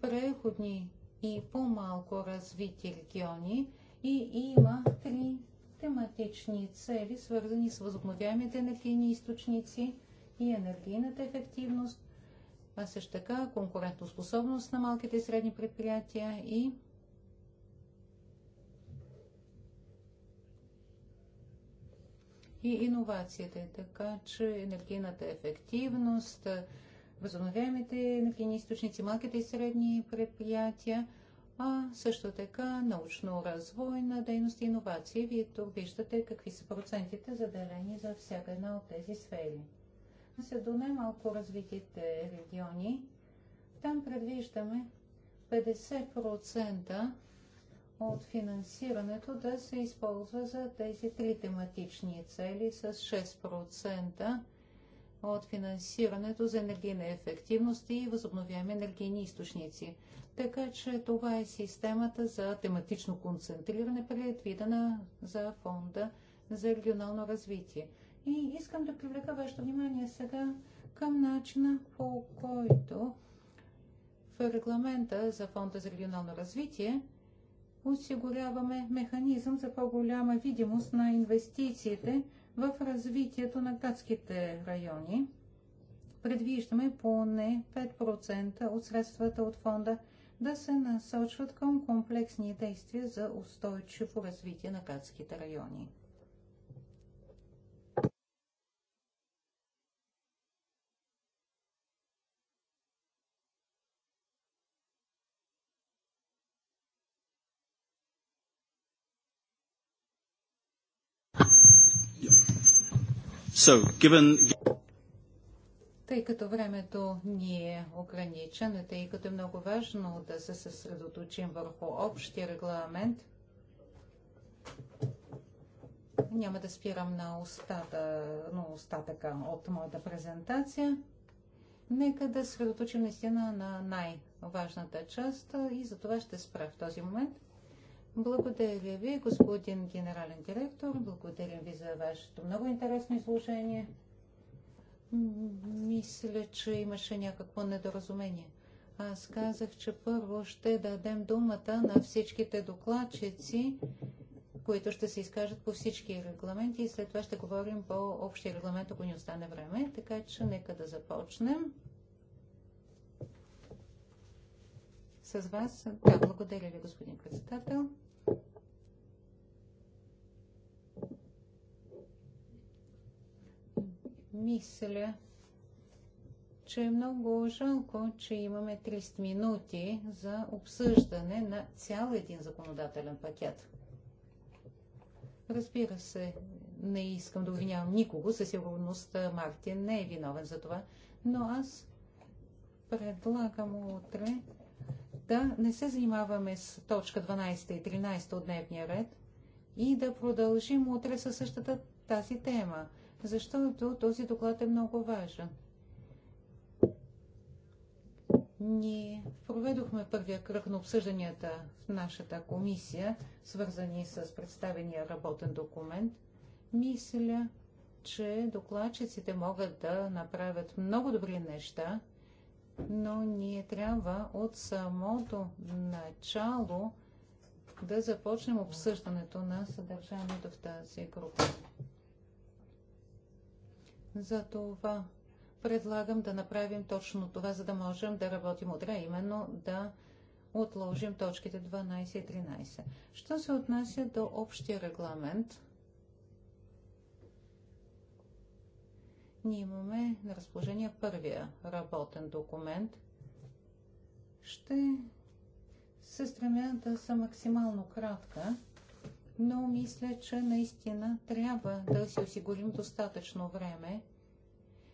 преходни и по-малко развити региони и има три тематични цели, свързани с възобновяемите енергийни източници – и енергийната ефективност, а също така конкурентоспособност на малките и средни предприятия и и иновациите, така че енергийната ефективност, възобновяемите енергийни източници, малките и средни предприятия, а също така научно-развойна дейност и иновации. Вие тук виждате какви са процентите заделени за всяка една от тези сфери се до най-малко развитите региони, там предвиждаме 50% от финансирането да се използва за тези три тематични цели с 6% от финансирането за енергийна ефективност и възобновяеми енергийни източници. Така че това е системата за тематично концентриране, предвидена за фонда за регионално развитие. И искам да привлека вашето внимание сега към начина по който в регламента за Фонда за регионално развитие осигуряваме механизъм за по-голяма видимост на инвестициите в развитието на градските райони. Предвиждаме поне 5% от средствата от фонда да се насочват към комплексни действия за устойчиво развитие на градските райони. So, given... Тъй като времето ни е ограничено, тъй като е много важно да се съсредоточим върху общия регламент, няма да спирам на, на остатъка от моята презентация. Нека да средоточим наистина на най-важната част и за това ще спра в този момент. Благодаря ви, господин генерален директор. Благодаря ви за вашето много интересно изложение. Мисля, че имаше някакво недоразумение. Аз казах, че първо ще дадем думата на всичките докладчици, които ще се изкажат по всички регламенти и след това ще говорим по общия регламент, ако ни остане време. Така че нека да започнем. С вас. Да, благодаря ви, господин председател. Мисля, че е много жалко, че имаме 30 минути за обсъждане на цял един законодателен пакет. Разбира се, не искам да обвинявам никого, със сигурност Мартин не е виновен за това, но аз предлагам утре да не се занимаваме с точка 12 и 13 от дневния ред и да продължим утре със същата тази тема защото този доклад е много важен. Ние проведохме първия кръг на обсъжданията в нашата комисия, свързани с представения работен документ. Мисля, че докладчиците могат да направят много добри неща, но ние трябва от самото начало да започнем обсъждането на съдържанието в тази група. Затова предлагам да направим точно това, за да можем да работим утре, именно да отложим точките 12 и 13. Що се отнася до общия регламент, ние имаме на разположение първия работен документ. Ще се стремя да съм максимално кратка, но мисля, че наистина трябва да си осигурим достатъчно време.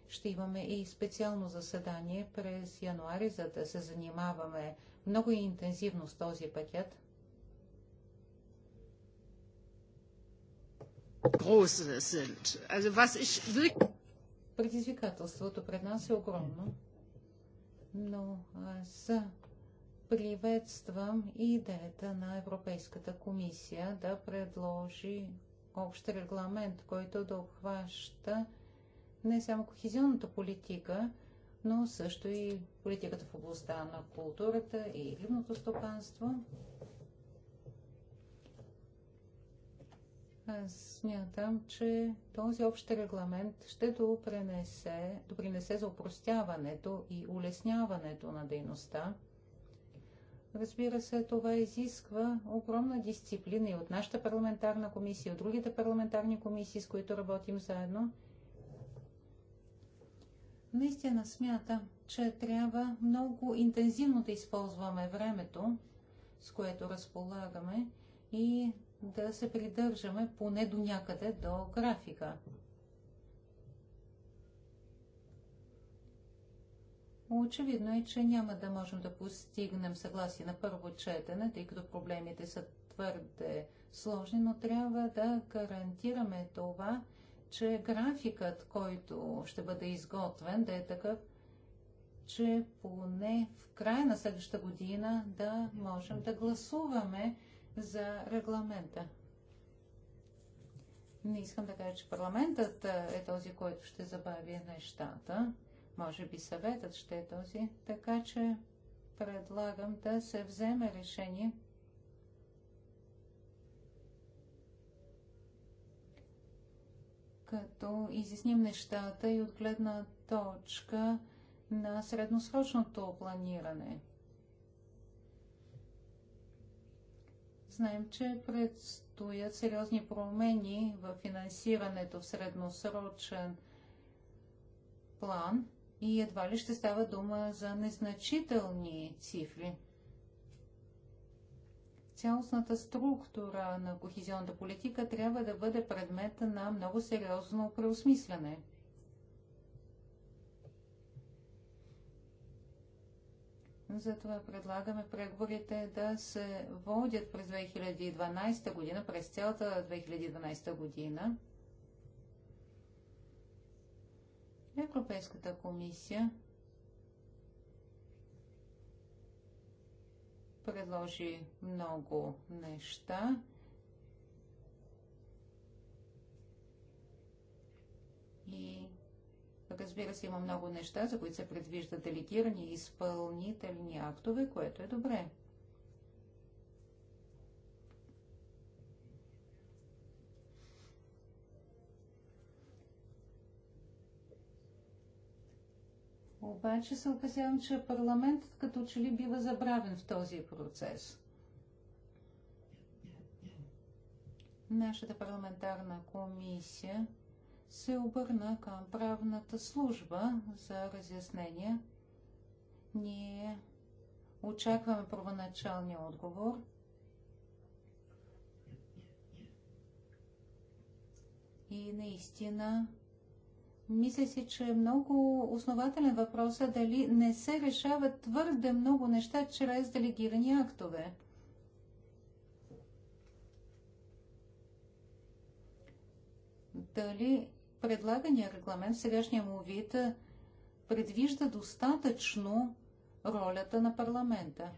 Ще имаме и специално заседание през януари, за да се занимаваме много интензивно с този пакет. Предизвикателството пред нас е огромно, но аз Приветствам идеята на Европейската комисия да предложи общ регламент, който да обхваща не само кохезионната политика, но също и политиката в областта на културата и рибното стопанство. Аз смятам, че този общ регламент ще допринесе за упростяването и улесняването на дейността Разбира се, това изисква огромна дисциплина и от нашата парламентарна комисия, и от другите парламентарни комисии, с които работим заедно. Наистина смятам, че трябва много интензивно да използваме времето, с което разполагаме и да се придържаме поне до някъде до графика. Очевидно е, че няма да можем да постигнем съгласие на първо четене, тъй като проблемите са твърде сложни, но трябва да гарантираме това, че графикът, който ще бъде изготвен, да е такъв, че поне в края на следващата година да можем да гласуваме за регламента. Не искам да кажа, че парламентът е този, който ще забави нещата. Може би съветът ще е този, така че предлагам да се вземе решение като изясним нещата и от гледна точка на средносрочното планиране. Знаем, че предстоят сериозни промени в финансирането в средносрочен план и едва ли ще става дума за незначителни цифри. Цялостната структура на кохизионната политика трябва да бъде предмет на много сериозно преосмисляне. Затова предлагаме преговорите да се водят през 2012 година, през цялата 2012 година. Европейската комисия предложи много неща. И разбира се, има много неща, за които се предвижда делегирани и изпълнителни актове, което е добре. Обаче се опасявам, че парламентът като че ли бива забравен в този процес. Нашата парламентарна комисия се обърна към правната служба за разяснения. Ние очакваме първоначалния отговор. И наистина мисля си, че е много основателен въпрос е дали не се решават твърде много неща чрез делегирани актове. Дали предлагания регламент в сегашния му вид предвижда достатъчно ролята на парламента.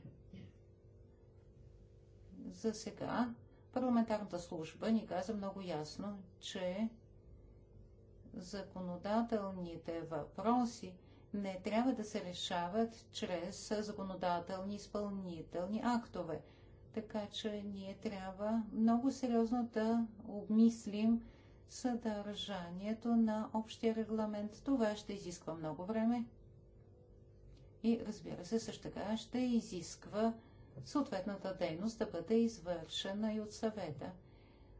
За сега парламентарната служба ни каза много ясно, че законодателните въпроси не трябва да се решават чрез законодателни изпълнителни актове. Така че ние трябва много сериозно да обмислим съдържанието на общия регламент. Това ще изисква много време и разбира се също така ще изисква съответната дейност да бъде извършена и от съвета.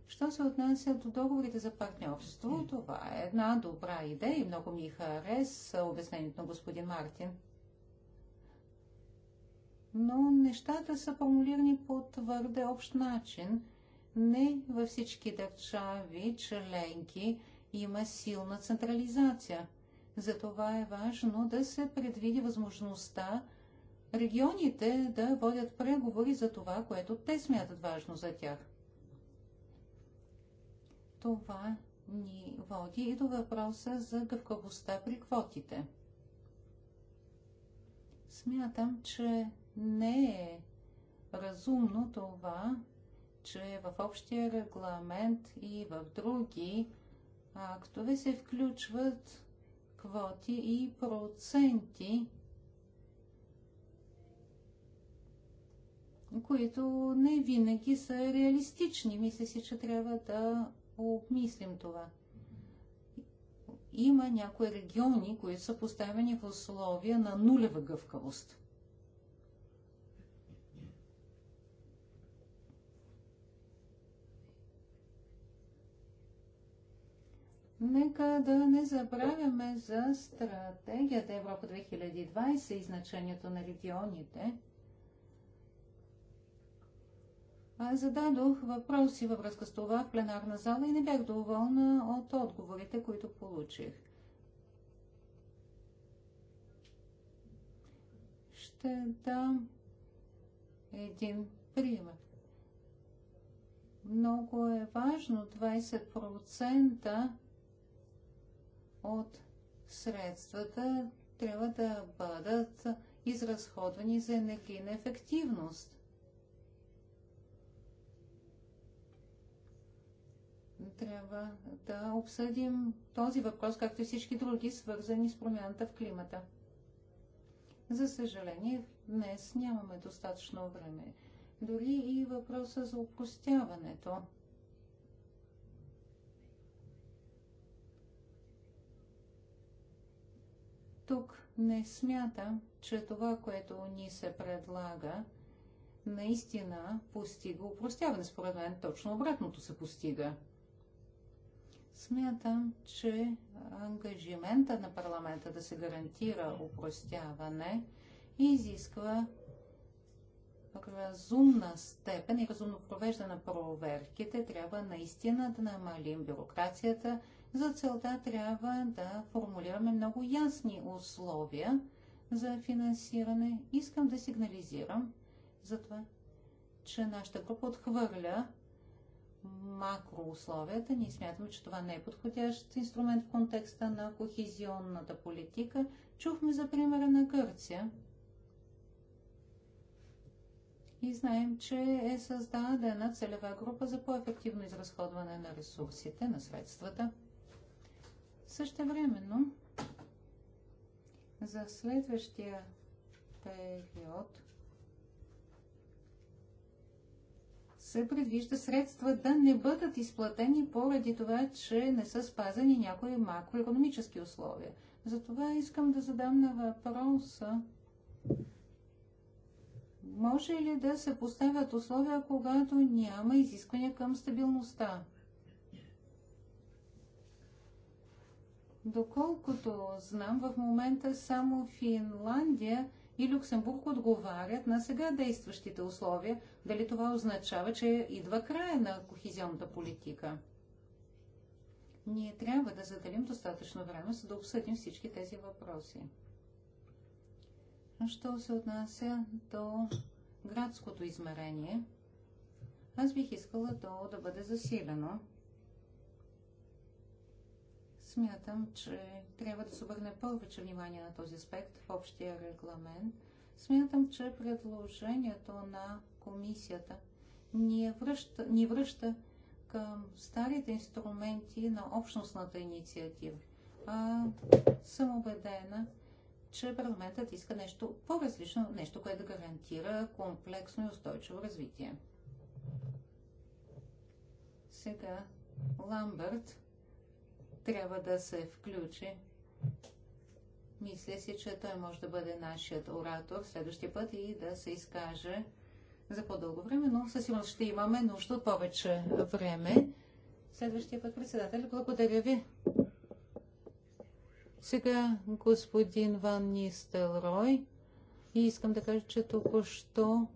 Що се отнася до договорите за партньорство, това е една добра идея и много ми хареса обяснението на господин Мартин. Но нещата са формулирани по твърде общ начин. Не във всички държави, членки има силна централизация. Затова е важно да се предвиди възможността регионите да водят преговори за това, което те смятат важно за тях. Това ни води и до въпроса за гъвкавостта при квотите. Смятам, че не е разумно това, че в общия регламент и в други актове се включват квоти и проценти, които не винаги са реалистични. Мисля си, че трябва да обмислим това. Има някои региони, които са поставени в условия на нулева гъвкавост. Нека да не забравяме за стратегията Европа 2020 и значението на регионите. Зададох въпроси във връзка с това в пленарна зала и не бях доволна от отговорите, които получих. Ще дам един пример. Много е важно 20% от средствата трябва да бъдат изразходвани за енергийна ефективност. трябва да обсъдим този въпрос, както и всички други, свързани с промяната в климата. За съжаление, днес нямаме достатъчно време. Дори и въпроса за упростяването. Тук не смятам, че това, което ни се предлага, наистина постига упростяване. Според мен точно обратното се постига – Смятам, че ангажимента на парламента да се гарантира упростяване изисква разумна степен и разумно провеждане на проверките. Трябва наистина да намалим бюрокрацията. За целта трябва да формулираме много ясни условия за финансиране. Искам да сигнализирам за това, че нашата група отхвърля макроусловията. Ние смятаме, че това не е подходящ инструмент в контекста на кохизионната политика. Чухме за примера на Гърция. И знаем, че е създадена целева група за по-ефективно изразходване на ресурсите, на средствата. Също времено, за следващия период се предвижда средства да не бъдат изплатени поради това, че не са спазени някои макроекономически условия. Затова искам да задам на въпроса. Може ли да се поставят условия, когато няма изисквания към стабилността? Доколкото знам, в момента само Финландия – и Люксембург отговарят на сега действащите условия, дали това означава, че идва края на кохизионната политика? Ние трябва да заделим достатъчно време, за да обсъдим всички тези въпроси. Що се отнася до градското измерение, аз бих искала то да бъде засилено. Смятам, че трябва да се обърне повече внимание на този аспект в общия регламент. Смятам, че предложението на комисията ни е връща, ни връща към старите инструменти на общностната инициатива. А съм убедена, че парламентът иска нещо по-различно, нещо, което да гарантира комплексно и устойчиво развитие. Сега Ламбърт трябва да се включи. Мисля си, че той може да бъде нашият оратор следващия път и да се изкаже за по-дълго време, но със сигурност ще имаме нужда от повече време. Следващия път председател, благодаря ви. Сега господин Ван Нистелрой. И искам да кажа, че току-що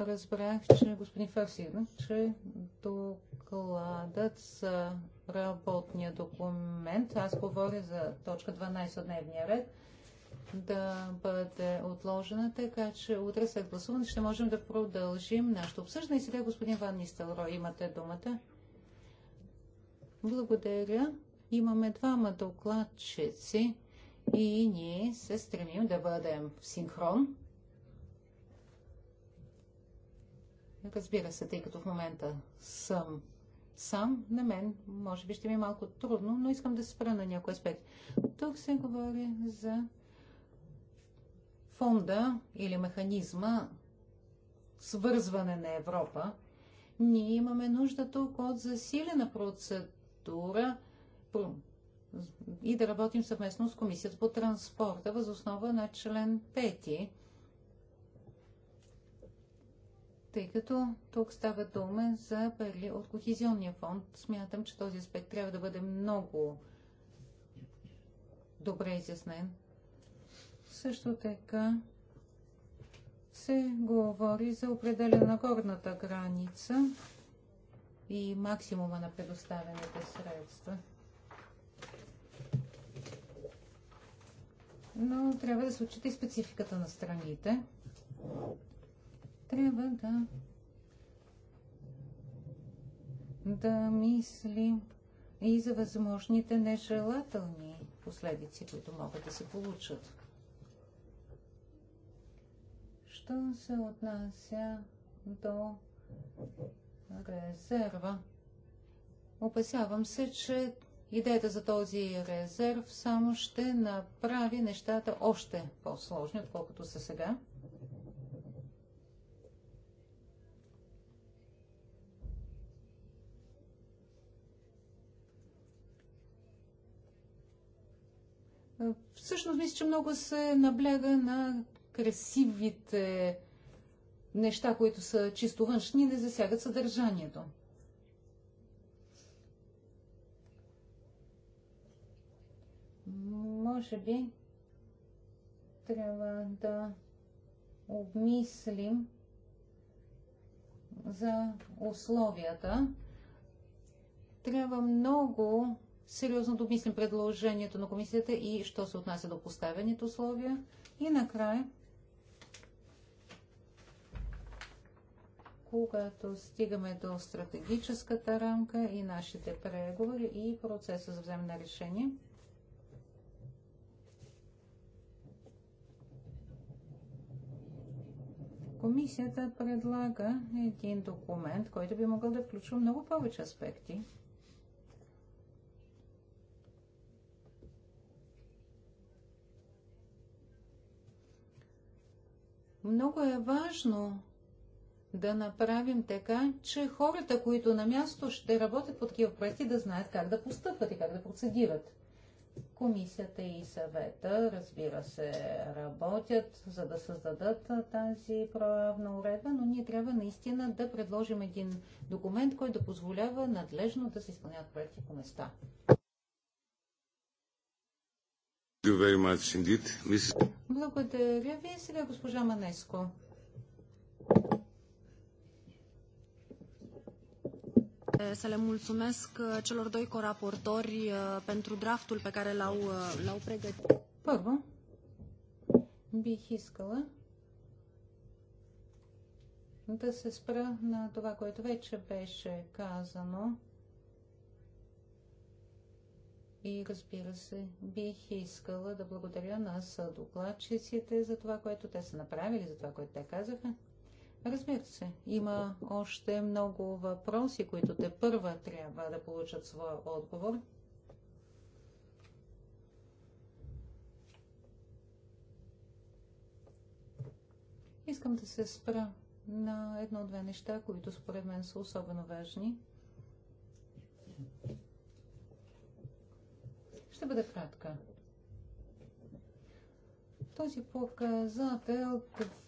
разбрах, че господин Фарсин, че докладът за работния документ, аз говоря за точка 12 от дневния ред, да бъде отложена, така че утре след гласуване ще можем да продължим нашето обсъждане. И сега господин Ван Нистелро, имате думата. Благодаря. Имаме двама докладчици и ние се стремим да бъдем в синхрон. Разбира се, тъй като в момента съм сам на мен, може би ще ми е малко трудно, но искам да се спра на някой аспект. Тук се говори за фонда или механизма свързване на Европа. Ние имаме нужда тук от засилена процедура и да работим съвместно с Комисията по транспорта възоснова на член тъй като тук става дума за пари от Кохизионния фонд. Смятам, че този аспект трябва да бъде много добре изяснен. Също така се говори за определена на горната граница и максимума на предоставените средства. Но трябва да се отчита и спецификата на страните трябва да да мислим и за възможните нежелателни последици, които могат да се получат. Що се отнася до резерва? Опасявам се, че идеята за този резерв само ще направи нещата още по-сложни, отколкото са сега. Всъщност мисля, че много се набляга на красивите неща, които са чисто външни и не засягат съдържанието. Може би трябва да обмислим за условията. Трябва много сериозно да обмислим предложението на комисията и що се отнася до поставените условия. И накрая, когато стигаме до стратегическата рамка и нашите преговори и процеса за вземане на решение, Комисията предлага един документ, който би могъл да включва много повече аспекти – Много е важно да направим така, че хората, които на място ще работят по такива проекти, да знаят как да постъпват и как да процедират. Комисията и съвета, разбира се, работят, за да създадат тази правна уредба, но ние трябва наистина да предложим един документ, който да позволява надлежно да се изпълняват проекти по места. Благодаря ви. Сега госпожа Манеско. Е, să le mulțumesc е, celor doi coraportori e, pentru draftul pe care l-au, e, l-au pregătit. Първо, бих искала да се спра на това, което вече беше казано и разбира се, бих искала да благодаря на съдокладчиците за това, което те са направили, за това, което те казаха. Разбира се, има още много въпроси, които те първа трябва да получат своя отговор. Искам да се спра на едно-две неща, които според мен са особено важни – Ще бъде кратка. Този показател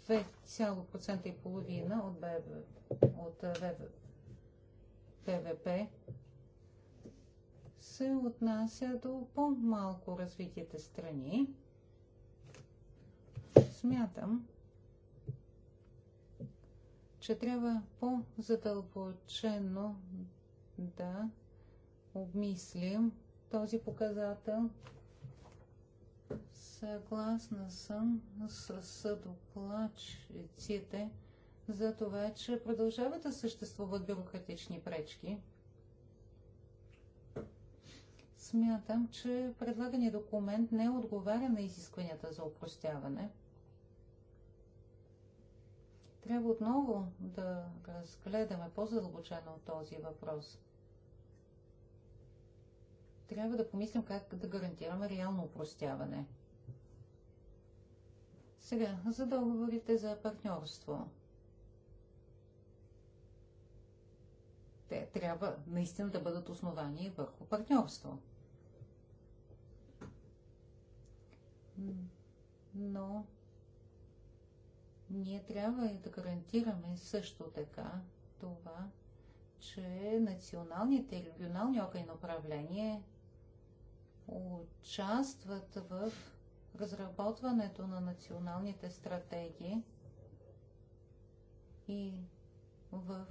2,5% е от, ВВП от ПВП се отнася до по-малко развитите страни. Смятам, че трябва по-задълбочено да обмислим този показател. Съгласна съм с докладчиците за това, че продължават да съществуват бюрократични пречки. Смятам, че предлагания документ не отговаря на изискванията за упростяване. Трябва отново да разгледаме по-задълбочено този въпрос – трябва да помислим как да гарантираме реално упростяване. Сега, за договорите за партньорство. Те трябва наистина да бъдат основани върху партньорство. Но ние трябва и да гарантираме също така това, че националните и регионални органи на управление участват в разработването на националните стратегии и в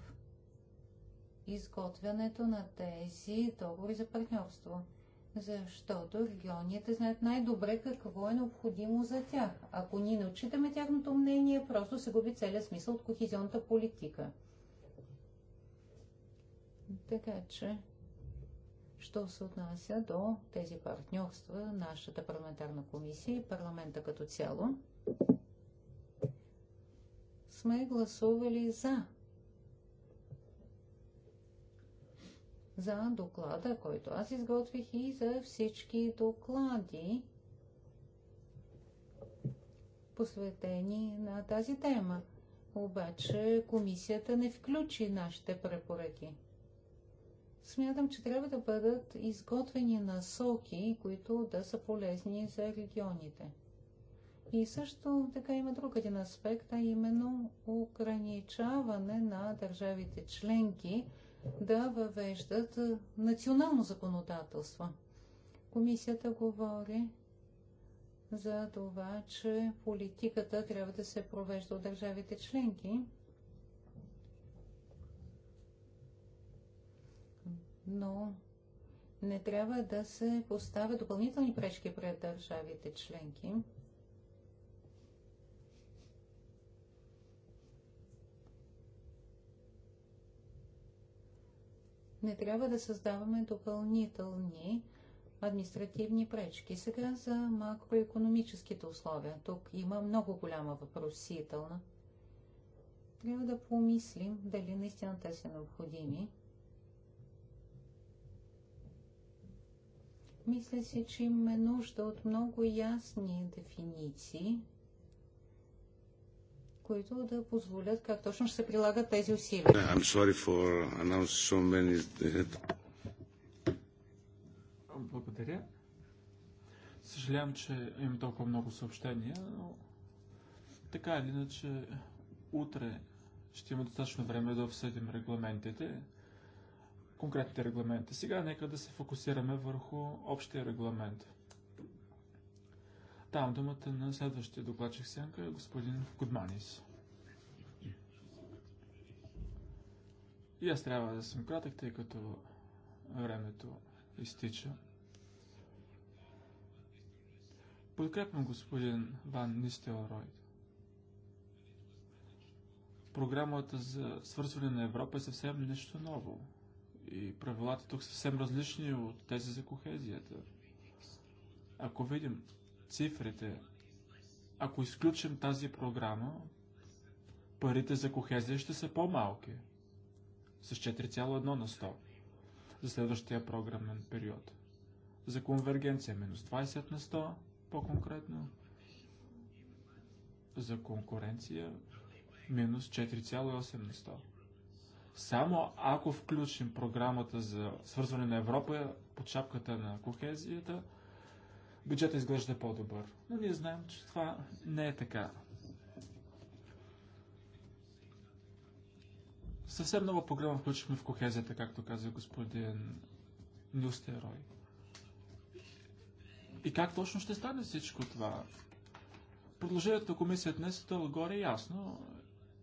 изготвянето на тези договори за партньорство, защото регионите знаят най-добре какво е необходимо за тях. Ако ние не отчитаме тяхното мнение, просто се губи целият смисъл от кохезионната политика. Така че Що се отнася до тези партньорства, нашата парламентарна комисия и парламента като цяло, сме гласували за за доклада, който аз изготвих и за всички доклади, посветени на тази тема. Обаче комисията не включи нашите препоръки смятам, че трябва да бъдат изготвени насоки, които да са полезни за регионите. И също така има друг един аспект, а именно ограничаване на държавите членки да въвеждат национално законодателство. Комисията говори за това, че политиката трябва да се провежда от държавите членки. но не трябва да се поставят допълнителни пречки пред държавите членки. Не трябва да създаваме допълнителни административни пречки. Сега за макроекономическите условия. Тук има много голяма въпросителна. Трябва да помислим дали наистина те са необходими. Мисля си, че имаме нужда от много ясни дефиниции, които да позволят как точно ще се прилагат тези усилия. I'm sorry for so many... Uh, Благодаря. Съжалявам, че имам толкова много съобщения, но така или иначе утре ще има достатъчно време да обсъдим регламентите конкретните регламенти. Сега нека да се фокусираме върху общия регламент. Давам думата на следващия докладчик сянка, господин Гудманис. И аз трябва да съм кратък, тъй като времето изтича. Подкрепям господин Ван Нистелройд. Програмата за свързване на Европа е съвсем нещо ново. И правилата тук са съвсем различни от тези за кохезията. Ако видим цифрите, ако изключим тази програма, парите за кохезия ще са по-малки. С 4,1 на 100 за следващия програмен период. За конвергенция минус 20 на 100, по-конкретно. За конкуренция минус 4,8 на 100. Само ако включим програмата за свързване на Европа под шапката на кохезията, бюджета изглежда по-добър. Но ние знаем, че това не е така. Съвсем много програма включихме в кохезията, както каза господин Нюстерой. И как точно ще стане всичко това? Продължението на комисията днес е отгоре ясно.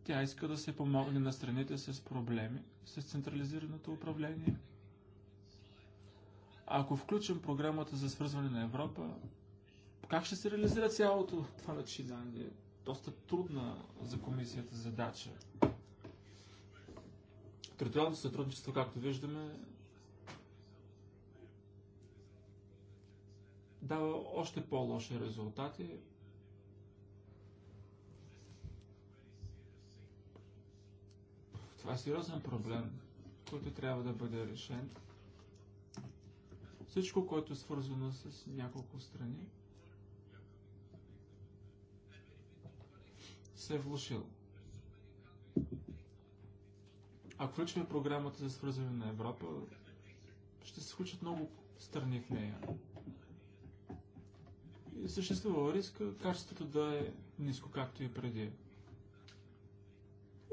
Тя иска да се помогне на страните с проблеми с централизираното управление. Ако включим програмата за свързване на Европа, как ще се реализира цялото това начинание? Доста трудна за комисията задача. Териториалното сътрудничество, както виждаме, дава още по-лоши резултати, Това е сериозен проблем, който трябва да бъде решен. Всичко, което е свързано с няколко страни, се е влушило. Ако включим програмата за свързване на Европа, ще се включат много страни в нея. И съществува риска качеството да е ниско, както и преди.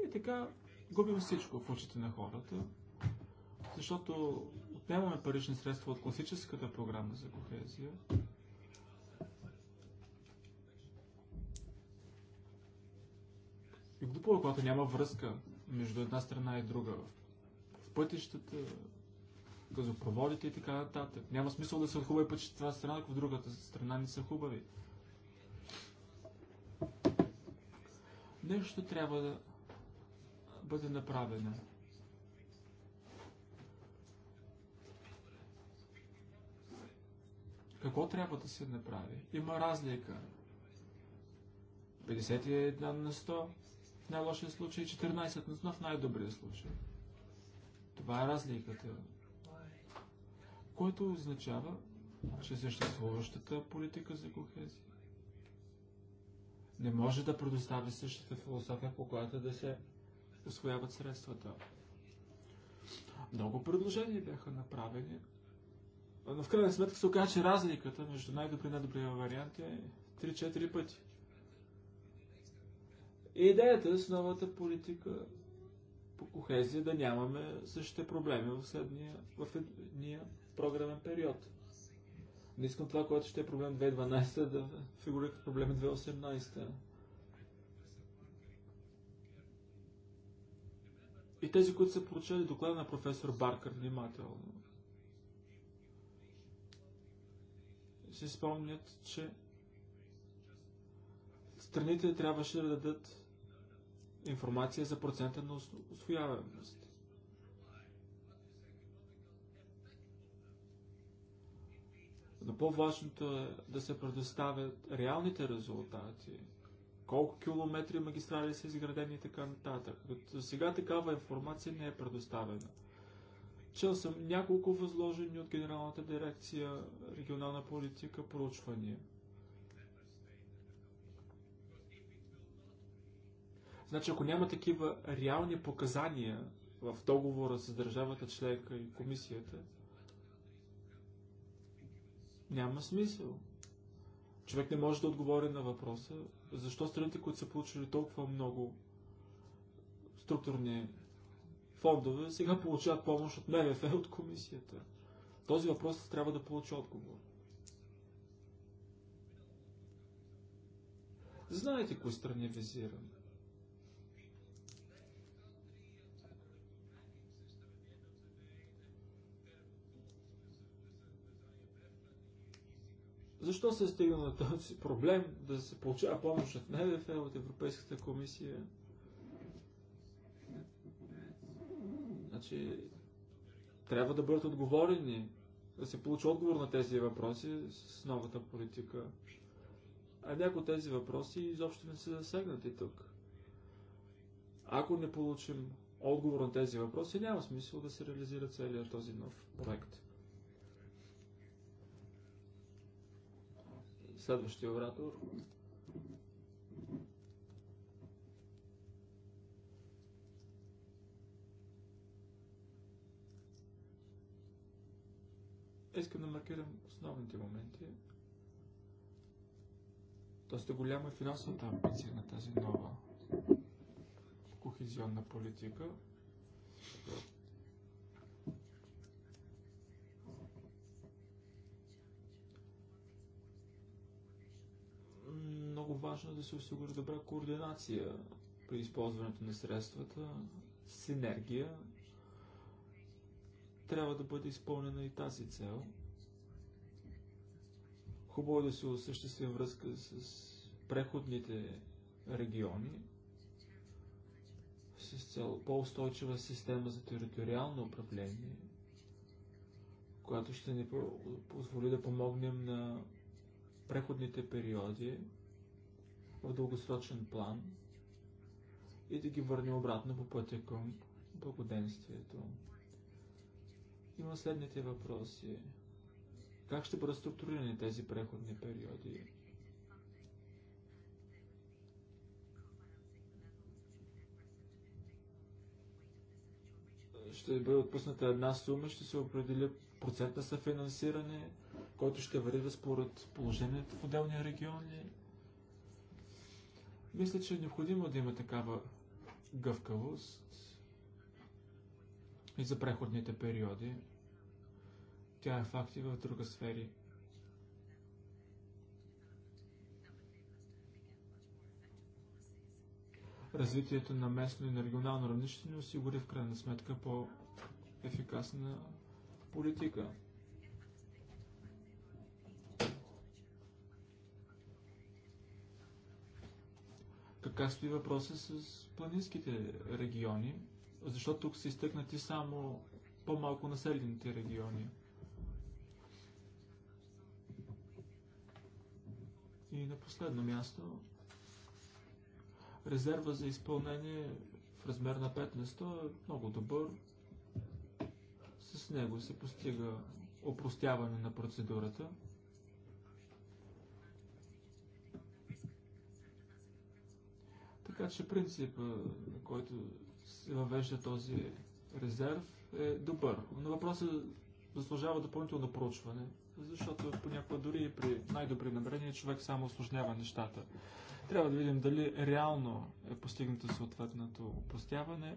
И така, губим всичко в очите на хората, защото отнемаме парични средства от класическата програма за кохезия. И глупо е, когато няма връзка между една страна и друга. В пътищата, газопроводите и така нататък. Няма смисъл да са хубави пътища в страна, ако в другата страна не са хубави. Нещо трябва да бъде направена. Какво трябва да се направи? Има разлика. 51 на 100 в най-лошия случай, 14 на 100 в най-добрия случай. Това е разликата. Което означава, че съществуващата политика за кохезия не може да предостави същата философия, по която да се освояват средствата. Много предложения бяха направени, но в крайна сметка се оказа, че разликата между най-добри и най-добрия вариант е 3-4 пъти. И идеята е с новата политика по кохезия да нямаме същите проблеми в следния, в едния програмен период. Не искам това, което ще е проблем 2012, да фигурира като проблем 2018. и тези, които са прочели доклада на професор Баркър внимателно, си спомнят, че страните трябваше да дадат информация за процента на освояваемост. Но по-важното е да се предоставят реалните резултати – колко километри магистрали са изградени и така нататък. За сега такава информация не е предоставена. Чел съм няколко възложени от Генералната дирекция регионална политика проучвания. Значи, ако няма такива реални показания в договора с държавата членка и комисията, няма смисъл. Човек не може да отговори на въпроса защо страните, които са получили толкова много структурни фондове, сега получават помощ от МВФ от комисията. Този въпрос трябва да получи отговор. Знаете кои страни визирам. Защо се е стигнал на този проблем да се получава помощ от МВФ, от Европейската комисия? Значи, трябва да бъдат отговорени, да се получи отговор на тези въпроси с новата политика. А някои от тези въпроси изобщо не са засегнати тук. Ако не получим отговор на тези въпроси, няма смисъл да се реализира целият този нов проект. Следващия оратор. Искам да маркирам основните моменти. Доста голяма е финансовата амбиция на тази нова кохезионна политика. важно да се осигури добра координация при използването на средствата, синергия. Трябва да бъде изпълнена и тази цел. Хубаво е да се осъществи връзка с преходните региони с цел по-устойчива система за териториално управление, която ще ни позволи да помогнем на преходните периоди в дългосрочен план и да ги върне обратно по пътя към благоденствието. Има следните въпроси. Как ще бъдат структурирани тези преходни периоди? Ще бъде отпусната една сума, ще се определя процента на съфинансиране, който ще варира според положението в отделния регион ли? Мисля, че е необходимо да има такава гъвкавост и за преходните периоди. Тя е факт и в друга сфери. Развитието на местно и на регионално равнище ни осигури в крайна сметка по-ефикасна политика. Така стои въпроса с планинските региони, защото тук са изтъкнати само по-малко населените региони. И на последно място, резерва за изпълнение в размер на 5 на 100 е много добър. С него се постига опростяване на процедурата. Така че принципът, на който се въвежда този резерв, е добър. Но въпросът заслужава допълнително проучване, защото понякога дори и при най-добри намерения човек само осложнява нещата. Трябва да видим дали реално е постигнато съответното упростяване.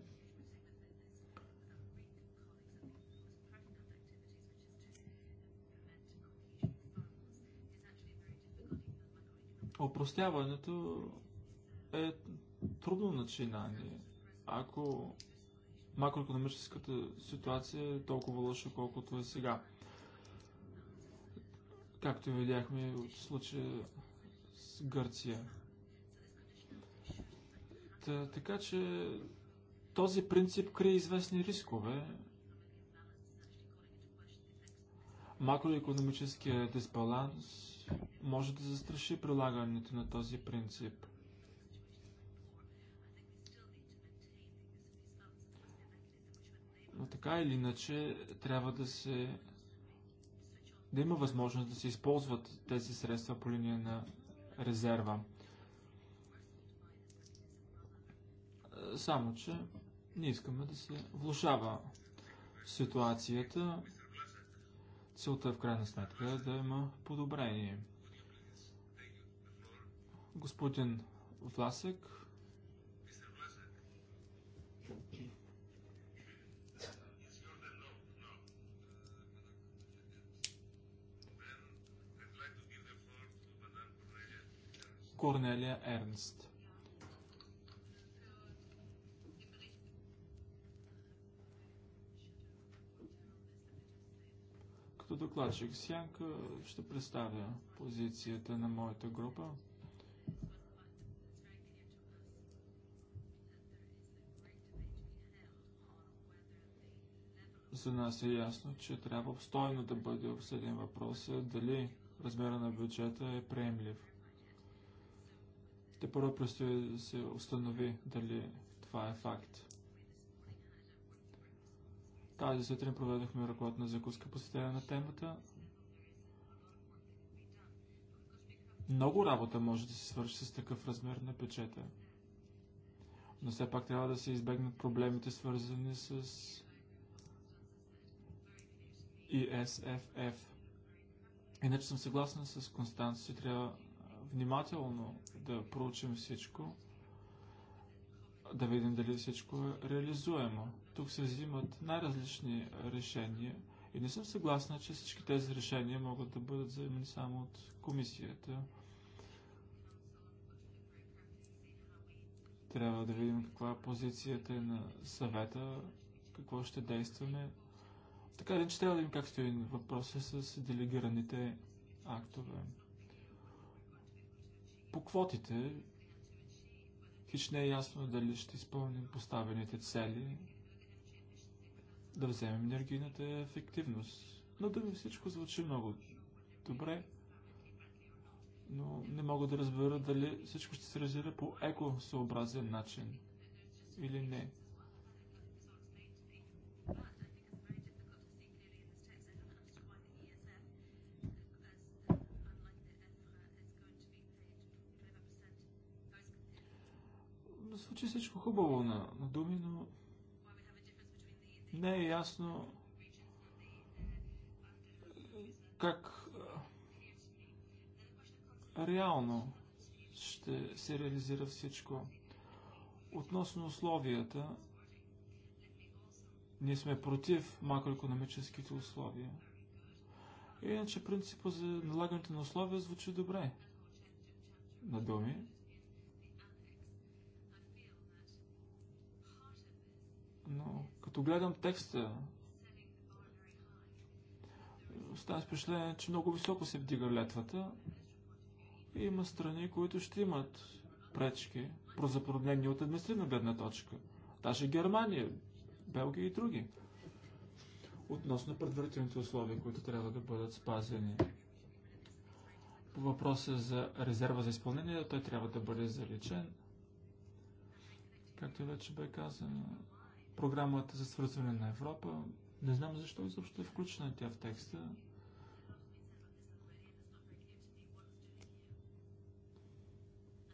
Опростяването е трудно начинание. Ако макроекономическата ситуация е толкова лоша, колкото е сега. Както видяхме от случая с Гърция. Та, така че този принцип крие известни рискове. Макроекономическия дисбаланс може да застраши прилагането на този принцип – така или иначе трябва да се да има възможност да се използват тези средства по линия на резерва. Само, че не искаме да се влушава ситуацията. Целта в крайна сметка е да има подобрение. Господин Власек Корнелия Ернст. Като докладчик Сянка ще представя позицията на моята група. За нас е ясно, че трябва обстойно да бъде обсъден въпроса дали размера на бюджета е приемлив. Те първо предстои да се установи дали това е факт. Тази сутрин проведохме ръководна закуска посетена на темата. Много работа може да се свърши с такъв размер на печета. Но все пак трябва да се избегнат проблемите, свързани с ESFF. Иначе съм съгласен с Констанция, трябва внимателно да проучим всичко, да видим дали всичко е реализуемо. Тук се взимат най-различни решения и не съм съгласна, че всички тези решения могат да бъдат вземени само от комисията. Трябва да видим каква е позицията е на съвета, какво ще действаме. Така ли, че трябва да видим как стои въпроса с делегираните актове. По квотите хич не е ясно дали ще изпълним поставените цели, да вземем енергийната ефективност. Но да ми всичко звучи много добре, но не мога да разбера дали всичко ще се разбира по екосъобразен начин или не. Звучи всичко хубаво на, на думи, но не е ясно как реално ще се реализира всичко. Относно условията, ние сме против макроекономическите условия. Иначе принципа за налагането на условия звучи добре. На думи. Но като гледам текста, става впечатление, че много високо се вдига летвата и има страни, които ще имат пречки, прозапроблемни от административна гледна точка. Даже Германия, Белгия и други. Относно предварителните условия, които трябва да бъдат спазени. По въпроса за резерва за изпълнение, той трябва да бъде заличен. Както вече бе казано, програмата за свързване на Европа. Не знам защо изобщо е включена тя в текста.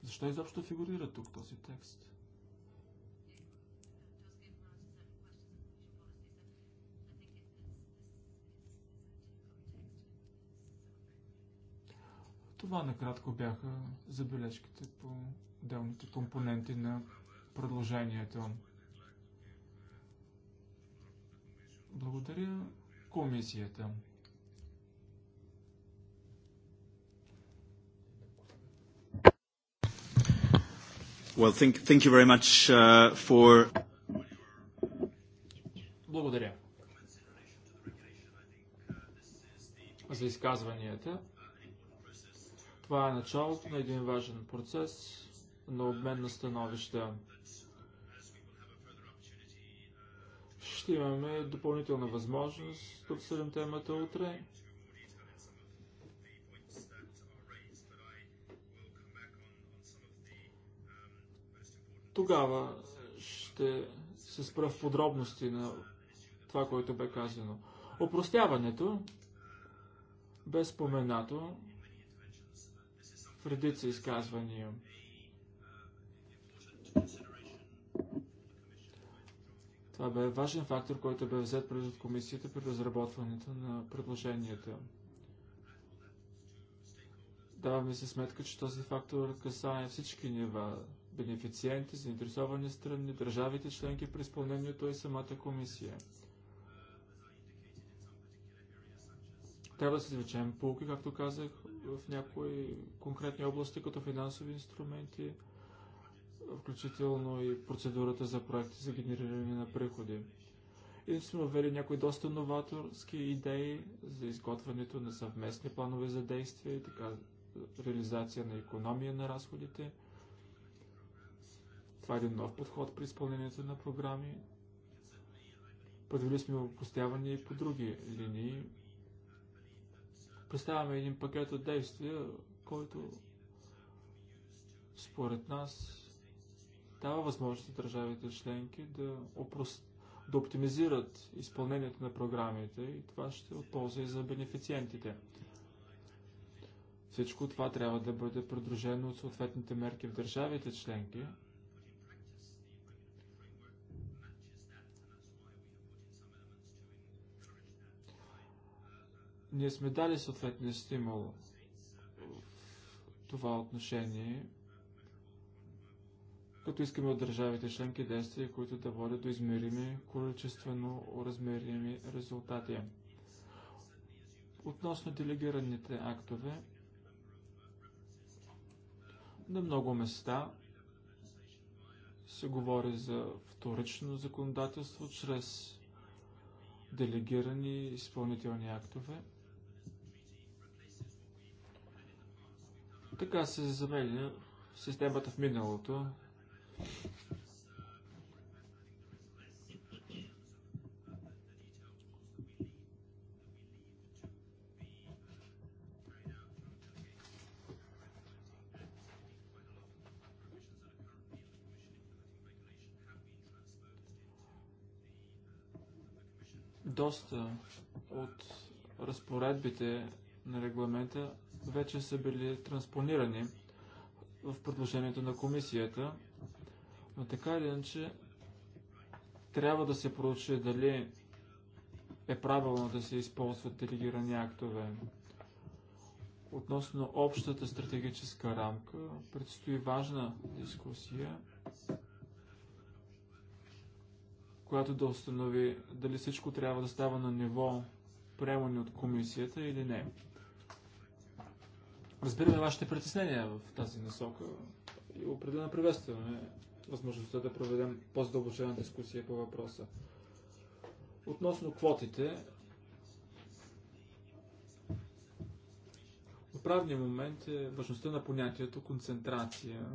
Защо изобщо фигурира тук този текст? Това накратко бяха забележките по отделните компоненти на предложението. Благодаря комисията. Well, thank, thank you very much uh, for... Благодаря за изказванията. Това е началото на един важен процес на обмен на становища. ще имаме допълнителна възможност да обсъдим темата утре. Тогава ще се спра в подробности на това, което бе казано. Опростяването бе споменато в редица изказвания. Това бе важен фактор, който бе взет пред от комисията при разработването на предложенията. Даваме се сметка, че този фактор касае всички нива – бенефициенти, заинтересовани страни, държавите членки при изпълнението и самата комисия. Трябва да се извлечем полки, както казах, в някои конкретни области, като финансови инструменти – включително и процедурата за проекти за генериране на приходи. И сме въвели някои доста новаторски идеи за изготвянето на съвместни планове за действие и така реализация на економия на разходите. Това е един нов подход при изпълнението на програми. Подвели сме опустяване и по други линии. Представяме един пакет от действия, който според нас дава възможност на държавите членки да, опрос... да оптимизират изпълнението на програмите и това ще е от полза и за бенефициентите. Всичко това трябва да бъде придружено от съответните мерки в държавите членки, ние сме дали съответния стимул в това отношение като искаме от държавите членки действия, които да водят до измерими количествено размерими резултати. Относно делегираните актове, на много места се говори за вторично законодателство чрез делегирани изпълнителни актове. Така се заменя системата в миналото, доста от разпоредбите на регламента вече са били транспонирани в предложението на комисията но така или иначе, трябва да се проучи дали е правилно да се използват делегирани актове. Относно общата стратегическа рамка, предстои важна дискусия, която да установи дали всичко трябва да става на ниво приемане от комисията или не. Разбираме вашите притеснения в тази насока и определено приветстваме възможността да проведем по-задълбочена дискусия по въпроса. Относно квотите, правния момент е важността на понятието концентрация.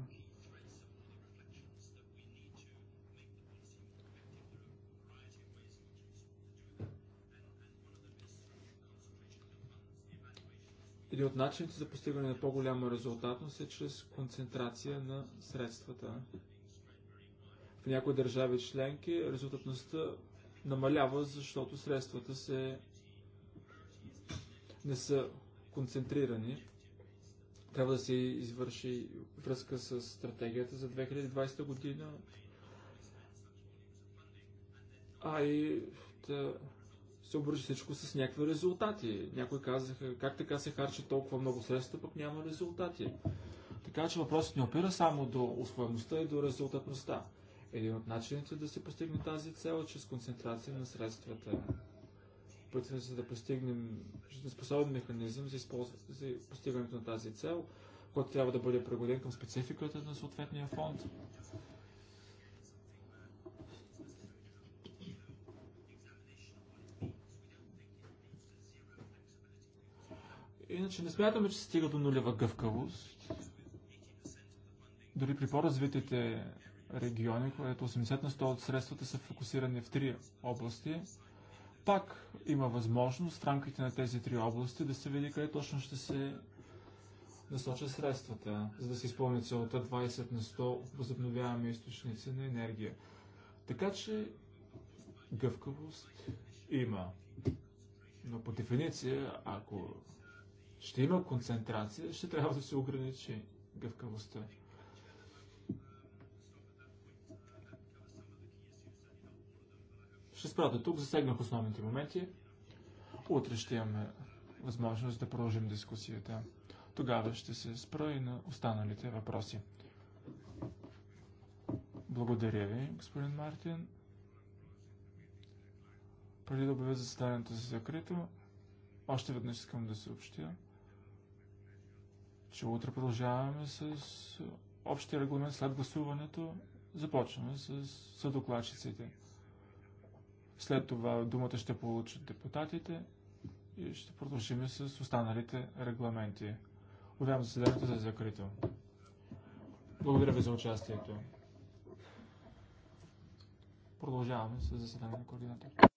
Един от начините за постигане на по-голяма резултатност е чрез концентрация на средствата. В някои държави членки резултатността намалява, защото средствата се не са концентрирани. Трябва да се извърши връзка с стратегията за 2020 година, а и да се обръжи всичко с някакви резултати. Някои казаха, как така се харчат толкова много средства, пък няма резултати. Така че въпросът не опира само до освоемостта и до резултатността. Един от начините да се постигне тази цел е чрез концентрация на средствата. Пътят за да постигнем способен механизъм за, използ... за постигането на тази цел, който трябва да бъде пригоден към спецификата на съответния фонд. Иначе не смятаме, че се стига до нулева гъвкавост. Дори при по-развитите региони, където 80 на 100 от средствата са фокусирани в три области. Пак има възможност в рамките на тези три области да се види къде точно ще се насочат средствата, за да се изпълни целта 20 на 100 възобновяваме източници на енергия. Така че гъвкавост има. Но по дефиниция, ако ще има концентрация, ще трябва да се ограничи гъвкавостта. Ще спрата тук, засегнах основните моменти. Утре ще имаме възможност да продължим дискусията. Тогава ще се спра и на останалите въпроси. Благодаря ви, господин Мартин. Преди да обявя заседанието за закрито, още веднъж искам да съобщя, че утре продължаваме с общия регламент след гласуването. Започваме с съдокладчиците. След това думата ще получат депутатите и ще продължим с останалите регламенти. Обявявам заседанието за закрито. Благодаря ви за участието. Продължаваме с заседание на координатора.